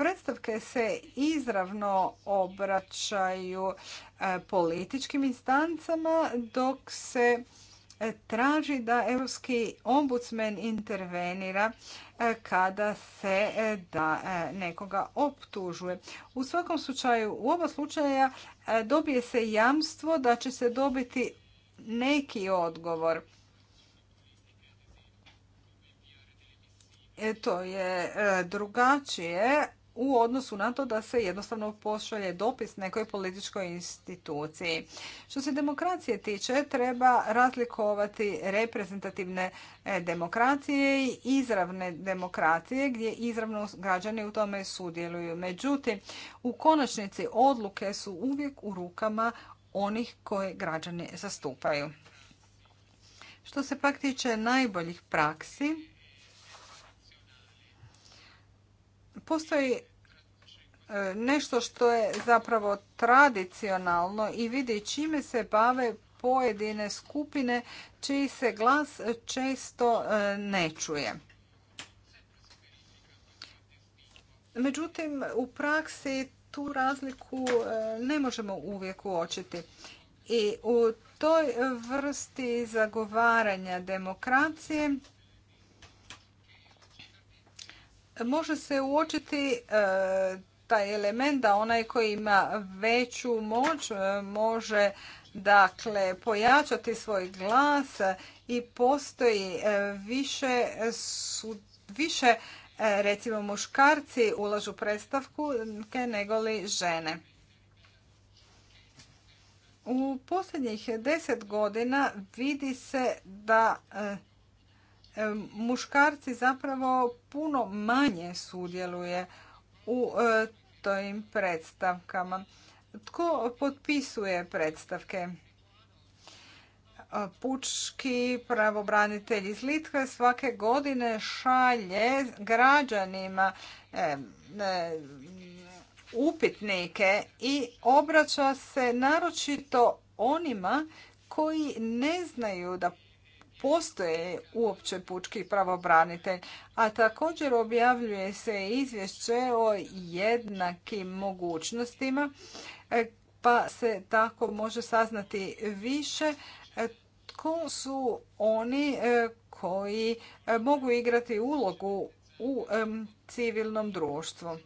Predstavke se izravno obraćaju e, političkim instancama dok se e, traži da Europski ombudsman intervenira e, kada se da nekoga optužuje. U svakom slučaju, u oba slučaja dobije se jamstvo da će se dobiti neki odgovor. To je drugačije u odnosu na to da se jednostavno pošalje dopis nekoj političkoj instituciji. Što se demokracije tiče, treba razlikovati reprezentativne e, demokracije i izravne demokracije gdje izravno građani u tome sudjeluju. Međutim, u konačnici odluke su uvijek u rukama onih koje građani zastupaju. Što se pak tiče najboljih praksi, postoji nešto što je zapravo tradicionalno i vidi čime se bave pojedine skupine čiji se glas često e, ne čuje. Međutim, u praksi tu razliku e, ne možemo uvijek uočiti. I u toj vrsti zagovaranja demokracije može se uočiti e, taj element da onaj koji ima veću moć e, može dakle pojačati svoj glas i postoji e, više su, više e, recimo muškarci ulažu predstavku nego li žene. U posljednjih deset godina vidi se da muškarci zapravo puno manje sudjeluje u tim predstavkama. Tko potpisuje predstavke? Pučki pravobranitelj iz Litve svake godine šalje građanima upitnike i obraća se naročito onima koji ne znaju da postoje uopće pučki pravobranitelj, a također objavljuje se izvješće o jednakim mogućnostima, e, pa se tako može saznati više e, tko su oni e, koji mogu igrati ulogu u civilnom društvu.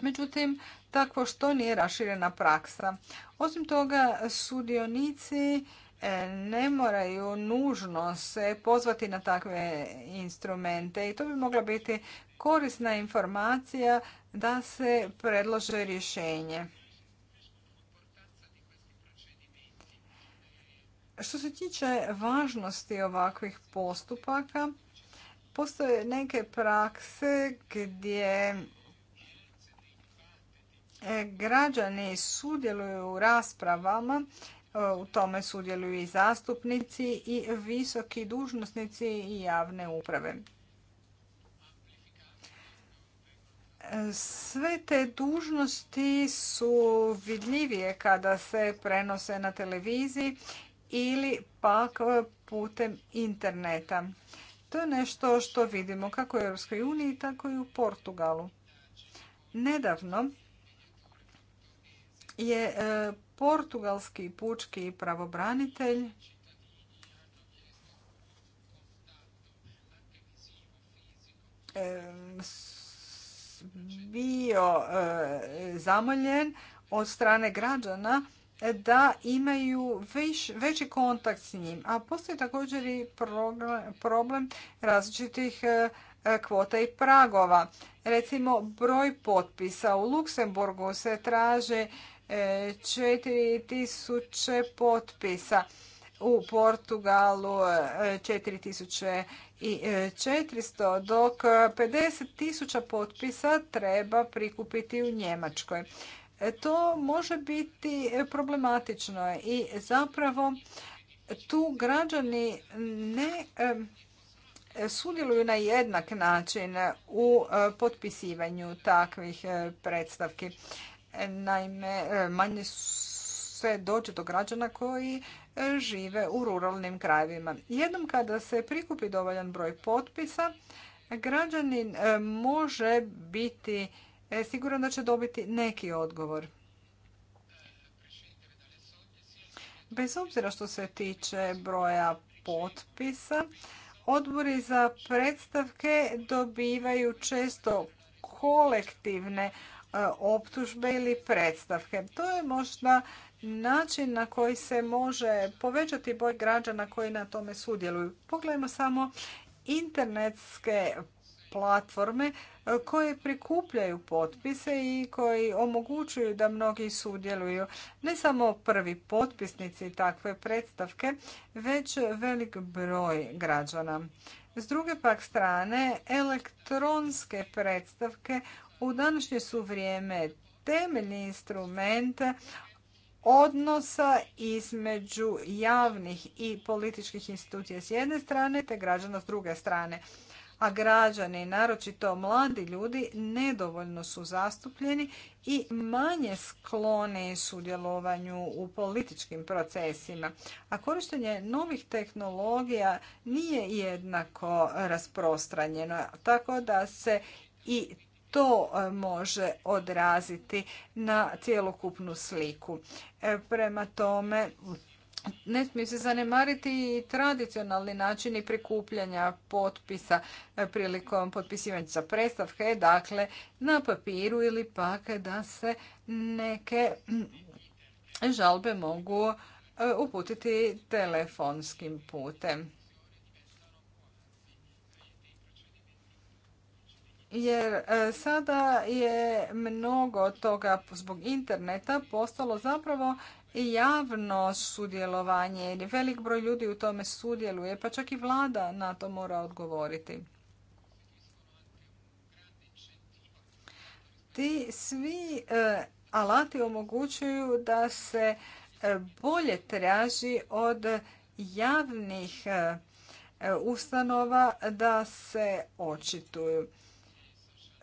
Međutim, tako što nije raširena praksa. Osim toga, sudionici E, ne moraju nužno se pozvati na takve instrumente i to bi mogla biti korisna informacija da se predlože rješenje. Što se tiče važnosti ovakvih postupaka, postoje neke prakse gdje e, građani sudjeluju u raspravama u tome sudjeluju i zastupnici i visoki dužnosnici i javne uprave. Sve te dužnosti su vidljivije kada se prenose na televiziji ili pak putem interneta. To je nešto što vidimo kako u EU, tako i u Portugalu. Nedavno je e, portugalski pučki pravobranitelj e, bio e, zamoljen od strane građana da imaju veći kontakt s njim. A postoji također i problem različitih kvota i pragova. Recimo, broj potpisa u Luksemburgu se traže 4000 potpisa u Portugalu 4400, e, dok 50.000 potpisa treba prikupiti u Njemačkoj. E, to može biti problematično i zapravo tu građani ne e, sudjeluju na jednak način u potpisivanju takvih predstavki. Naime, e, manje se dođe do građana koji e, žive u ruralnim krajevima. Jednom kada se prikupi dovoljan broj potpisa, građanin e, može biti siguran da će dobiti neki odgovor. Bez obzira što se tiče broja potpisa, odbori za predstavke dobivaju često kolektivne E, optužbe ili predstavke. To je možda način na koji se može povećati broj građana koji na tome sudjeluju. Pogledajmo samo internetske platforme e, koje prikupljaju potpise i koji omogućuju da mnogi sudjeluju. Ne samo prvi potpisnici takve predstavke, već velik broj građana. S druge pak strane, elektronske predstavke u današnje su vrijeme temeljni instrument odnosa između javnih i političkih institucija s jedne strane te građana s druge strane. A građani, naročito mladi ljudi, nedovoljno su zastupljeni i manje skloni sudjelovanju u političkim procesima. A korištenje novih tehnologija nije jednako rasprostranjeno, tako da se i to e, može odraziti na cjelokupnu sliku. E, prema tome, ne smije se zanemariti i tradicionalni načini prikupljanja potpisa e, prilikom potpisivanja za predstavke, dakle na papiru ili pak da se neke mm, žalbe mogu uputiti telefonskim putem. jer e, sada je mnogo toga zbog interneta postalo zapravo javno sudjelovanje jer velik broj ljudi u tome sudjeluje, pa čak i vlada na to mora odgovoriti. Ti svi e, alati omogućuju da se e, bolje traži od javnih ustanova da se očituju.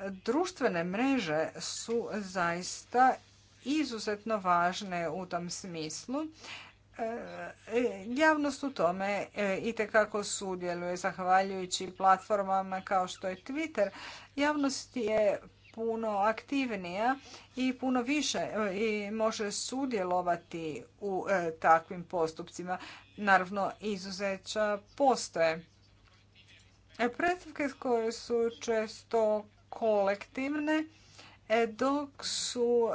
Društvene mreže su zaista izuzetno važne u tom smislu. E, javnost u tome e, i tekako sudjeluje, zahvaljujući platformama kao što je Twitter. Javnost je puno aktivnija i puno više e, i može sudjelovati u takvim postupcima. Naravno, izuzeća postoje. Predstavke koje su često kolektivne, e, dok su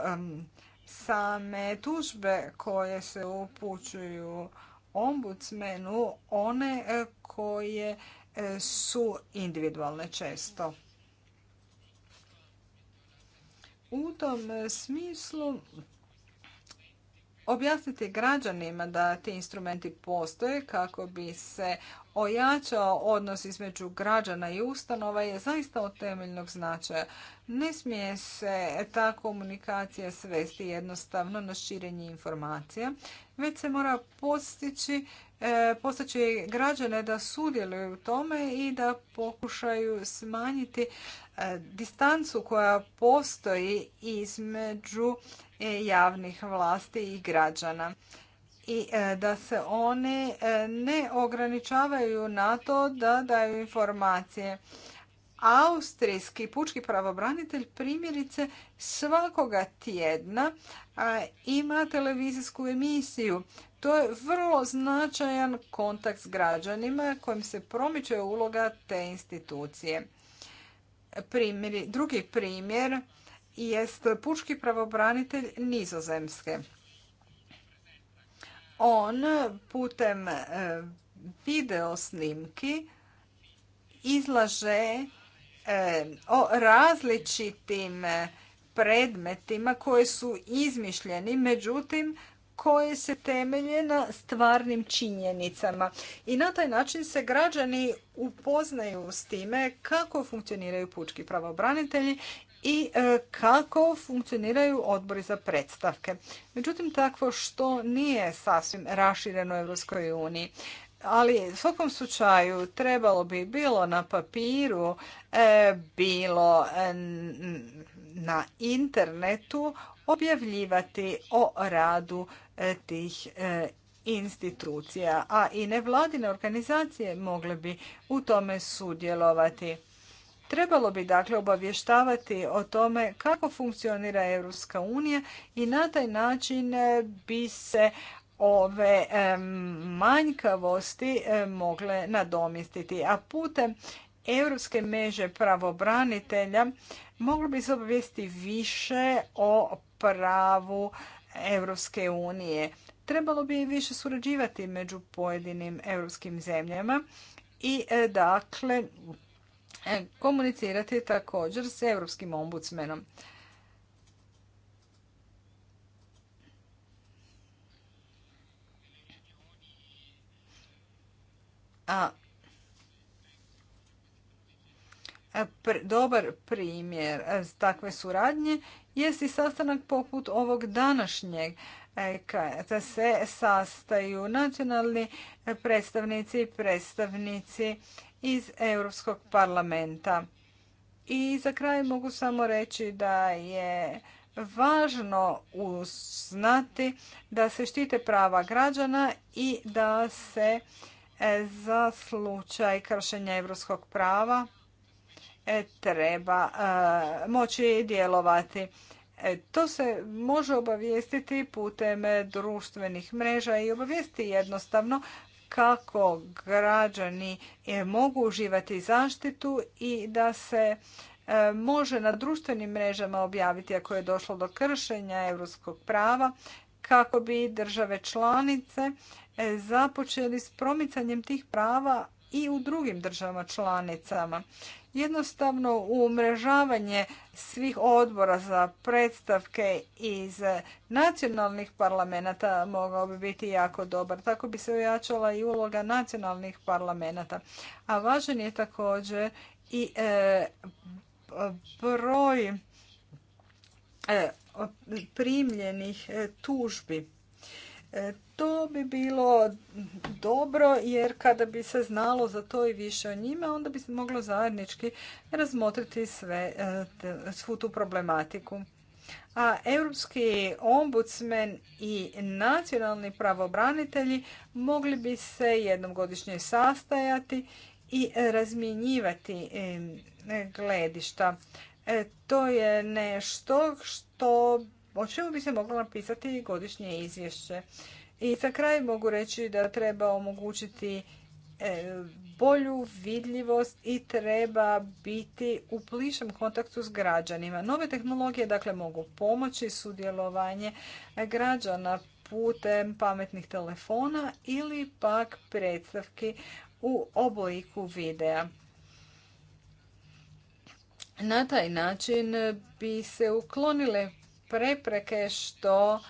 same tužbe koje se upućuju ombudsmenu one e, koje e, su individualne često. U tom smislu objasniti građanima da ti instrumenti postoje kako bi se ojačao odnos između građana i ustanova je zaista od temeljnog značaja. Ne smije se ta komunikacija svesti jednostavno na širenje informacija, već se mora postići e, građane da sudjeluju u tome i da pokušaju smanjiti e, distancu koja postoji između e, javnih vlasti i građana i e, da se oni e, ne ograničavaju na to da daju informacije. Austrijski pučki pravobranitelj primjerice svakoga tjedna ima televizijsku emisiju. To je vrlo značajan kontakt s građanima kojim se promiče uloga te institucije. Primjer, drugi primjer jest pučki pravobranitelj Nizozemske on putem e, video snimki izlaže e, o različitim e, predmetima koji su izmišljeni, međutim koje se temelje na stvarnim činjenicama. I na taj način se građani upoznaju s time kako funkcioniraju pučki pravobranitelji i e, kako funkcioniraju odbori za predstavke. Međutim, takvo što nije sasvim rašireno u Europskoj uniji. Ali u svakom slučaju trebalo bi bilo na papiru, e, bilo e, na internetu objavljivati o radu tih institucija, a i nevladine organizacije mogle bi u tome sudjelovati. Trebalo bi dakle obavještavati o tome kako funkcionira Europska unija i na taj način e, bi se ove e, manjkavosti e, mogle nadomjestiti. A putem Europske meže pravobranitelja moglo bi se obavijesti više o pravu Europske unije. Trebalo bi više surađivati među pojedinim europskim zemljama i dakle komunicirati također s Europskim ombudsmenom. A dobar primjer takve suradnje jest i sastanak poput ovog današnjeg e, kada se sastaju nacionalni predstavnici i predstavnici iz Europskog parlamenta. I za kraj mogu samo reći da je važno uznati da se štite prava građana i da se e, za slučaj kršenja europskog prava e, treba e, moći djelovati. To se može obavijestiti putem društvenih mreža i obavijesti jednostavno kako građani e, mogu uživati zaštitu i da se e, može na društvenim mrežama objaviti ako je došlo do kršenja europskog prava kako bi države članice e, započeli s promicanjem tih prava i u drugim državama članicama jednostavno umrežavanje svih odbora za predstavke iz nacionalnih parlamenta mogao bi biti jako dobar. Tako bi se ojačala i uloga nacionalnih parlamenta. A važan je također i e, broj e, primljenih e, tužbi. E, to bi bilo dobro jer kada bi se znalo za to i više o njima, onda bi se moglo zajednički razmotriti sve, e, svu tu problematiku. A europski ombudsmen i nacionalni pravobranitelji mogli bi se jednom godišnje sastajati i razmjenjivati e, gledišta. To je nešto što o čemu bi se moglo napisati godišnje izvješće. I za kraj mogu reći da treba omogućiti e, bolju vidljivost i treba biti u bližem kontaktu s građanima. Nove tehnologije dakle mogu pomoći sudjelovanje građana putem pametnih telefona ili pak predstavki u obliku videa. Na taj način bi se uklonile prepreke što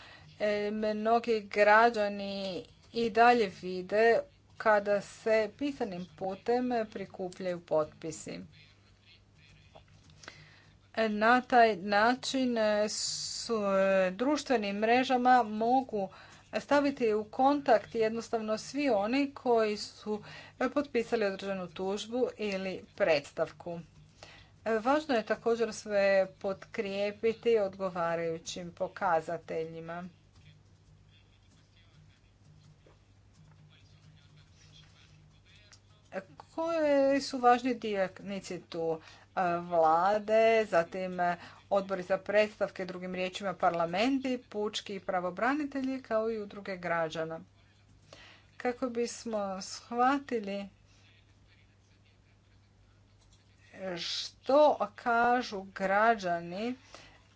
e, mnogi građani i dalje vide kada se pisanim putem prikupljaju potpisi. Na taj način s e, društvenim mrežama mogu staviti u kontakt jednostavno svi oni koji su potpisali određenu tužbu ili predstavku. Važno je također sve podkrijepiti odgovarajućim pokazateljima. Koje su važni dionici tu? Vlade, zatim odbori za predstavke, drugim riječima parlamenti, pučki i pravobranitelji kao i udruge građana. Kako bismo shvatili što kažu građani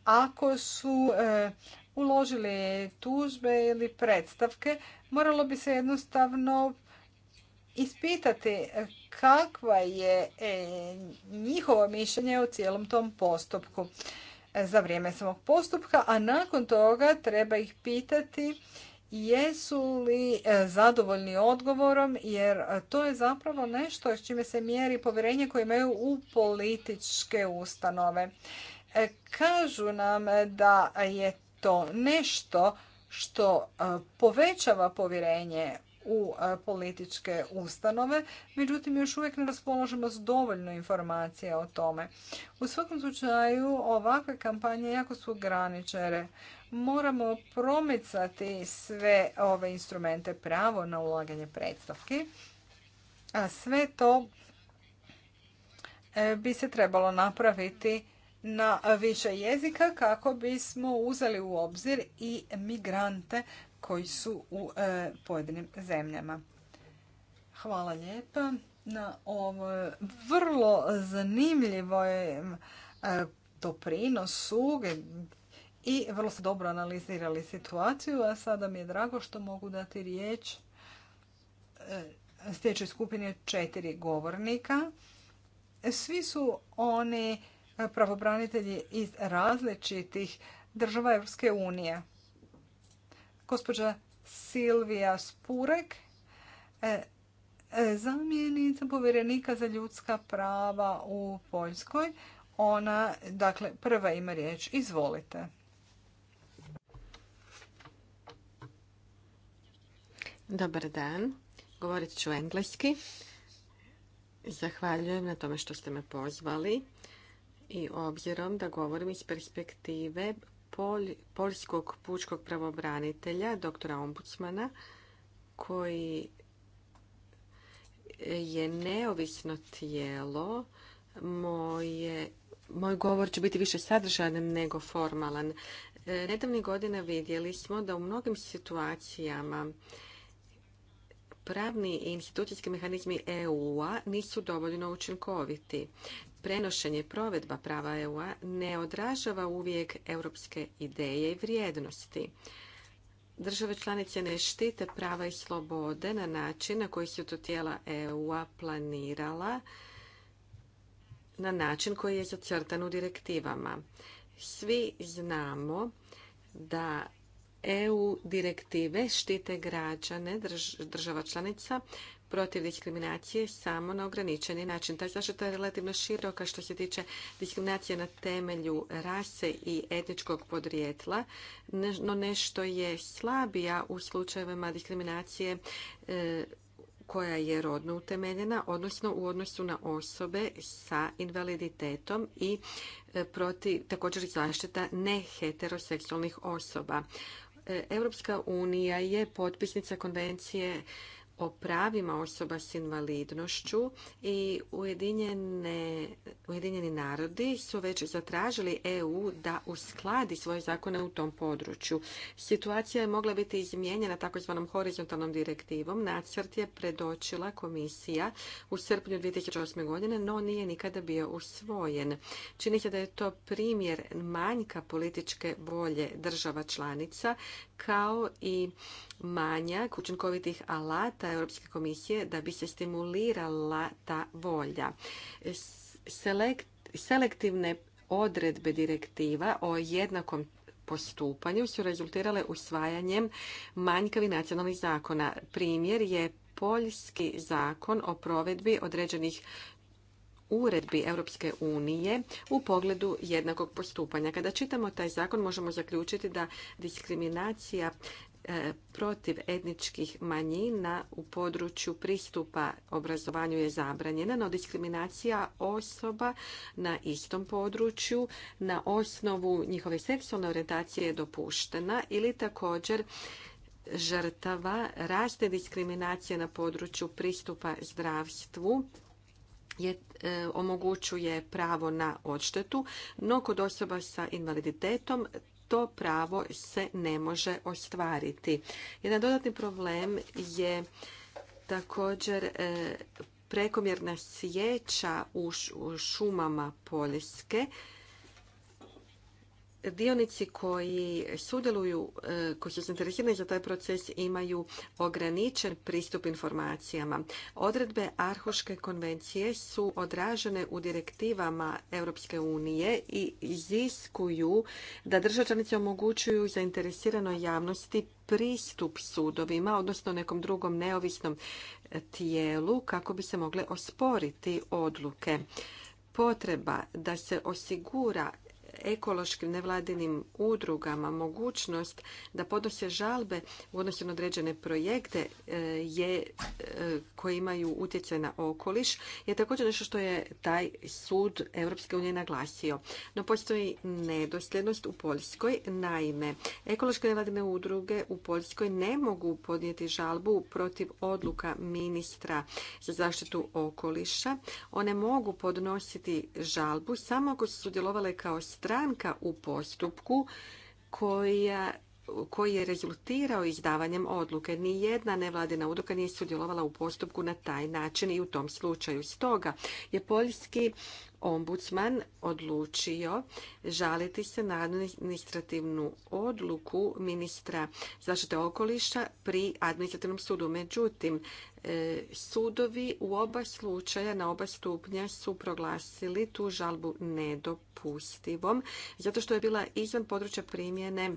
ako su e, uložili tužbe ili predstavke, moralo bi se jednostavno ispitati kakva je e, njihovo mišljenje o cijelom tom postupku e, za vrijeme samog postupka, a nakon toga treba ih pitati jesu li e, zadovoljni odgovorom jer e, to je zapravo nešto s čime se mjeri povjerenje koje imaju u političke ustanove. E, kažu nam da je to nešto što povećava povjerenje u e, političke ustanove, međutim još uvijek ne raspoložimo s dovoljno informacija o tome. U svakom slučaju ovakve kampanje jako su graničare. Moramo promicati sve ove instrumente pravo na ulaganje predstavki, a sve to e, bi se trebalo napraviti na više jezika kako bismo uzeli u obzir i migrante koji su u e, pojedinim zemljama. Hvala lijepa na ovo vrlo zanimljivo je doprinosu i vrlo ste dobro analizirali situaciju, a sada mi je drago što mogu dati riječ e, sljedećoj skupini četiri govornika. Svi su oni pravobranitelji iz različitih država Evropske unije gospođa Silvija Spurek, e, e, zamjenica povjerenika za ljudska prava u Poljskoj. Ona, dakle, prva ima riječ. Izvolite. Dobar dan. Govorit ću engleski. Zahvaljujem na tome što ste me pozvali i obzirom da govorim iz perspektive poljskog pučkog pravobranitelja, doktora ombudsmana, koji je neovisno tijelo. Moje, moj govor će biti više sadržajan nego formalan. E, Nedavnih godina vidjeli smo da u mnogim situacijama Pravni i institucijski mehanizmi EU-a nisu dovoljno učinkoviti. Prenošenje provedba prava EU-a ne odražava uvijek europske ideje i vrijednosti. Države članice ne štite prava i slobode na način na koji su to tijela EU-a planirala na način koji je zacrtan u direktivama. Svi znamo da EU direktive štite građane država članica protiv diskriminacije samo na ograničeni način. Ta zaštita je relativno široka što se tiče diskriminacije na temelju rase i etničkog podrijetla, no nešto je slabija u slučajevima diskriminacije e, koja je rodno utemeljena, odnosno u odnosu na osobe sa invaliditetom i e, protiv također zaštita neheteroseksualnih osoba. Europska unija je potpisnica konvencije o pravima osoba s invalidnošću i Ujedinjene, Ujedinjeni narodi su već zatražili EU da uskladi svoje zakone u tom području. Situacija je mogla biti izmijenjena takozvanom horizontalnom direktivom. Nacrt je predočila komisija u srpnju 2008. godine, no nije nikada bio usvojen. Čini se da je to primjer manjka političke volje država članica kao i manjak učinkovitih alata Europske komisije da bi se stimulirala ta volja. selektivne odredbe direktiva o jednakom postupanju su rezultirale usvajanjem manjkavi nacionalnih zakona. Primjer je poljski zakon o provedbi određenih uredbi Europske unije u pogledu jednakog postupanja. Kada čitamo taj zakon možemo zaključiti da diskriminacija e, protiv etničkih manjina u području pristupa obrazovanju je zabranjena, no diskriminacija osoba na istom području na osnovu njihove seksualne orijentacije je dopuštena ili također žrtava raste diskriminacije na području pristupa zdravstvu je, e, omogućuje pravo na odštetu, no kod osoba sa invaliditetom to pravo se ne može ostvariti. Jedan dodatni problem je također e, prekomjerna sjeća u šumama Poljske dionici koji sudjeluju, e, koji su zainteresirani za taj proces imaju ograničen pristup informacijama. Odredbe Arhuške konvencije su odražene u direktivama Europske unije i iziskuju da državčanice omogućuju zainteresiranoj javnosti pristup sudovima, odnosno nekom drugom neovisnom tijelu kako bi se mogle osporiti odluke potreba da se osigura ekološkim nevladinim udrugama mogućnost da podnose žalbe u odnosu na određene projekte e, je, e, koji imaju utjecaj na okoliš je također nešto što je taj sud Europske unije naglasio. No postoji nedosljednost u Poljskoj. Naime, ekološke nevladine udruge u Poljskoj ne mogu podnijeti žalbu protiv odluka ministra za zaštitu okoliša. One mogu podnositi žalbu samo ako su sudjelovale kao stranke stranka u postupku koja koji je rezultirao izdavanjem odluke. Nijedna nevladina udruga nije sudjelovala u postupku na taj način i u tom slučaju. Stoga je poljski ombudsman odlučio žaliti se na administrativnu odluku ministra zaštite okoliša pri administrativnom sudu. Međutim, e, sudovi u oba slučaja na oba stupnja su proglasili tu žalbu nedopustivom zato što je bila izvan područja primjene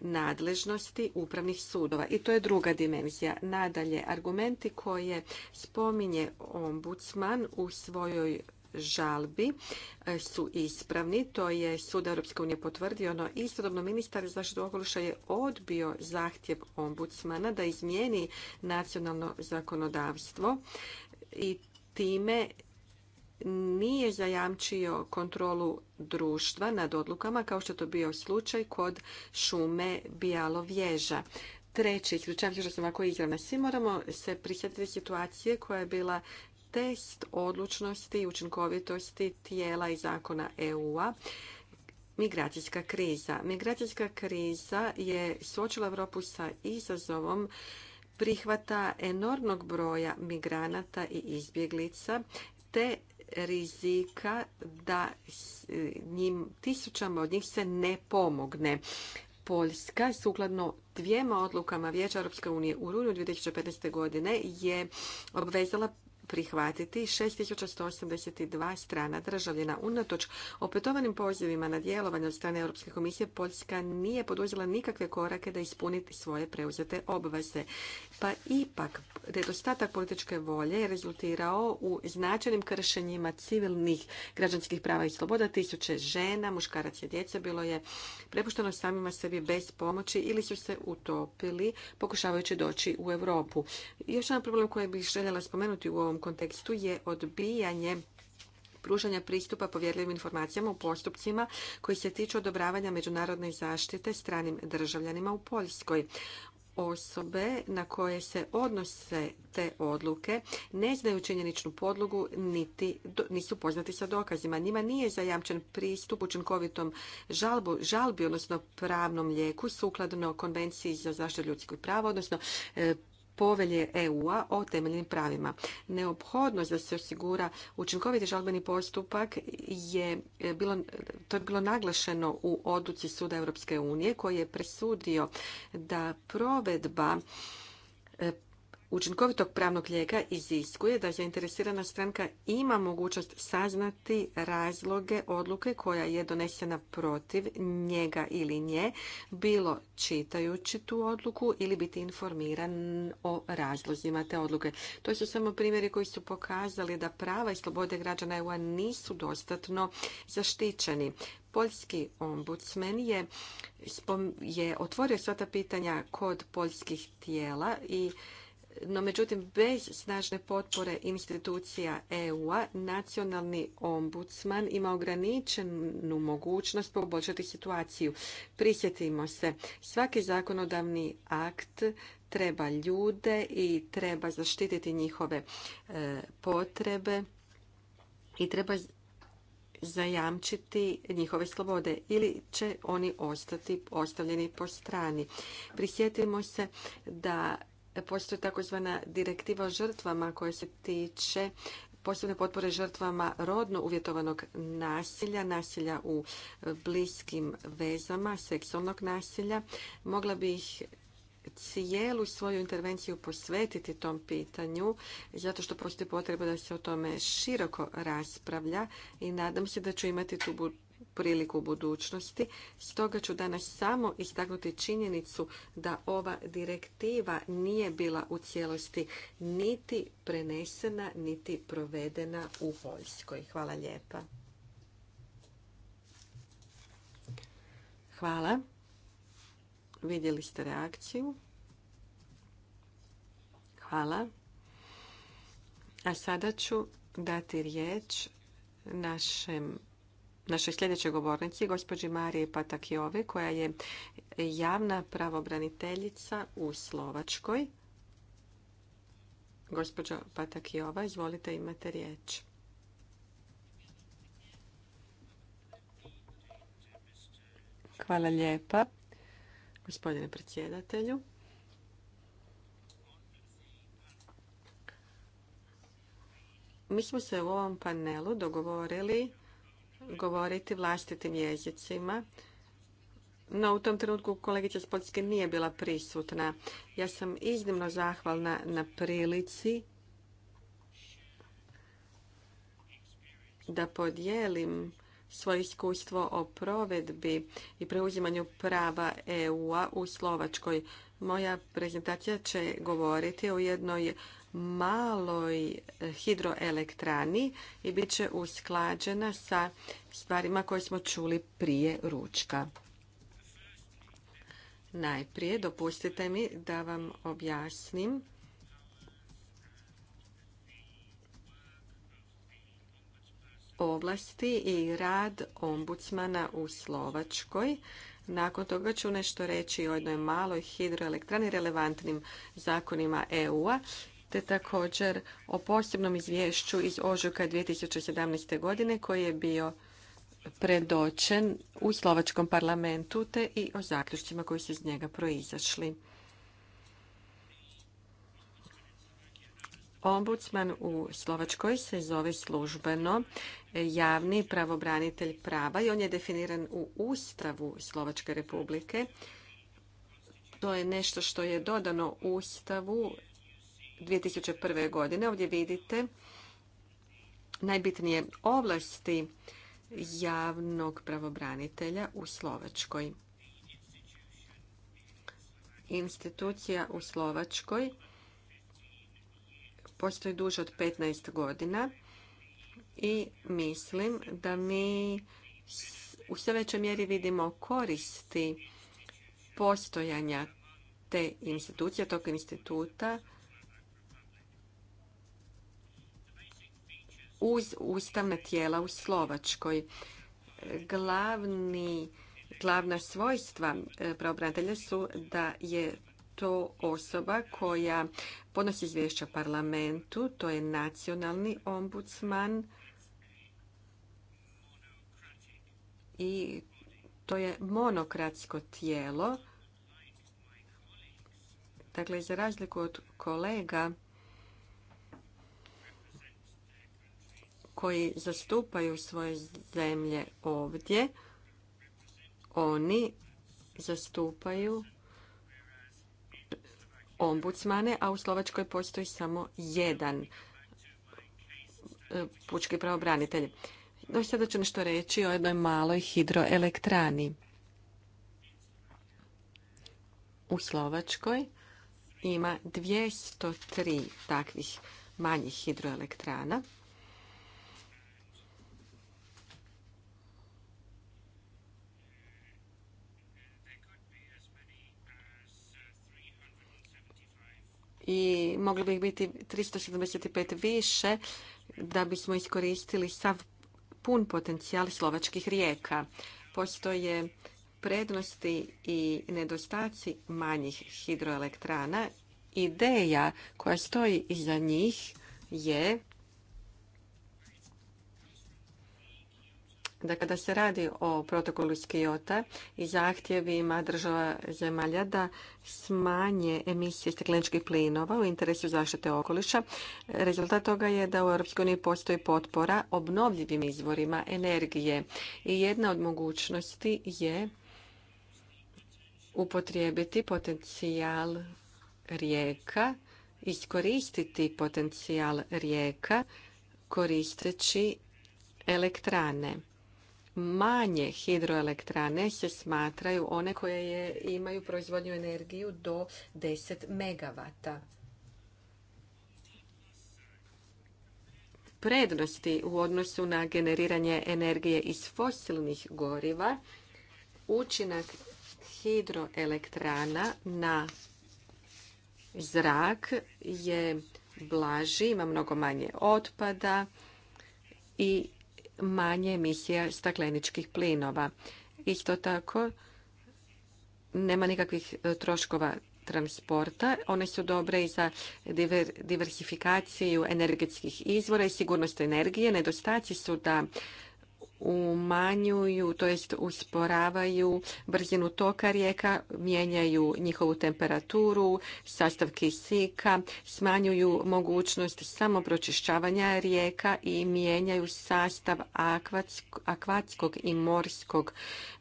nadležnosti upravnih sudova. I to je druga dimenzija. Nadalje, argumenti koje spominje ombudsman u svojoj žalbi e, su ispravni. To je Sud Europske unije potvrdio, no istodobno ministar zaštitu okoliša je odbio zahtjev ombudsmana da izmijeni nacionalno zakonodavstvo i time nije zajamčio kontrolu društva nad odlukama kao što je to bio slučaj kod šume bijalovježa. vježa Treće, slučaj, što sam ovako izravna. Svi moramo se prisjetiti situacije koja je bila test odlučnosti i učinkovitosti tijela i zakona EU-a. Migracijska kriza. Migracijska kriza je suočila Europu sa izazovom prihvata enormnog broja migranata i izbjeglica te rizika da njim, tisućama od njih se ne pomogne. Poljska, sukladno dvijema odlukama Vijeća Europske unije u rujnu 2015. godine, je obvezala prihvatiti 6182 strana državljena. Unatoč opetovanim pozivima na djelovanje od strane Europske komisije, Poljska nije poduzela nikakve korake da ispuniti svoje preuzete obveze. Pa ipak, nedostatak političke volje je rezultirao u značajnim kršenjima civilnih građanskih prava i sloboda. Tisuće žena, muškaraca i djece bilo je prepušteno samima sebi bez pomoći ili su se utopili pokušavajući doći u Europu. Još jedan problem koji bih željela spomenuti u ovom kontekstu je odbijanje pružanja pristupa povjerljivim informacijama u postupcima koji se tiču odobravanja međunarodne zaštite stranim državljanima u Poljskoj. Osobe na koje se odnose te odluke ne znaju činjeničnu podlogu niti nisu poznati sa dokazima. Njima nije zajamčen pristup učinkovitom žalbu, žalbi, odnosno pravnom lijeku sukladno Konvenciji za zaštitu ljudskih prava, odnosno e, povelje EU-a o temeljnim pravima. Neophodnost da se osigura učinkoviti žalbeni postupak je e, bilo, to je bilo naglašeno u odluci Suda Europske unije koji je presudio da provedba e, učinkovitog pravnog lijeka iziskuje da zainteresirana stranka ima mogućnost saznati razloge odluke koja je donesena protiv njega ili nje, bilo čitajući tu odluku ili biti informiran o razlozima te odluke. To su samo primjeri koji su pokazali da prava i slobode građana EU nisu dostatno zaštićeni. Poljski ombudsman je, je otvorio sva ta pitanja kod poljskih tijela i no, međutim, bez snažne potpore institucija EU-a, nacionalni ombudsman ima ograničenu mogućnost poboljšati situaciju. Prisjetimo se, svaki zakonodavni akt treba ljude i treba zaštititi njihove e, potrebe i treba zajamčiti njihove slobode ili će oni ostati ostavljeni po strani. Prisjetimo se da postoji takozvana direktiva o žrtvama koja se tiče posebne potpore žrtvama rodno uvjetovanog nasilja, nasilja u e, bliskim vezama, seksualnog nasilja. Mogla bih cijelu svoju intervenciju posvetiti tom pitanju, zato što postoji potreba da se o tome široko raspravlja i nadam se da ću imati tu priliku u budućnosti. Stoga ću danas samo istaknuti činjenicu da ova direktiva nije bila u cijelosti niti prenesena, niti provedena u Poljskoj. Hvala lijepa. Hvala. Vidjeli ste reakciju. Hvala. A sada ću dati riječ našem našoj sljedećoj govornici, gospođi Marije Patakiovi, koja je javna pravobraniteljica u Slovačkoj. Gospođo Patakijova, izvolite, imate riječ. Hvala lijepa, gospodine predsjedatelju. Mi smo se u ovom panelu dogovorili govoriti vlastitim jezicima. No, u tom trenutku kolegica s Poljske nije bila prisutna. Ja sam iznimno zahvalna na prilici da podijelim svoje iskustvo o provedbi i preuzimanju prava EU-a u Slovačkoj. Moja prezentacija će govoriti o jednoj maloj e, hidroelektrani i bit će usklađena sa stvarima koje smo čuli prije ručka. Najprije dopustite mi da vam objasnim ovlasti i rad ombudsmana u Slovačkoj. Nakon toga ću nešto reći o jednoj maloj hidroelektrani relevantnim zakonima EU-a te također o posebnom izvješću iz ožujka 2017. godine koji je bio predočen u slovačkom parlamentu te i o zaključcima koji su iz njega proizašli. Ombudsman u Slovačkoj se zove službeno javni pravobranitelj prava i on je definiran u Ustavu Slovačke republike. To je nešto što je dodano Ustavu 2001. godine. Ovdje vidite najbitnije ovlasti javnog pravobranitelja u Slovačkoj. Institucija u Slovačkoj postoji duže od 15 godina i mislim da mi u sve većoj mjeri vidimo koristi postojanja te institucije, tog instituta uz ustavna tijela u Slovačkoj. Glavni, glavna svojstva e, pravobranitelja su da je to osoba koja podnosi izvješća parlamentu, to je nacionalni ombudsman i to je monokratsko tijelo. Dakle, za razliku od kolega, koji zastupaju svoje zemlje ovdje, oni zastupaju ombudsmane, a u Slovačkoj postoji samo jedan e, pučki pravobranitelj. No, sada ću nešto reći o jednoj maloj hidroelektrani. U Slovačkoj ima 203 takvih manjih hidroelektrana. i mogli bi ih biti 375 više da bismo iskoristili sav pun potencijal slovačkih rijeka. Postoje prednosti i nedostaci manjih hidroelektrana. Ideja koja stoji iza njih je da kada se radi o protokolu iz i zahtjevima država zemalja da smanje emisije stakleničkih plinova u interesu zaštite okoliša, rezultat toga je da u EU postoji potpora obnovljivim izvorima energije. I jedna od mogućnosti je upotrijebiti potencijal rijeka, iskoristiti potencijal rijeka koristeći elektrane manje hidroelektrane se smatraju one koje je, imaju proizvodnju energiju do 10 megavata. Prednosti u odnosu na generiranje energije iz fosilnih goriva, učinak hidroelektrana na zrak je blaži, ima mnogo manje otpada i manje emisija stakleničkih plinova. Isto tako, nema nikakvih e, troškova transporta. One su dobre i za diversifikaciju energetskih izvora i sigurnost energije. Nedostaci su da umanjuju, to jest usporavaju brzinu toka rijeka, mijenjaju njihovu temperaturu, sastav kisika, smanjuju mogućnost samopročišćavanja rijeka i mijenjaju sastav akvatskog i morskog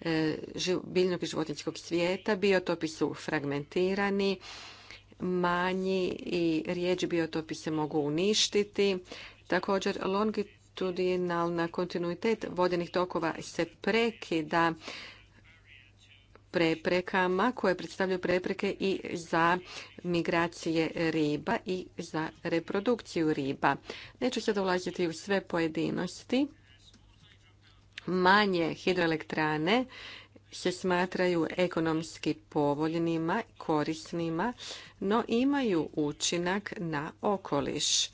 e, biljnog i životinskog svijeta. Biotopi su fragmentirani, manji i rijeđi biotopi se mogu uništiti. Također, longi longitudinalna kontinuitet vodenih tokova se prekida preprekama koje predstavljaju prepreke i za migracije riba i za reprodukciju riba. Neću sad ulaziti u sve pojedinosti. Manje hidroelektrane se smatraju ekonomski povoljnima, korisnima, no imaju učinak na okoliš.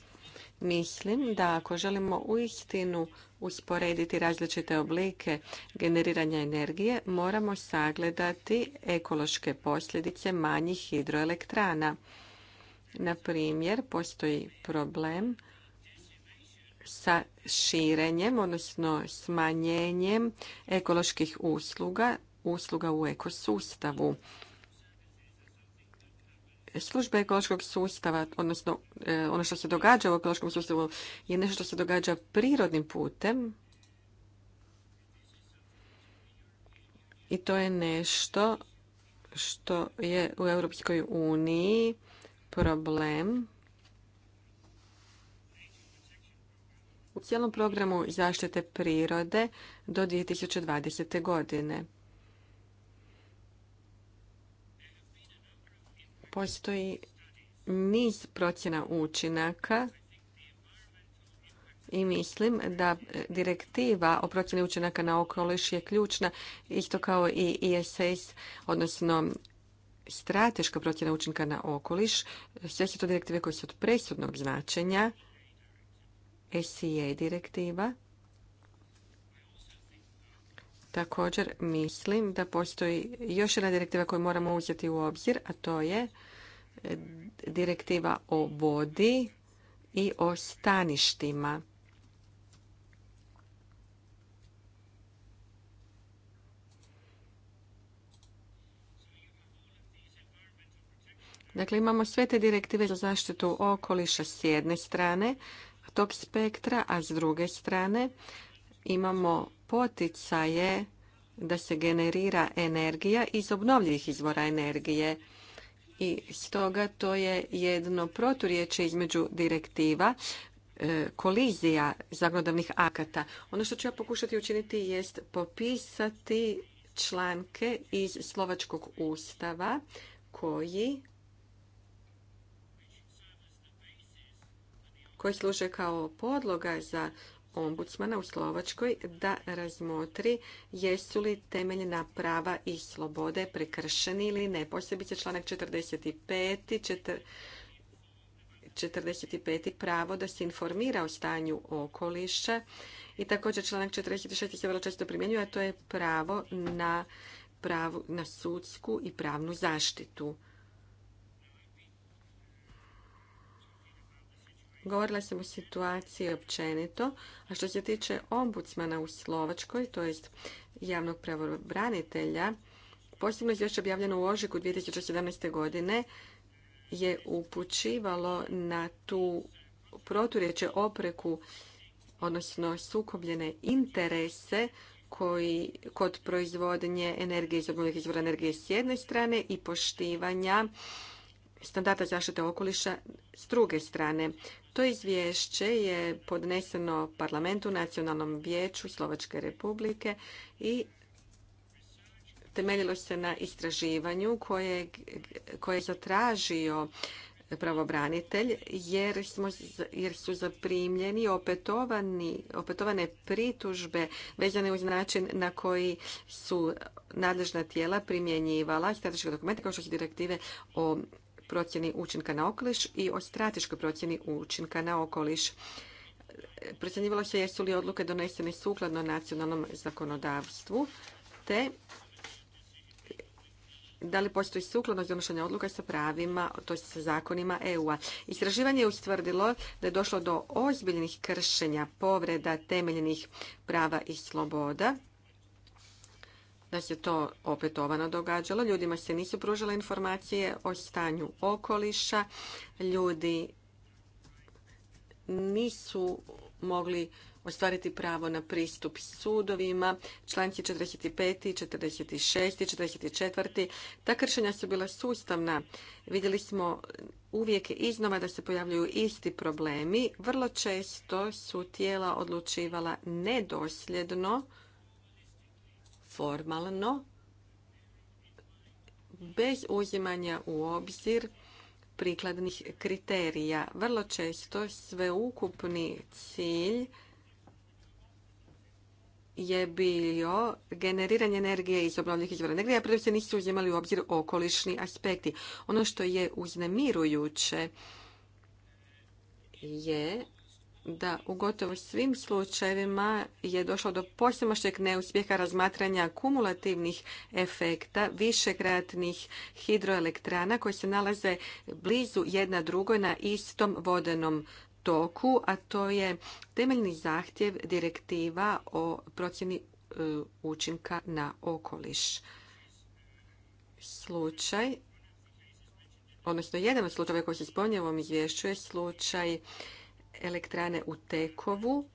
Mislim da ako želimo uistinu usporediti različite oblike generiranja energije, moramo sagledati ekološke posljedice manjih hidroelektrana. Na primjer, postoji problem sa širenjem, odnosno smanjenjem ekoloških usluga, usluga u ekosustavu. Službe ekološkog sustava, odnosno e, ono što se događa u ekološkom sustavu je nešto što se događa prirodnim putem. I to je nešto što je u Europskoj uniji problem. U cijelom programu zaštite prirode do 2020. godine. Postoji niz procjena učinaka i mislim da direktiva o procjeni učinaka na okoliš je ključna, isto kao i ISS, odnosno strateška procjena učinka na okoliš. Sve su to direktive koje su od presudnog značenja. SCA e direktiva. Također mislim da postoji još jedna direktiva koju moramo uzeti u obzir, a to je direktiva o vodi i o staništima. Dakle, imamo sve te direktive za zaštitu okoliša s jedne strane tog spektra, a s druge strane imamo poticaje da se generira energija iz obnovljivih izvora energije i stoga to je jedno proturječje između direktiva e, kolizija zakonodavnih akata. Ono što ću ja pokušati učiniti jest popisati članke iz Slovačkog ustava koji koji služe kao podloga za ombudsmana u Slovačkoj da razmotri jesu li temeljna prava i slobode prekršeni ili ne. Posebice članak 45. 45. pravo da se informira o stanju okoliša i također članak 46. se vrlo često primjenjuje, a to je pravo na, pravu, na sudsku i pravnu zaštitu. Govorila sam o situaciji općenito, a što se tiče ombudsmana u Slovačkoj, to jest javnog pravobranitelja, posebno izvješće objavljeno u ožiku 2017. godine je upućivalo na tu proturječe opreku, odnosno sukobljene interese koji kod proizvodnje energije iz obnovljivih izvora energije s jedne strane i poštivanja standarda zaštite okoliša s druge strane. To izvješće je podneseno parlamentu Nacionalnom vijeću Slovačke republike i temeljilo se na istraživanju koje, je zatražio pravobranitelj jer, smo, jer su zaprimljeni opetovani, opetovane pritužbe vezane uz način na koji su nadležna tijela primjenjivala strateške dokumente kao što su direktive o procjeni učinka na okoliš i o strateškoj procjeni učinka na okoliš. Procjenjivalo se jesu li odluke donesene sukladno nacionalnom zakonodavstvu, te da li postoji sukladno donošenja odluka sa pravima, to sa zakonima EU-a. Istraživanje je ustvrdilo da je došlo do ozbiljnih kršenja povreda temeljnih prava i sloboda da se to opetovano događalo. Ljudima se nisu pružile informacije o stanju okoliša. Ljudi nisu mogli ostvariti pravo na pristup sudovima, članci 45., 46., 44. Ta kršenja su bila sustavna. Vidjeli smo uvijek iznova da se pojavljuju isti problemi. Vrlo često su tijela odlučivala nedosljedno, formalno bez uzimanja u obzir prikladnih kriterija. Vrlo često sveukupni cilj je bio generiranje energije iz obnovljivih izvora energije, a prvi se nisu uzimali u obzir okolišni aspekti. Ono što je uznemirujuće je da u gotovo svim slučajevima je došlo do posljemašnjeg neuspjeha razmatranja kumulativnih efekta višekratnih hidroelektrana koji se nalaze blizu jedna drugoj na istom vodenom toku, a to je temeljni zahtjev direktiva o procjeni e, učinka na okoliš. Slučaj, odnosno jedan od slučajeva koji se spominje u ovom izvješću je slučaj elektrane u Tekovu.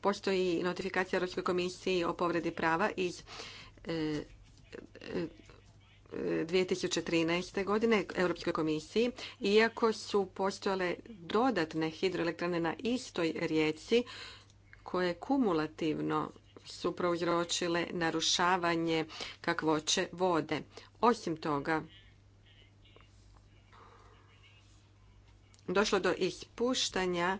Postoji notifikacija Europskoj komisiji o povredi prava iz 2013. E, e, e, godine Europskoj komisiji. Iako su postojale dodatne hidroelektrane na istoj rijeci koje kumulativno su prouzročile narušavanje kakvoće vode. Osim toga, došlo do ispuštanja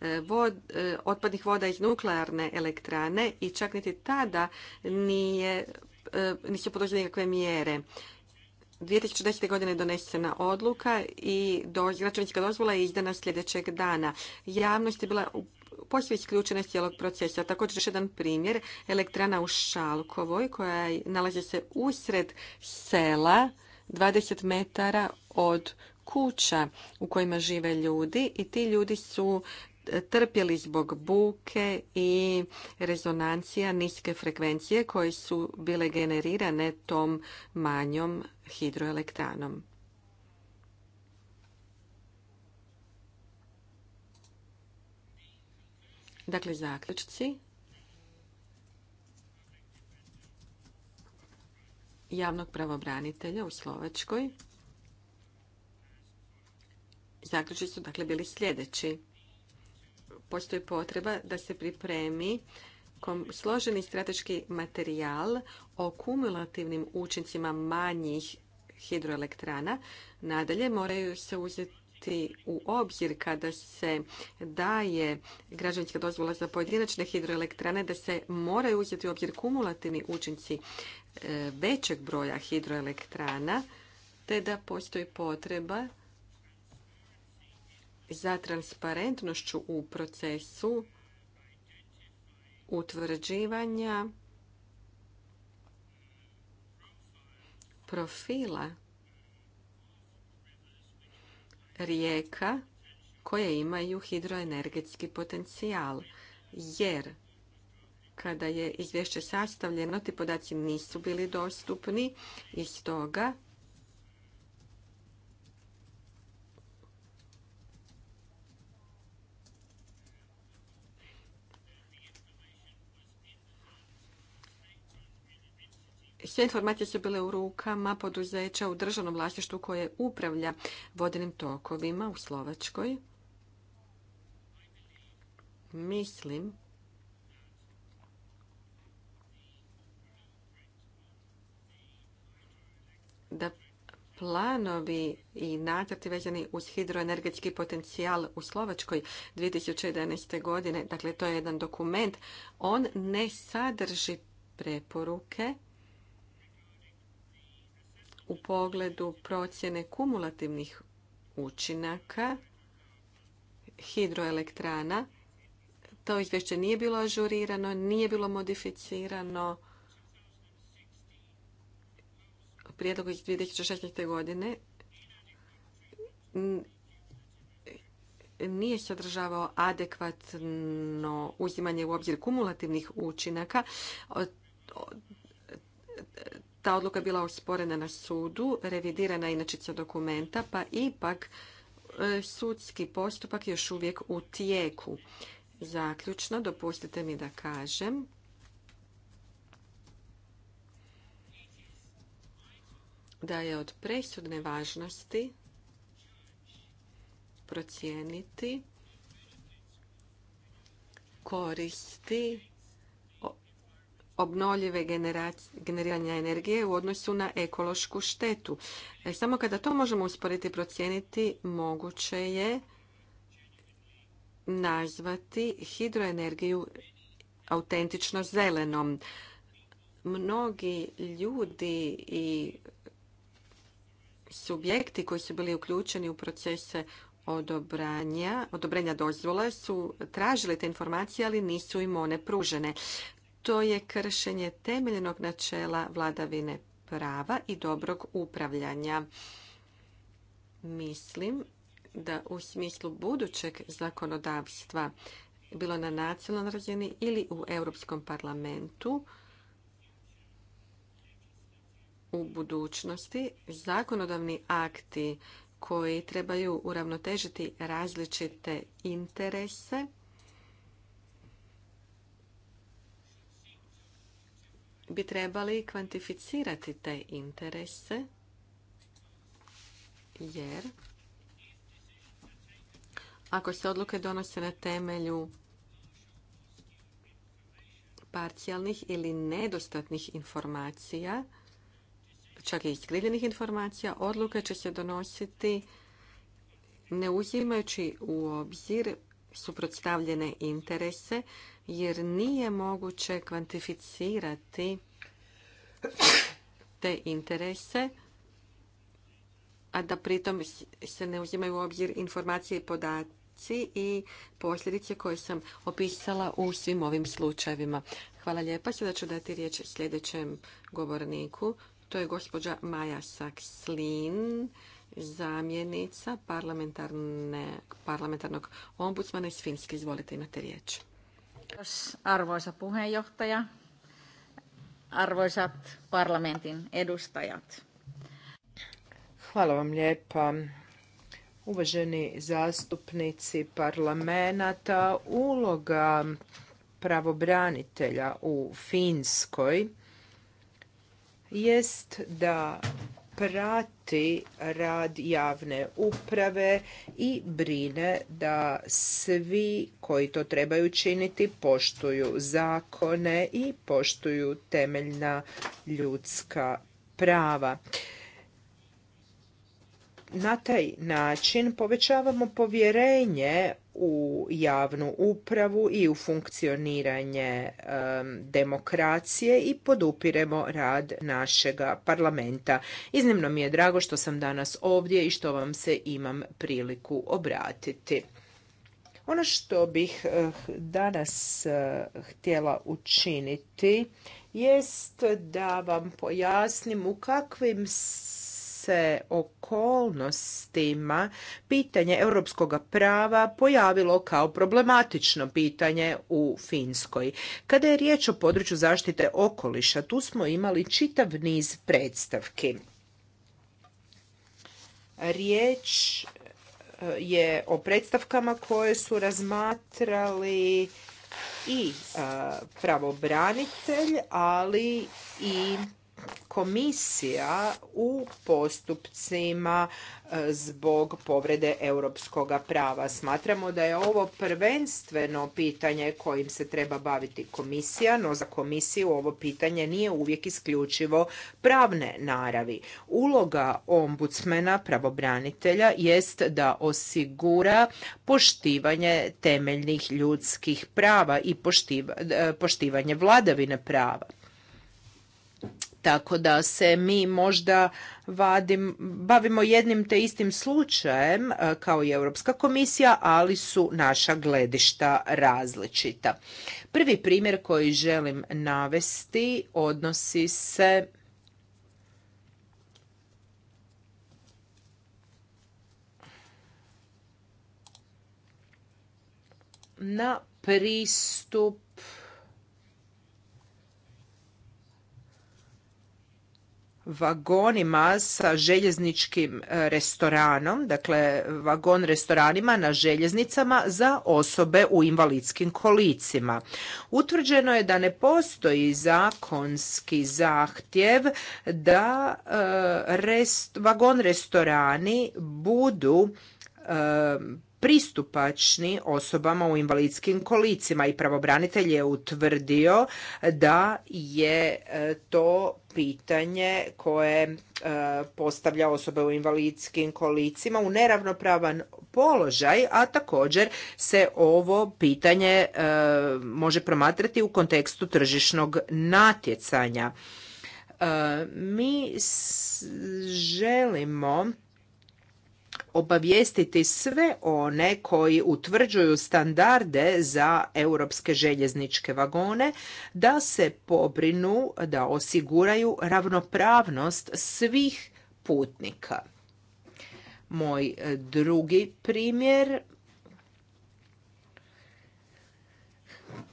e, vod, e, otpadnih voda iz nuklearne elektrane i čak niti tada nije, e, nisu poduzeli nikakve mjere. 2010. godine je donesena odluka i do, građevinska dozvola je izdana sljedećeg dana. Javnost je bila posve isključena iz cijelog procesa. Također još jedan primjer, elektrana u Šalkovoj koja nalazi se usred sela 20 metara od kuća u kojima žive ljudi i ti ljudi su e, trpjeli zbog buke i rezonancija niske frekvencije koje su bile generirane tom manjom hidroelektranom. Dakle, zaključci. javnog pravobranitelja u Slovačkoj. Zaključci su dakle bili sljedeći. Postoji potreba da se pripremi složeni strateški materijal o kumulativnim učincima manjih hidroelektrana. Nadalje moraju se uzeti u obzir kada se daje građevinska dozvola za pojedinačne hidroelektrane da se moraju uzeti u obzir kumulativni učinci e, većeg broja hidroelektrana te da postoji potreba za transparentnošću u procesu utvrđivanja profila rijeka koje imaju hidroenergetski potencijal. Jer kada je izvješće sastavljeno, ti podaci nisu bili dostupni i stoga Sve informacije su bile u rukama poduzeća u državnom vlasništvu koje upravlja vodenim tokovima u Slovačkoj. Mislim da planovi i nacrti vezani uz hidroenergetski potencijal u Slovačkoj 2011. godine, dakle to je jedan dokument, on ne sadrži preporuke u pogledu procjene kumulativnih učinaka hidroelektrana. To izvješće nije bilo ažurirano, nije bilo modificirano. prijedlogu iz 2016. godine nije sadržavao adekvatno uzimanje u obzir kumulativnih učinaka ta odluka bila osporena na sudu, revidirana inačica dokumenta, pa ipak e, sudski postupak još uvijek u tijeku. Zaključno, dopustite mi da kažem da je od presudne važnosti procijeniti koristi obnovljive generiranja energije u odnosu na ekološku štetu. E, samo kada to možemo usporediti i procijeniti, moguće je nazvati hidroenergiju autentično zelenom. Mnogi ljudi i subjekti koji su bili uključeni u procese odobranja, odobrenja dozvola su tražili te informacije, ali nisu im one pružene to je kršenje temeljnog načela vladavine prava i dobrog upravljanja. Mislim da u smislu budućeg zakonodavstva, bilo na nacionalnoj razini ili u Europskom parlamentu, u budućnosti zakonodavni akti koji trebaju uravnotežiti različite interese bi trebali kvantificirati te interese jer ako se odluke donose na temelju parcijalnih ili nedostatnih informacija, čak i iskrivljenih informacija, odluke će se donositi ne uzimajući u obzir suprotstavljene interese jer nije moguće kvantificirati te interese a da pritom se ne uzimaju u obzir informacije i podaci i posljedice koje sam opisala u svim ovim slučajevima. Hvala lijepa. Sada ću dati riječ sljedećem govorniku. To je gospođa Maja Sakslin zamjenica parlamentarnog ombudsmana iz Finske. Izvolite, imate riječ. Arvoisa puheenjohtaja, arvoisat parlamentin edustajat. Hvala vam lijepa. Uvaženi zastupnici parlamenta, uloga pravobranitelja u Finskoj jest da prati rad javne uprave i brine da svi koji to trebaju činiti poštuju zakone i poštuju temeljna ljudska prava. Na taj način povećavamo povjerenje u javnu upravu i u funkcioniranje demokracije i podupiremo rad našega parlamenta. Iznimno mi je drago što sam danas ovdje i što vam se imam priliku obratiti. Ono što bih eh, danas eh, htjela učiniti jest da vam pojasnim u kakvim se okolnostima pitanje europskog prava pojavilo kao problematično pitanje u Finskoj. Kada je riječ o području zaštite okoliša, tu smo imali čitav niz predstavki. Riječ eh, je o predstavkama koje su razmatrali i eh, pravobranitelj, ali i komisija u postupcima e, zbog povrede europskog prava. Smatramo da je ovo prvenstveno pitanje kojim se treba baviti komisija, no za komisiju ovo pitanje nije uvijek isključivo pravne naravi. Uloga ombudsmena, pravobranitelja, jest da osigura poštivanje temeljnih ljudskih prava i e, poštivanje vladavine prava tako da se mi možda vadim, bavimo jednim te istim slučajem e, kao i Europska komisija, ali su naša gledišta različita. Prvi primjer koji želim navesti odnosi se na pristup vagonima sa željezničkim e, restoranom, dakle vagon restoranima na željeznicama za osobe u invalidskim kolicima. Utvrđeno je da ne postoji zakonski zahtjev da e, rest, vagon restorani budu e, pristupačni osobama u invalidskim kolicima i pravobranitelj je utvrdio da je e, to pitanje koje e, postavlja osobe u invalidskim kolicima u neravnopravan položaj, a također se ovo pitanje e, može promatrati u kontekstu tržišnog natjecanja. Mi želimo obavijestiti sve one koji utvrđuju standarde za europske željezničke vagone da se pobrinu da osiguraju ravnopravnost svih putnika. Moj e, drugi primjer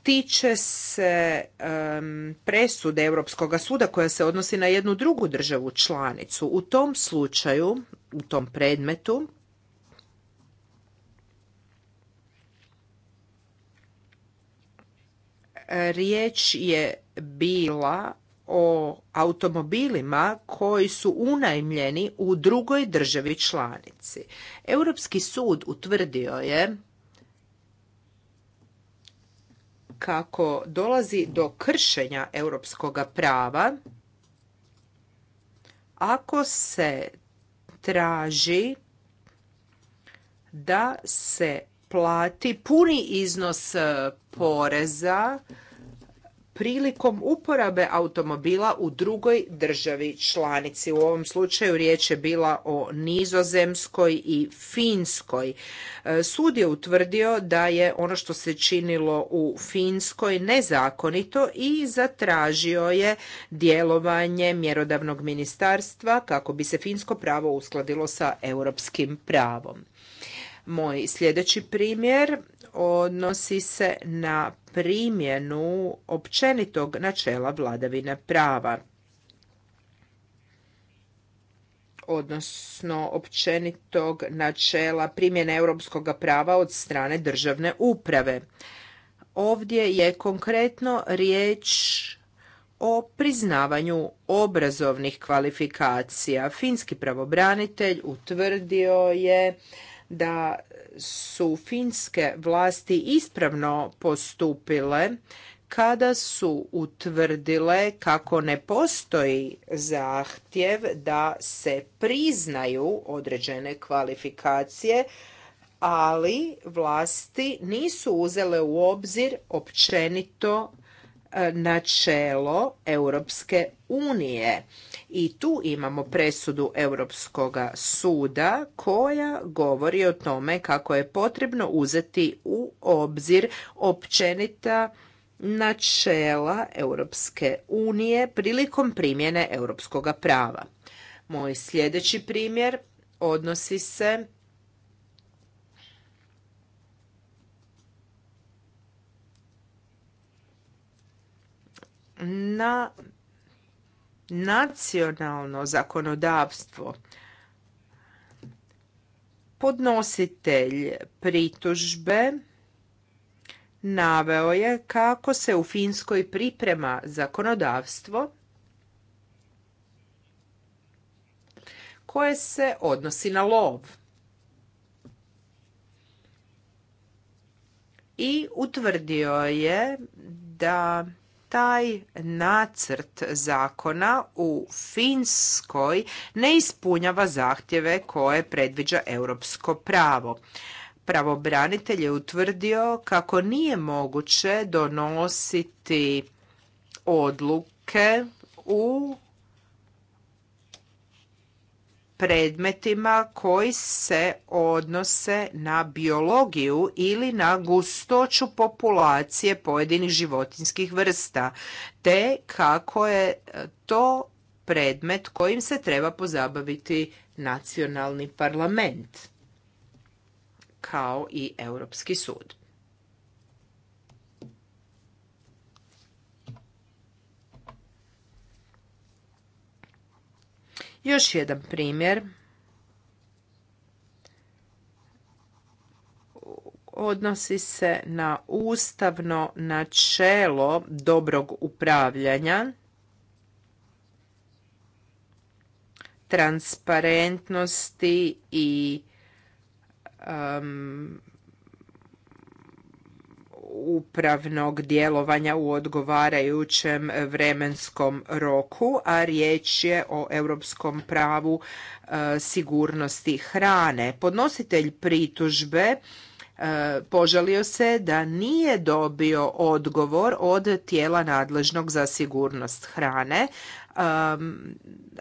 tiče se presude Europskog suda koja se odnosi na jednu drugu državu članicu. U tom slučaju u tom predmetu. Riječ je bila o automobilima koji su unajmljeni u drugoj državi članici. Europski sud utvrdio je kako dolazi do kršenja europskog prava ako se traži da se plati puni iznos eh, poreza prilikom uporabe automobila u drugoj državi članici. U ovom slučaju riječ je bila o nizozemskoj i finskoj. E, sud je utvrdio da je ono što se činilo u Finskoj nezakonito i zatražio je djelovanje mjerodavnog ministarstva kako bi se finsko pravo uskladilo sa europskim pravom. Moj sljedeći primjer odnosi se na primjenu općenitog načela vladavine prava odnosno općenitog načela primjene europskog prava od strane državne uprave. Ovdje je konkretno riječ o priznavanju obrazovnih kvalifikacija. Finski pravobranitelj utvrdio je da su finske vlasti ispravno postupile kada su utvrdile kako ne postoji zahtjev da se priznaju određene kvalifikacije ali vlasti nisu uzele u obzir općenito načelo Europske unije. I tu imamo presudu Europskog suda koja govori o tome kako je potrebno uzeti u obzir općenita načela Europske unije prilikom primjene europskog prava. Moj sljedeći primjer odnosi se na nacionalno zakonodavstvo. Podnositelj pritužbe naveo je kako se u Finskoj priprema zakonodavstvo koje se odnosi na lov. I utvrdio je da taj nacrt zakona u Finskoj ne ispunjava zahtjeve koje predviđa europsko pravo. Pravobranitelj je utvrdio kako nije moguće donositi odluke u predmetima koji se odnose na biologiju ili na gustoću populacije pojedinih životinskih vrsta, te kako je to predmet kojim se treba pozabaviti nacionalni parlament kao i Europski sud. Još jedan primjer. Odnosi se na ustavno načelo dobrog upravljanja, transparentnosti i um, upravnog djelovanja u odgovarajućem vremenskom roku, a riječ je o europskom pravu e, sigurnosti hrane. Podnositelj pritužbe E, požalio se da nije dobio odgovor od tijela nadležnog za sigurnost hrane. E,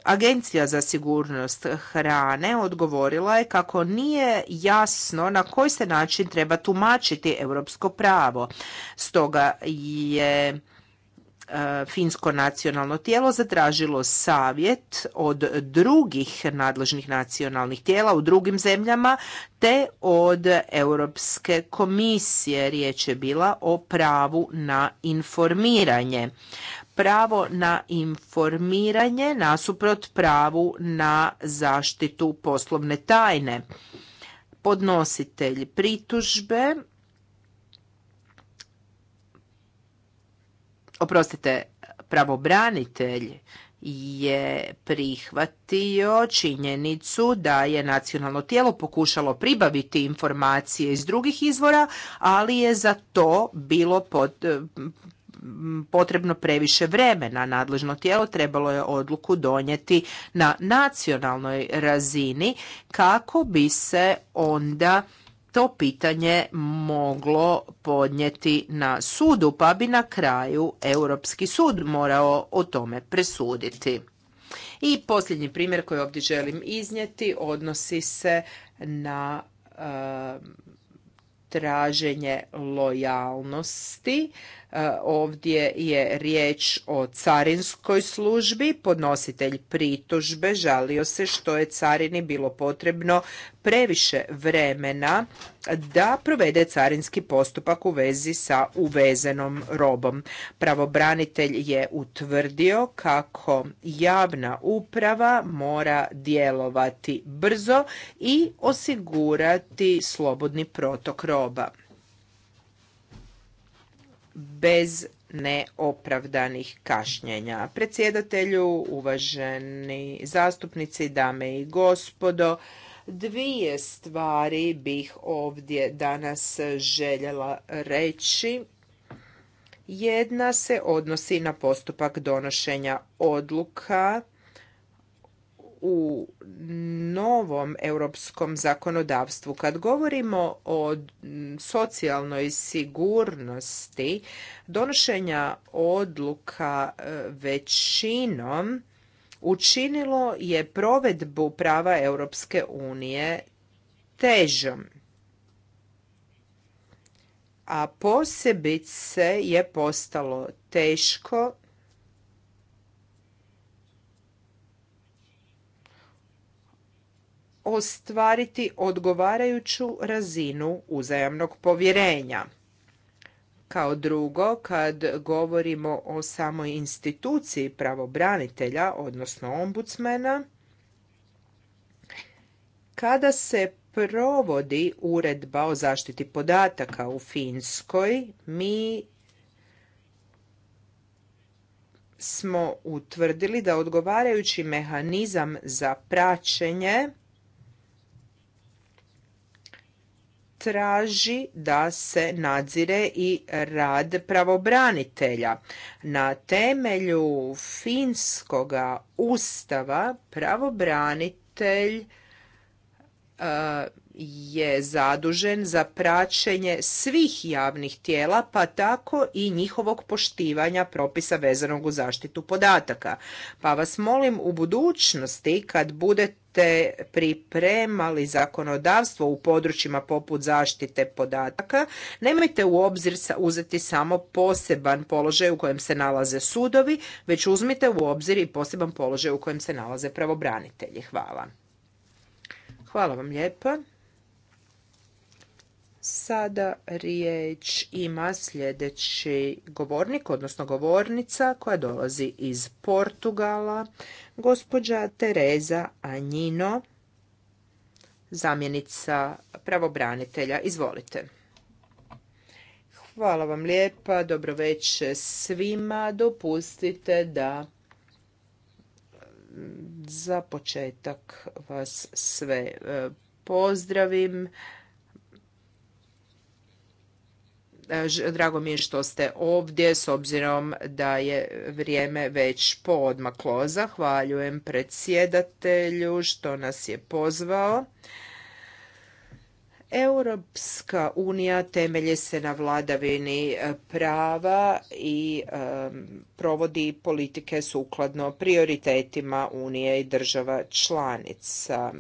Agencija za sigurnost hrane odgovorila je kako nije jasno na koji se način treba tumačiti europsko pravo. Stoga je E, finsko nacionalno tijelo zatražilo savjet od drugih nadležnih nacionalnih tijela u drugim zemljama te od Europske komisije. Riječ je bila o pravu na informiranje. Pravo na informiranje nasuprot pravu na zaštitu poslovne tajne. Podnositelj pritužbe oprostite, pravobranitelj je prihvatio činjenicu da je nacionalno tijelo pokušalo pribaviti informacije iz drugih izvora, ali je za to bilo potrebno previše vremena. Nadležno tijelo trebalo je odluku donijeti na nacionalnoj razini kako bi se onda to pitanje moglo podnijeti na sudu, pa bi na kraju Europski sud morao o tome presuditi. I posljednji primjer koji ovdje želim iznijeti odnosi se na e, traženje lojalnosti E, ovdje je riječ o carinskoj službi. Podnositelj pritužbe žalio se što je carini bilo potrebno previše vremena da provede carinski postupak u vezi sa uvezenom robom. Pravobranitelj je utvrdio kako javna uprava mora djelovati brzo i osigurati slobodni protok roba bez neopravdanih kašnjenja. Predsjedatelju, uvaženi zastupnici, dame i gospodo, dvije stvari bih ovdje danas željela reći. Jedna se odnosi na postupak donošenja odluka u novom europskom zakonodavstvu. Kad govorimo o socijalnoj sigurnosti, donošenja odluka e, većinom učinilo je provedbu prava Europske unije težom. A posebice je postalo teško ostvariti odgovarajuću razinu uzajamnog povjerenja. Kao drugo, kad govorimo o samoj instituciji pravobranitelja, odnosno ombudsmena, kada se provodi uredba o zaštiti podataka u Finskoj, mi smo utvrdili da odgovarajući mehanizam za praćenje traži da se nadzire i rad pravobranitelja. Na temelju finskoga ustava pravobranitelj e, je zadužen za praćenje svih javnih tijela, pa tako i njihovog poštivanja propisa vezanog u zaštitu podataka. Pa vas molim u budućnosti kad budete te pripremali zakonodavstvo u područjima poput zaštite podataka, nemojte u obzir uzeti samo poseban položaj u kojem se nalaze sudovi, već uzmite u obzir i poseban položaj u kojem se nalaze pravobranitelji. Hvala. Hvala vam lijepa. Sada riječ ima sljedeći govornik, odnosno govornica koja dolazi iz Portugala, gospođa Tereza Anjino, zamjenica pravobranitelja. Izvolite. Hvala vam lijepa, dobro večer svima. Dopustite da mm, za početak vas sve e, pozdravim. Drago mi je što ste ovdje s obzirom da je vrijeme već poodmaklo. Zahvaljujem predsjedatelju što nas je pozvao. Europska unija temelje se na vladavini e, prava i e, provodi politike sukladno prioritetima unije i država članica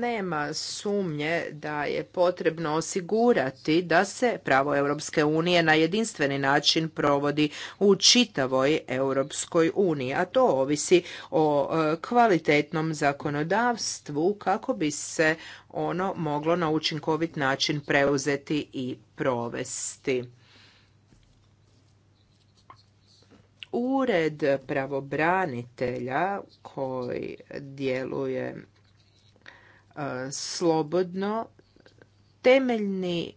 nema sumnje da je potrebno osigurati da se pravo Europske unije na jedinstveni način provodi u čitavoj Europskoj uniji, a to ovisi o e, kvalitetnom zakonodavstvu kako bi se ono moglo na učinkovit način preuzeti i provesti. Ured pravobranitelja koji djeluje E, slobodno temeljni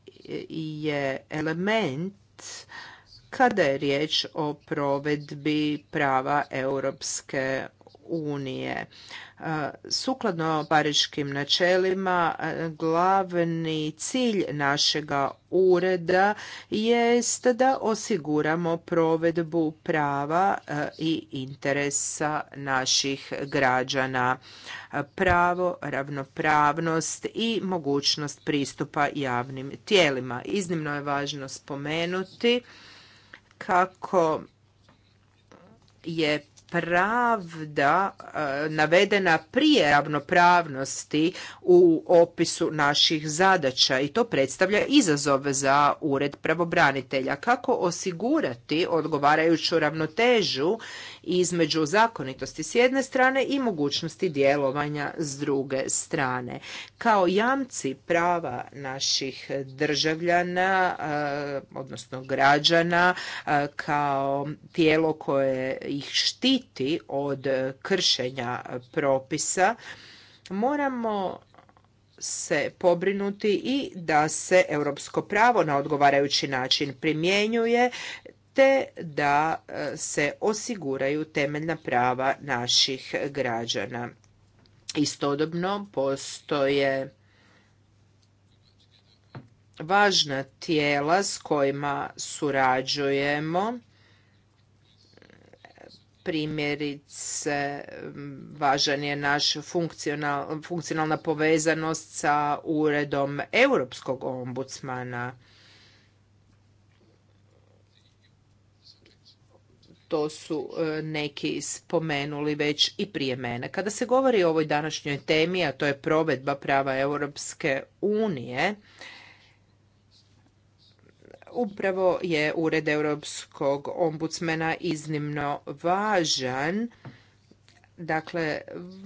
je element kada je riječ o provedbi prava Europske unije. E, sukladno pariškim načelima, e, glavni cilj našega ureda jest da osiguramo provedbu prava e, i interesa naših građana. Pravo, ravnopravnost i mogućnost pristupa javnim tijelima. Iznimno je važno spomenuti kako je pravda eh, navedena prije ravnopravnosti u opisu naših zadaća i to predstavlja izazove za ured pravobranitelja kako osigurati odgovarajuću ravnotežu između zakonitosti s jedne strane i mogućnosti djelovanja s druge strane. Kao jamci prava naših državljana, odnosno građana, kao tijelo koje ih štiti od kršenja propisa, moramo se pobrinuti i da se europsko pravo na odgovarajući način primjenjuje te da e, se osiguraju temeljna prava naših građana. Istodobno postoje važna tijela s kojima surađujemo primjerice važan je naš funkcional, funkcionalna povezanost sa uredom europskog ombudsmana to su e, neki spomenuli već i prije mene. Kada se govori o ovoj današnjoj temi, a to je provedba prava Europske unije, upravo je Ured Europskog ombudsmena iznimno važan Dakle,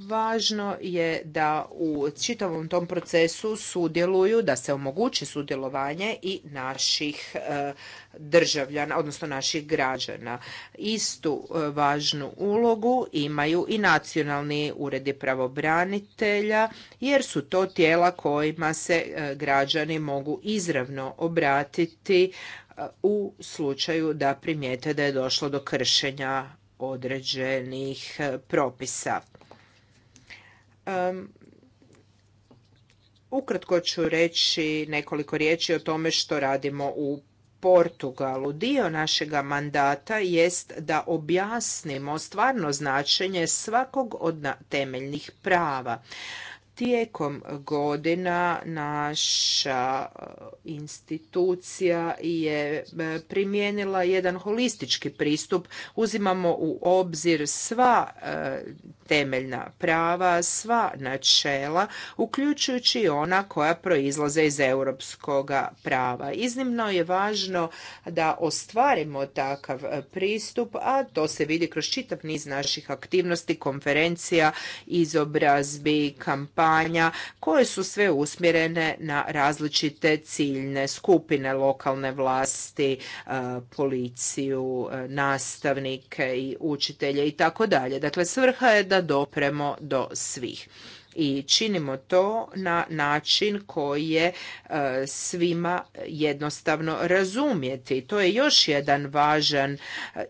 važno je da u čitavom tom procesu sudjeluju, da se omogući sudjelovanje i naših e, državljana, odnosno naših građana. Istu e, važnu ulogu imaju i nacionalni uredi pravobranitelja, jer su to tijela kojima se e, građani mogu izravno obratiti u slučaju da primijete da je došlo do kršenja određenih e, propisa. ukratko ću reći nekoliko riječi o tome što radimo u Portugalu. Dio našega mandata jest da objasnimo stvarno značenje svakog od temeljnih prava. Tijekom godina naša e, institucija je e, primijenila jedan holistički pristup. Uzimamo u obzir sva e, temeljna prava, sva načela, uključujući i ona koja proizlaze iz europskoga prava. Iznimno je važno da ostvarimo takav pristup, a to se vidi kroz čitav niz naših aktivnosti, konferencija, izobrazbi, kampanje kampanja koje su sve usmjerene na različite ciljne skupine lokalne vlasti, e, policiju, e, nastavnike i učitelje i tako dalje. Dakle, svrha je da dopremo do svih i činimo to na način koji je e, svima jednostavno razumjeti. To je još jedan važan e,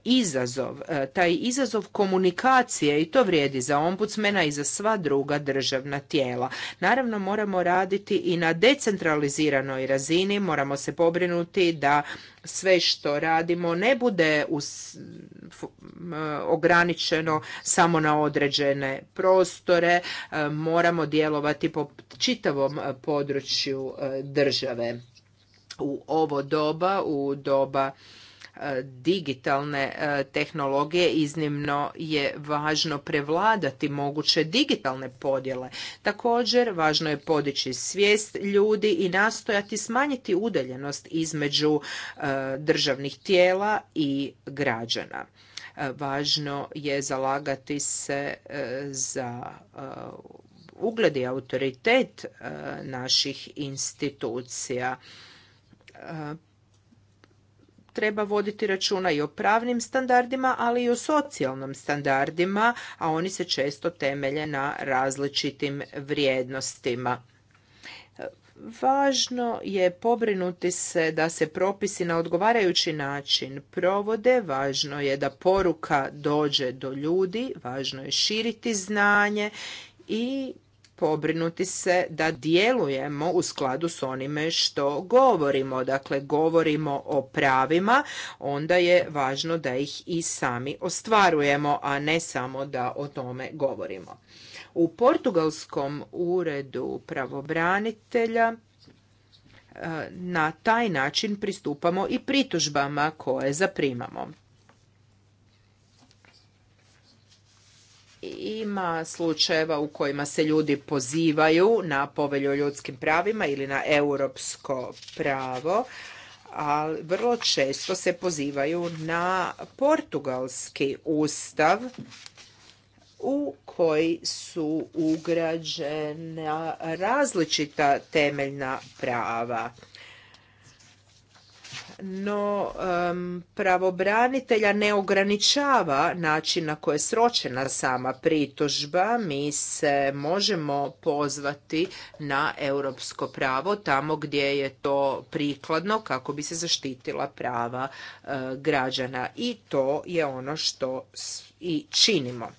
izazov, e, taj izazov komunikacije i to vrijedi za ombudsmena i za sva druga državna tijela. Naravno moramo raditi i na decentraliziranoj razini, moramo se pobrinuti da sve što radimo ne bude ograničeno samo na određene prostore, moramo djelovati po čitavom e, području e, države. U ovo doba, u doba e, digitalne tehnologije iznimno je važno prevladati moguće digitalne podjele. Također, važno je podići svijest ljudi i nastojati smanjiti udaljenost između državnih tijela i građana. Važno je zalagati se za ugled i autoritet e, naših institucija e, treba voditi računa i o pravnim standardima, ali i o socijalnim standardima, a oni se često temelje na različitim vrijednostima. Važno je pobrinuti se da se propisi na odgovarajući način provode, važno je da poruka dođe do ljudi, važno je širiti znanje i pobrinuti se da djelujemo u skladu s onime što govorimo. Dakle, govorimo o pravima, onda je važno da ih i sami ostvarujemo, a ne samo da o tome govorimo. U portugalskom uredu pravobranitelja e, na taj način pristupamo i pritužbama koje zaprimamo. Ima slučajeva u kojima se ljudi pozivaju na povelju o ljudskim pravima ili na europsko pravo, ali vrlo često se pozivaju na portugalski ustav u koji su ugrađena različita temeljna prava no pravobranitelja ne ograničava način na koji je sročena sama pritužba. Mi se možemo pozvati na europsko pravo tamo gdje je to prikladno kako bi se zaštitila prava eh, građana i to je ono što i činimo.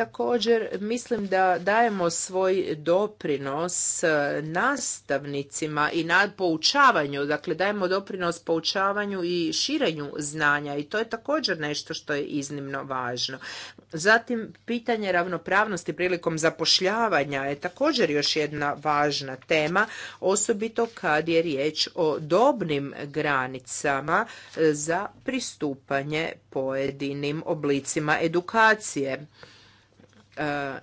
Također mislim da dajemo svoj doprinos e, nastavnicima i na poučavanju, dakle dajemo doprinos poučavanju i širenju znanja i to je također nešto što je iznimno važno. Zatim pitanje ravnopravnosti prilikom zapošljavanja je također još jedna važna tema, osobito kad je riječ o dobnim granicama e, za pristupanje pojedinim oblicima edukacije. E,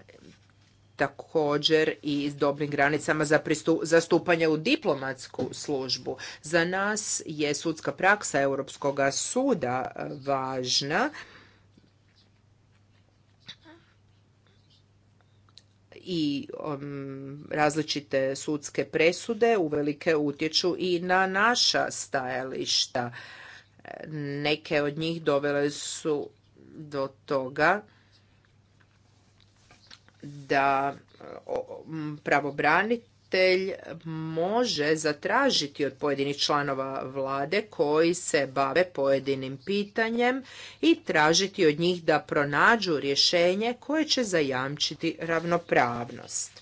također i s dobrim granicama za stupanje u diplomatsku službu. Za nas je sudska praksa Europskog suda e, važna. i um, različite sudske presude uvelike utječu i na naša stajališta. E, neke od njih dovele su do toga da pravobranitelj može zatražiti od pojedinih članova vlade koji se bave pojedinim pitanjem i tražiti od njih da pronađu rješenje koje će zajamčiti ravnopravnost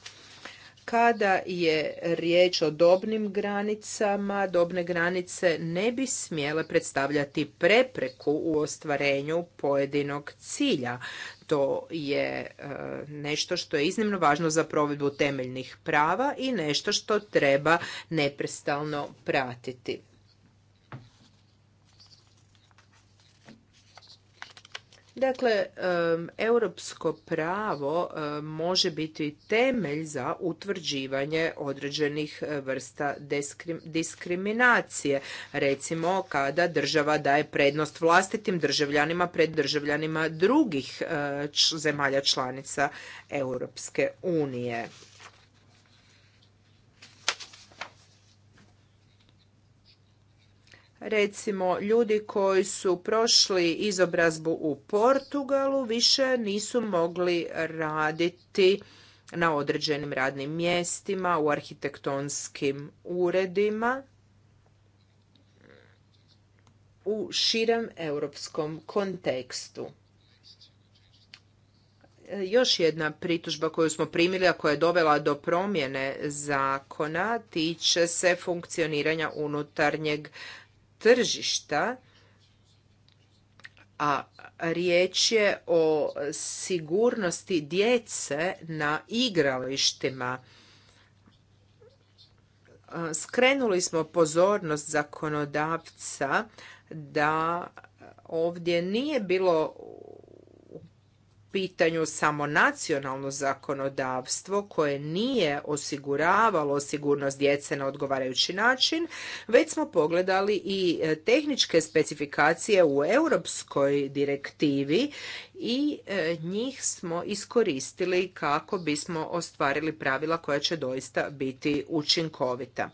kada je riječ o dobnim granicama, dobne granice ne bi smjele predstavljati prepreku u ostvarenju pojedinog cilja to je e, nešto što je iznimno važno za provedbu temeljnih prava i nešto što treba neprestalno pratiti. Dakle, europsko pravo može biti temelj za utvrđivanje određenih e, vrsta diskriminacije. Recimo, kada država daje prednost vlastitim državljanima pred državljanima drugih e, zemalja članica Europske unije. recimo ljudi koji su prošli izobrazbu u Portugalu više nisu mogli raditi na određenim radnim mjestima, u arhitektonskim uredima u širem europskom kontekstu. Još jedna pritužba koju smo primili, a koja je dovela do promjene zakona, tiče se funkcioniranja unutarnjeg tržišta, a riječ je o sigurnosti djece na igralištima. Skrenuli smo pozornost zakonodavca da ovdje nije bilo pitanju samo nacionalno zakonodavstvo koje nije osiguravalo sigurnost djece na odgovarajući način, već smo pogledali i e, tehničke specifikacije u europskoj direktivi i e, njih smo iskoristili kako bismo ostvarili pravila koja će doista biti učinkovita.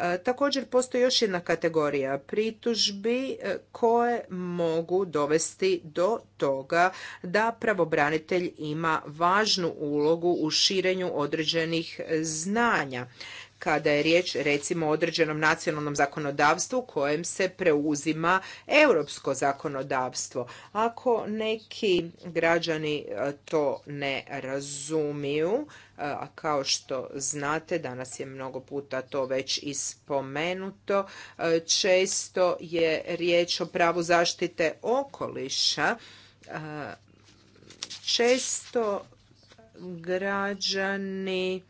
E, također postoji još jedna kategorija pritužbi e, koje mogu dovesti do toga da pravobranitelj ima važnu ulogu u širenju određenih znanja kada je riječ recimo o određenom nacionalnom zakonodavstvu kojem se preuzima europsko zakonodavstvo. Ako neki građani e, to ne razumiju, e, a kao što znate, danas je mnogo puta to već i spomenuto, e, često je riječ o pravu zaštite okoliša. Često građani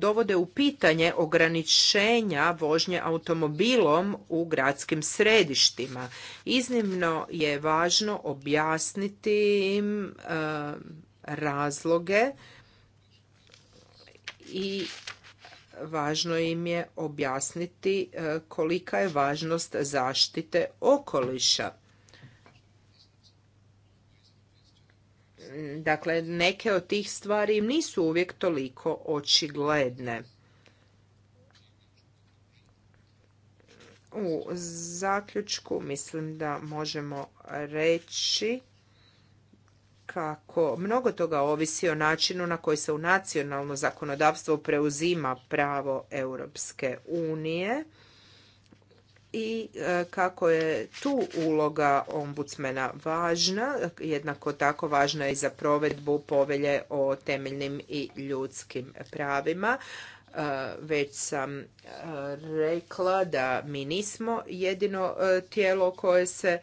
dovode u pitanje ograničenja vožnje automobilom u gradskim središtima. Iznimno je važno objasniti im razloge i važno im je objasniti e, kolika je važnost zaštite okoliša. Dakle, neke od tih stvari im nisu uvijek toliko očigledne. U zaključku mislim da možemo reći kako mnogo toga ovisi o načinu na koji se u nacionalno zakonodavstvo preuzima pravo Europske unije i e, kako je tu uloga ombudsmena važna, jednako tako važna je i za provedbu povelje o temeljnim i ljudskim pravima. E, već sam e, rekla da mi nismo jedino tijelo koje se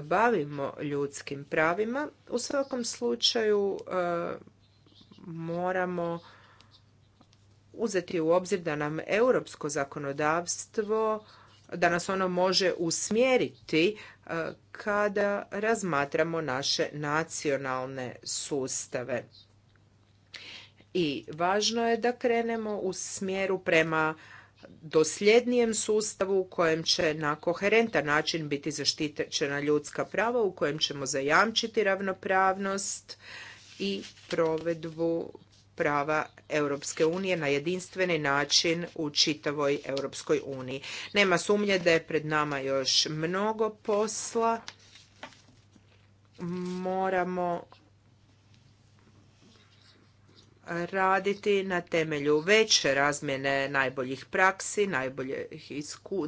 bavimo ljudskim pravima. U svakom slučaju moramo uzeti u obzir da nam europsko zakonodavstvo da nas ono može usmjeriti e, kada razmatramo naše nacionalne sustave. I važno je da krenemo u smjeru prema dosljednijem sustavu u kojem će na koherentan način biti zaštićena ljudska prava, u kojem ćemo zajamčiti ravnopravnost i provedbu prava Europske unije na jedinstveni način u čitavoj Europskoj uniji. Nema sumnje da je pred nama još mnogo posla. Moramo raditi na temelju veće razmjene najboljih praksi, najboljih isku,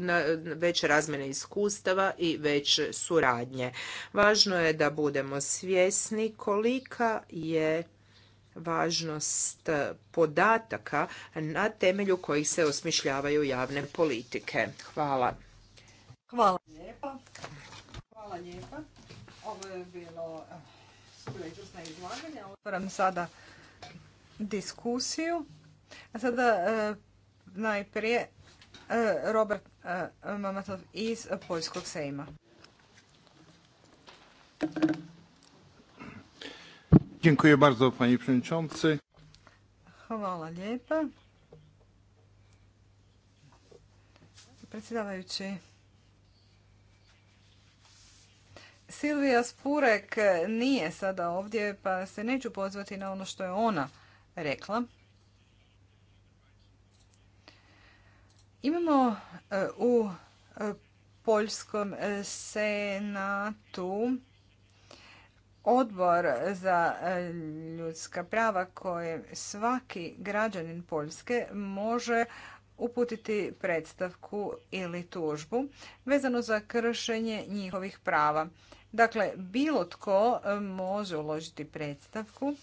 veće razmjene iskustava i veće suradnje. Važno je da budemo svjesni kolika je važnost eh, podataka na temelju kojih se osmišljavaju javne politike. Hvala. Hvala lijepa. Hvala lijepa. Ovo je bilo eh, izlaganje. Otvaram sada diskusiju. A sada eh, najprije Robert Mamatov iz Poljskog sejma. Dziękuję Hvala lijepa. Predsjedavajući, Silvija Spurek nije sada ovdje, pa se neću pozvati na ono što je ona rekla. Imamo e, u e, Poljskom senatu odbor za e, ljudska prava koje svaki građanin Poljske može uputiti predstavku ili tužbu vezano za kršenje njihovih prava. Dakle, bilo tko e, može uložiti predstavku.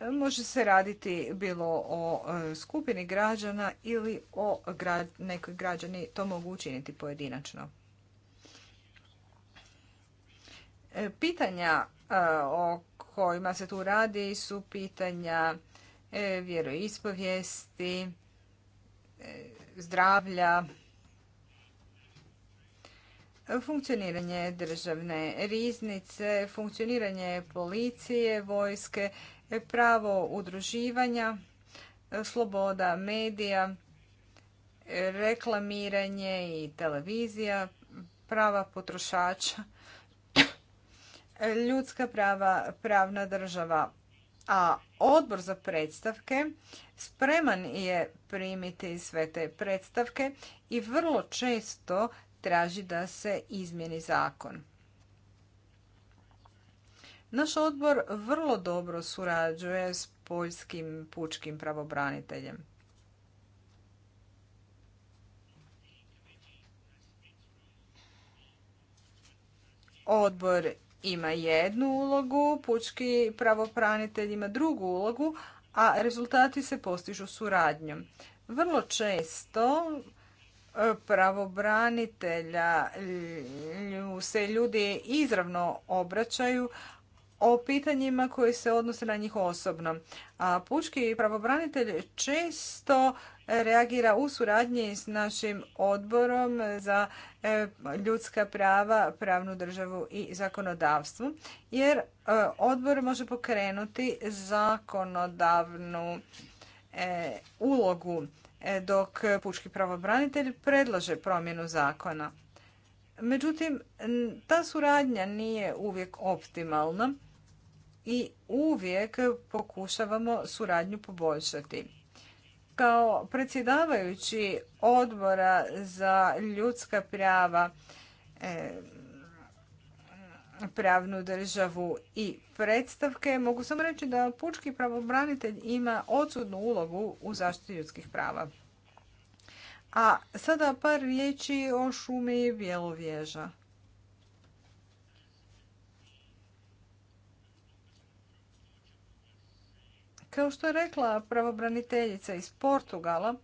E, može se raditi bilo o skupini građana ili o nekoj građani to mogu učiniti pojedinačno. Pitanja o kojima se tu radi su pitanja e, vjeroispovijesti, e, zdravlja, funkcioniranje državne riznice, funkcioniranje policije, vojske, e, pravo udruživanja, sloboda medija, reklamiranje i televizija, prava potrošača ljudska prava, pravna država. A odbor za predstavke spreman je primiti sve te predstavke i vrlo često traži da se izmjeni zakon. Naš odbor vrlo dobro surađuje s poljskim pučkim pravobraniteljem. Odbor ima jednu ulogu, pučki pravopranitelj ima drugu ulogu, a rezultati se postižu suradnjom. Vrlo često e, pravobranitelja se ljudi izravno obraćaju o pitanjima koje se odnose na njih osobno. A pučki pravobranitelj često reagira u suradnji s našim odborom za e, ljudska prava, pravnu državu i zakonodavstvu, jer e, odbor može pokrenuti zakonodavnu e, ulogu dok pučki pravobranitelj predlaže promjenu zakona. Međutim, ta suradnja nije uvijek optimalna i uvijek pokušavamo suradnju poboljšati. Kao predsjedavajući odbora za ljudska prava, e, pravnu državu i predstavke, mogu sam reći da pučki pravobranitelj ima odsudnu ulogu u zaštiti ljudskih prava. A sada par riječi o šumi Bjelovježa. Kao što je rekla pravobraniteljica iz Portugala,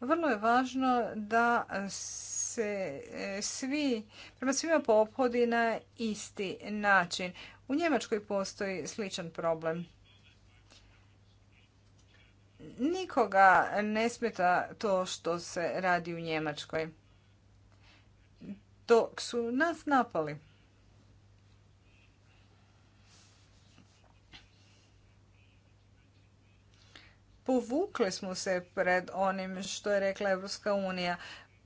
vrlo je važno da se e, svi, prema svima pophodi na isti način. U Njemačkoj postoji sličan problem. Nikoga ne smeta to što se radi u Njemačkoj. Dok su nas napali. povukli smo se pred onim što je rekla Evropska unija.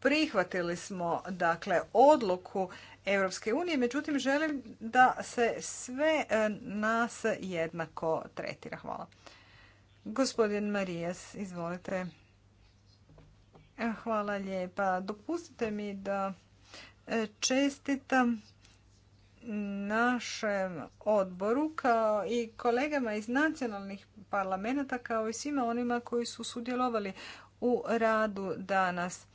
Prihvatili smo dakle odluku Evropske unije, međutim želim da se sve e, nas jednako tretira. Hvala. Gospodin Marijas, izvolite. E, hvala lijepa. Dopustite mi da e, čestitam našem odboru kao i kolegama iz nacionalnih parlamenta kao i svima onima koji su sudjelovali u radu danas.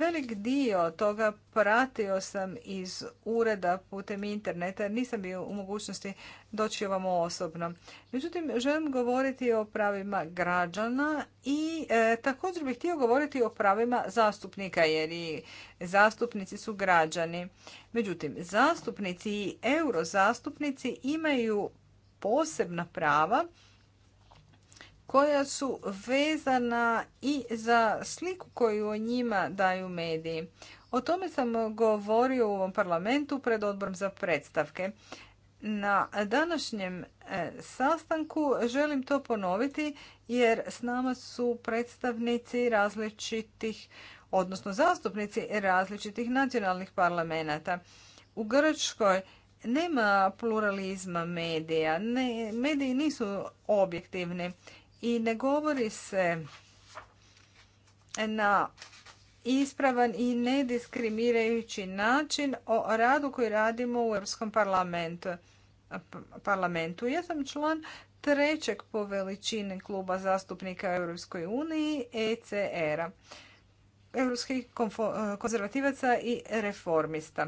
Velik dio toga pratio sam iz ureda putem interneta jer nisam bio u mogućnosti doći ovamo osobno. Međutim, želim govoriti o pravima građana i e, također bih htio govoriti o pravima zastupnika jer i zastupnici su građani. Međutim, zastupnici i eurozastupnici imaju posebna prava koja su vezana i za sliku koju o njima daju mediji. O tome sam govorio u ovom parlamentu pred odborom za predstavke. Na današnjem e, sastanku želim to ponoviti jer s nama su predstavnici različitih, odnosno zastupnici različitih nacionalnih parlamenta. U Grčkoj nema pluralizma medija, mediji nisu objektivni i ne govori se na ispravan i nediskriminirajući način o radu koji radimo u Europskom parlamentu. parlamentu. Ja sam član trećeg po veličini kluba zastupnika Europskoj uniji ECR-a, europskih konzervativaca i reformista.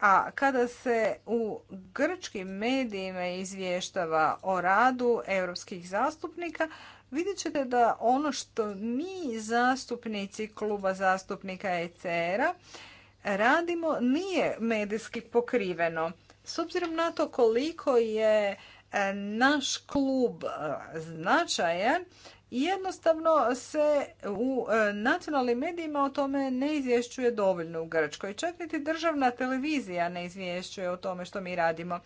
A kada se u grčkim medijima izvještava o radu europskih zastupnika, vidjet ćete da ono što mi zastupnici kluba zastupnika ECR-a radimo nije medijski pokriveno. S obzirom na to koliko je e, naš klub e, značajan, Jednostavno se u e, nacionalnim medijima o tome ne izvješćuje dovoljno u Grčkoj. Čak niti državna televizija ne izvješćuje o tome što mi radimo.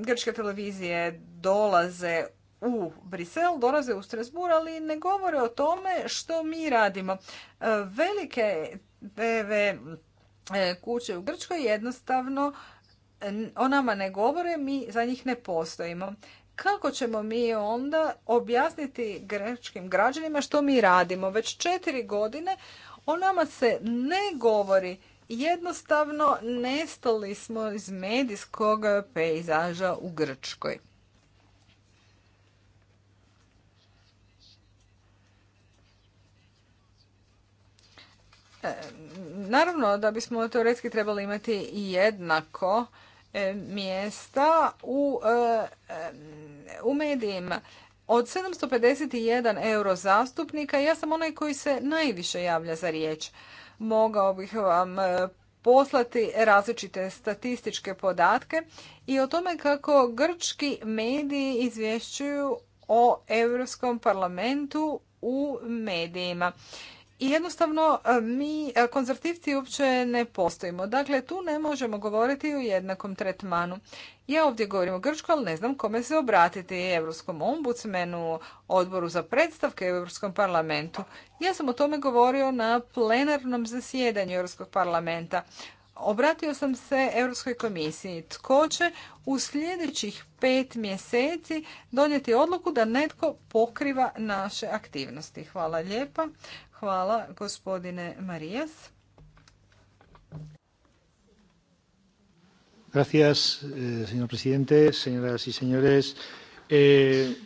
Grčke televizije dolaze u Brisel, dolaze u Strasbourg, ali ne govore o tome što mi radimo. E, velike TV e, kuće u Grčkoj jednostavno o nama ne govore, mi za njih ne postojimo kako ćemo mi onda objasniti grečkim građanima što mi radimo? Već četiri godine o nama se ne govori. Jednostavno nestali smo iz medijskog pejzaža u Grčkoj. E, naravno da bismo teoretski trebali imati jednako E, mjesta e, e, u, medijima. Od 751 euro zastupnika ja sam onaj koji se najviše javlja za riječ. Mogao bih vam poslati različite statističke podatke i o tome kako grčki mediji izvješćuju o Europskom parlamentu u medijima. I jednostavno e, mi e, konzervativci uopće ne postojimo. Dakle, tu ne možemo govoriti o jednakom tretmanu. Ja ovdje govorim o Grčkoj, ali ne znam kome se obratiti, Evropskom ombudsmenu, odboru za predstavke u Evropskom parlamentu. Ja sam o tome govorio na plenarnom zasjedanju Europskog parlamenta. Obratio sam se Europskoj komisiji. Tko će u sljedećih pet mjeseci donijeti odluku da netko pokriva naše aktivnosti? Hvala lijepa. Hvala gospodine Marijas. Gracias, eh, señor presidente, señoras y señores. Eh,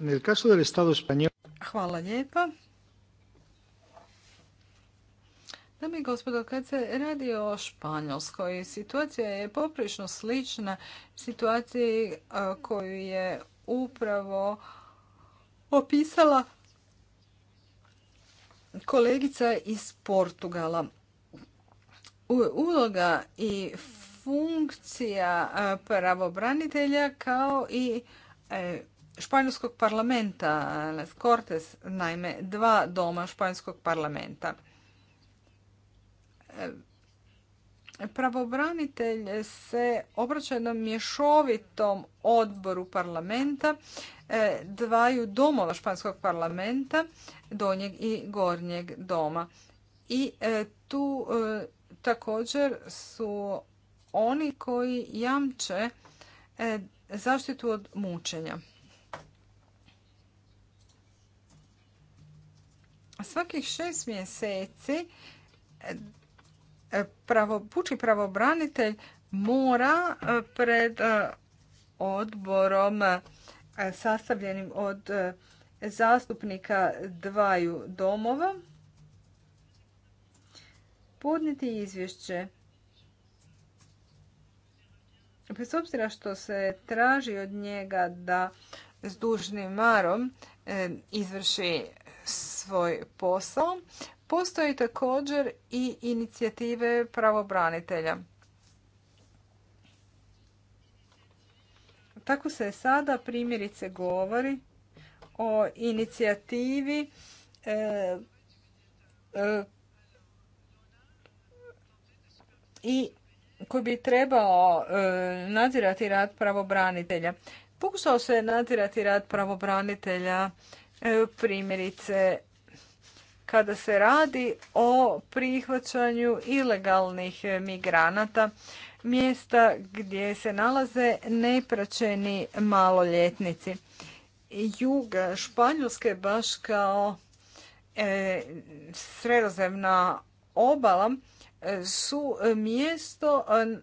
en caso del Estado español. Hvala lijepa. Dame i gospodo, kad se radi o Španjolskoj, situacija je poprično slična situaciji koju je upravo opisala kolegica iz Portugala. Uloga i funkcija e, pravobranitelja kao i e, španjolskog parlamenta, Cortes, naime dva doma španjolskog parlamenta. E, pravobranitelj se obraća na mješovitom odboru parlamenta E, dvaju domova Španskog parlamenta, donjeg i gornjeg doma. I e, tu e, također su oni koji jamče zaštitu od mučenja. Svakih šest mjeseci pučki pravobranitelj mora pred odborom sastavljenim od e, zastupnika dvaju domova podnijeti izvješće. Bez obzira što se traži od njega da s dužnim marom e, izvrši svoj posao, postoji također i inicijative pravobranitelja. Tako se sada primjerice govori o inicijativi e, e, i koji bi trebao e, nadzirati rad pravobranitelja. Pokušao se nadzirati rad pravobranitelja primjerice kada se radi o prihvaćanju ilegalnih migranata mjesta gdje se nalaze nepraćeni maloljetnici. Jug Španjolske baš kao e, sredozemna obala e, su mjesto e,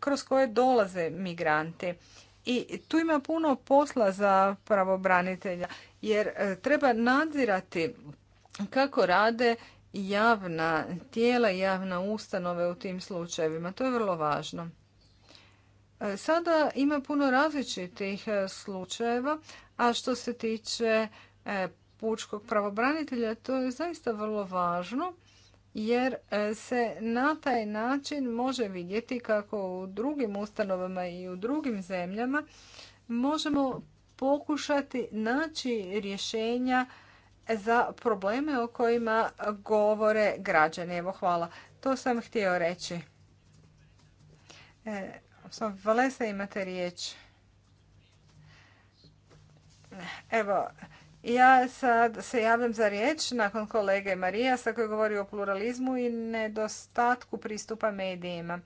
kroz koje dolaze migranti. I tu ima puno posla za pravobranitelja jer e, treba nadzirati kako rade javna tijela i javna ustanove u tim slučajevima. To je vrlo važno. E, sada ima puno različitih e, slučajeva, a što se tiče e, pučkog pravobranitelja, to je zaista vrlo važno jer se na taj način može vidjeti kako u drugim ustanovama i u drugim zemljama možemo pokušati naći rješenja za probleme o kojima govore građani. Evo, hvala. To sam htio reći. E, Valesa imate riječ. Evo, ja sad se javljam za riječ nakon kolege Marijasa sa koji govori o pluralizmu i nedostatku pristupa medijima.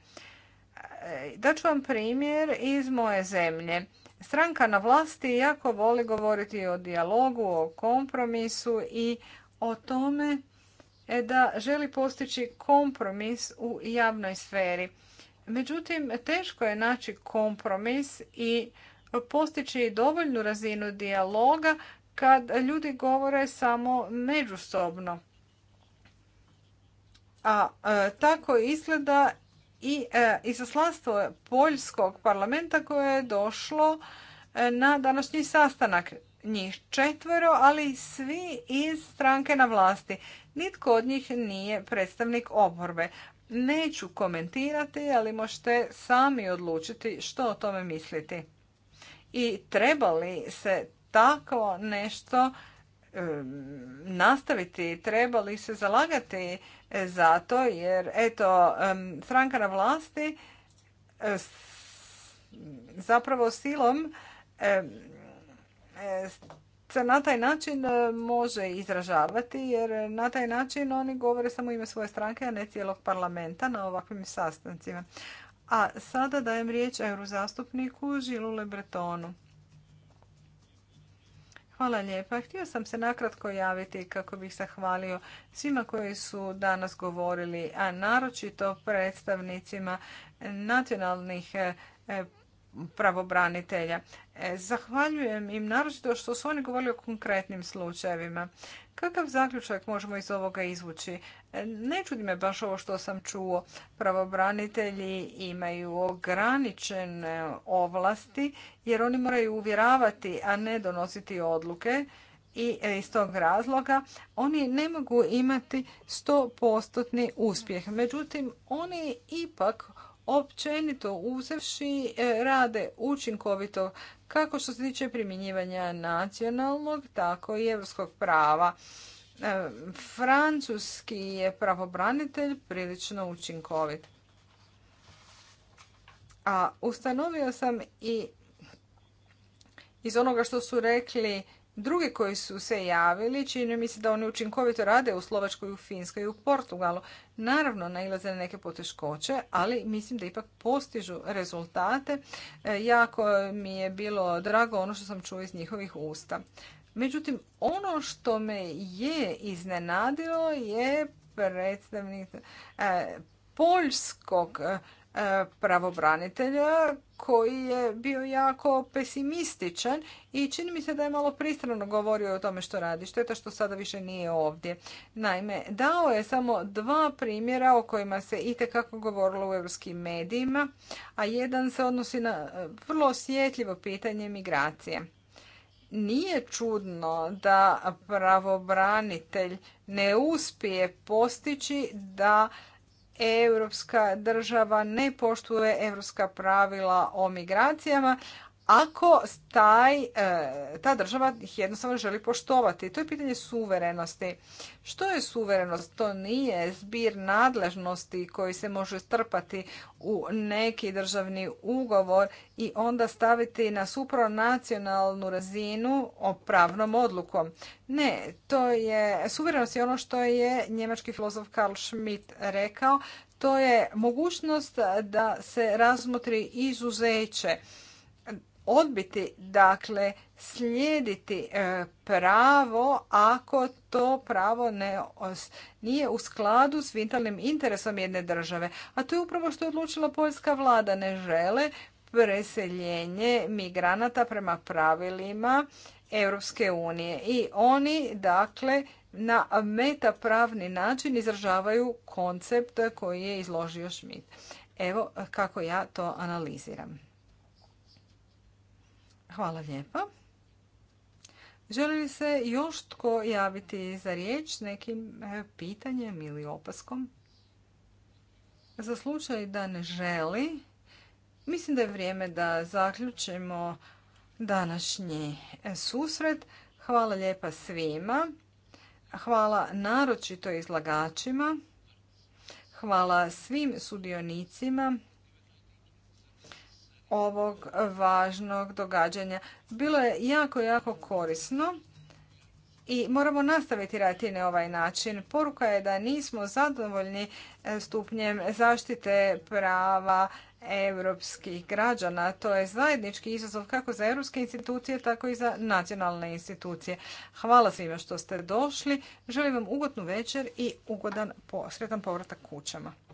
E, Daću vam primjer iz moje zemlje stranka na vlasti jako voli govoriti o dijalogu, o kompromisu i o tome e, da želi postići kompromis u javnoj sferi. Međutim, teško je naći kompromis i postići dovoljnu razinu dijaloga kad ljudi govore samo međusobno. A e, tako izgleda i e, izaslanstvo Poljskog parlamenta koje je došlo e, na današnji sastanak. Njih četvero, ali svi iz stranke na vlasti. Nitko od njih nije predstavnik oporbe. Neću komentirati, ali možete sami odlučiti što o tome misliti. I treba li se tako nešto nastaviti, treba li se zalagati E, zato jer eto stranka na vlasti e, zapravo silom e, se na taj način može izražavati jer na taj način oni govore samo ime svoje stranke, a ne cijelog parlamenta na ovakvim sastancima. A sada dajem riječ eurozastupniku Žilu Lebretonu. Hvala lijepa. Htio sam se nakratko javiti kako bih hvalio svima koji su danas govorili, a naročito predstavnicima nacionalnih eh, pravobranitelja. E, zahvaljujem im naročito što su oni govorili o konkretnim slučajevima. Kakav zaključak možemo iz ovoga izvući? E, ne čudi me baš ovo što sam čuo. Pravobranitelji imaju ograničene ovlasti jer oni moraju uvjeravati, a ne donositi odluke. I e, iz tog razloga oni ne mogu imati 100% uspjeh. Međutim, oni ipak općenito uzevši e, rade učinkovito kako što se tiče primjenjivanja nacionalnog, tako i evropskog prava. E, francuski je pravobranitelj prilično učinkovit. A ustanovio sam i iz onoga što su rekli Drugi koji su se javili, čini mi se da oni učinkovito rade u Slovačkoj, u Finskoj i u Portugalu. Naravno, nailaze na neke poteškoće, ali mislim da ipak postižu rezultate. E, jako mi je bilo drago ono što sam čuo iz njihovih usta. Međutim, ono što me je iznenadilo je predstavnik e, poljskog E, pravobranitelja koji je bio jako pesimističan i čini mi se da je malo pristrano govorio o tome što radi. Šteta što sada više nije ovdje. Naime, dao je samo dva primjera o kojima se itekako govorilo u europskim medijima, a jedan se odnosi na e, vrlo osjetljivo pitanje migracije. Nije čudno da pravobranitelj ne uspije postići da europska država ne poštuje europska pravila o migracijama, ako taj, e, ta država ih jednostavno želi poštovati. To je pitanje suverenosti. Što je suverenost? To nije zbir nadležnosti koji se može strpati u neki državni ugovor i onda staviti na supranacionalnu razinu o pravnom odlukom. Ne, to je suverenost je ono što je njemački filozof Karl Schmidt rekao. To je mogućnost da se razmotri izuzeće odbiti dakle slijediti e, pravo ako to pravo ne nije u skladu s vitalnim interesom jedne države. A to je upravo što je odlučila poljska vlada. Ne žele preseljenje migranata prema pravilima Europske unije. I oni dakle na metapravni način izražavaju koncept koji je izložio Schmidt. Evo kako ja to analiziram. Hvala lijepa. Želi li se još tko javiti za riječ nekim e, pitanjem ili opaskom? Za slučaj da ne želi, mislim da je vrijeme da zaključimo današnji e, susret. Hvala lijepa svima. Hvala naročito izlagačima. Hvala svim sudionicima ovog važnog događanja. Bilo je jako, jako korisno i moramo nastaviti raditi na ovaj način. Poruka je da nismo zadovoljni e, stupnjem zaštite prava europskih građana. To je zajednički izazov kako za europske institucije, tako i za nacionalne institucije. Hvala svima što ste došli. Želim vam ugodnu večer i ugodan posretan povratak kućama.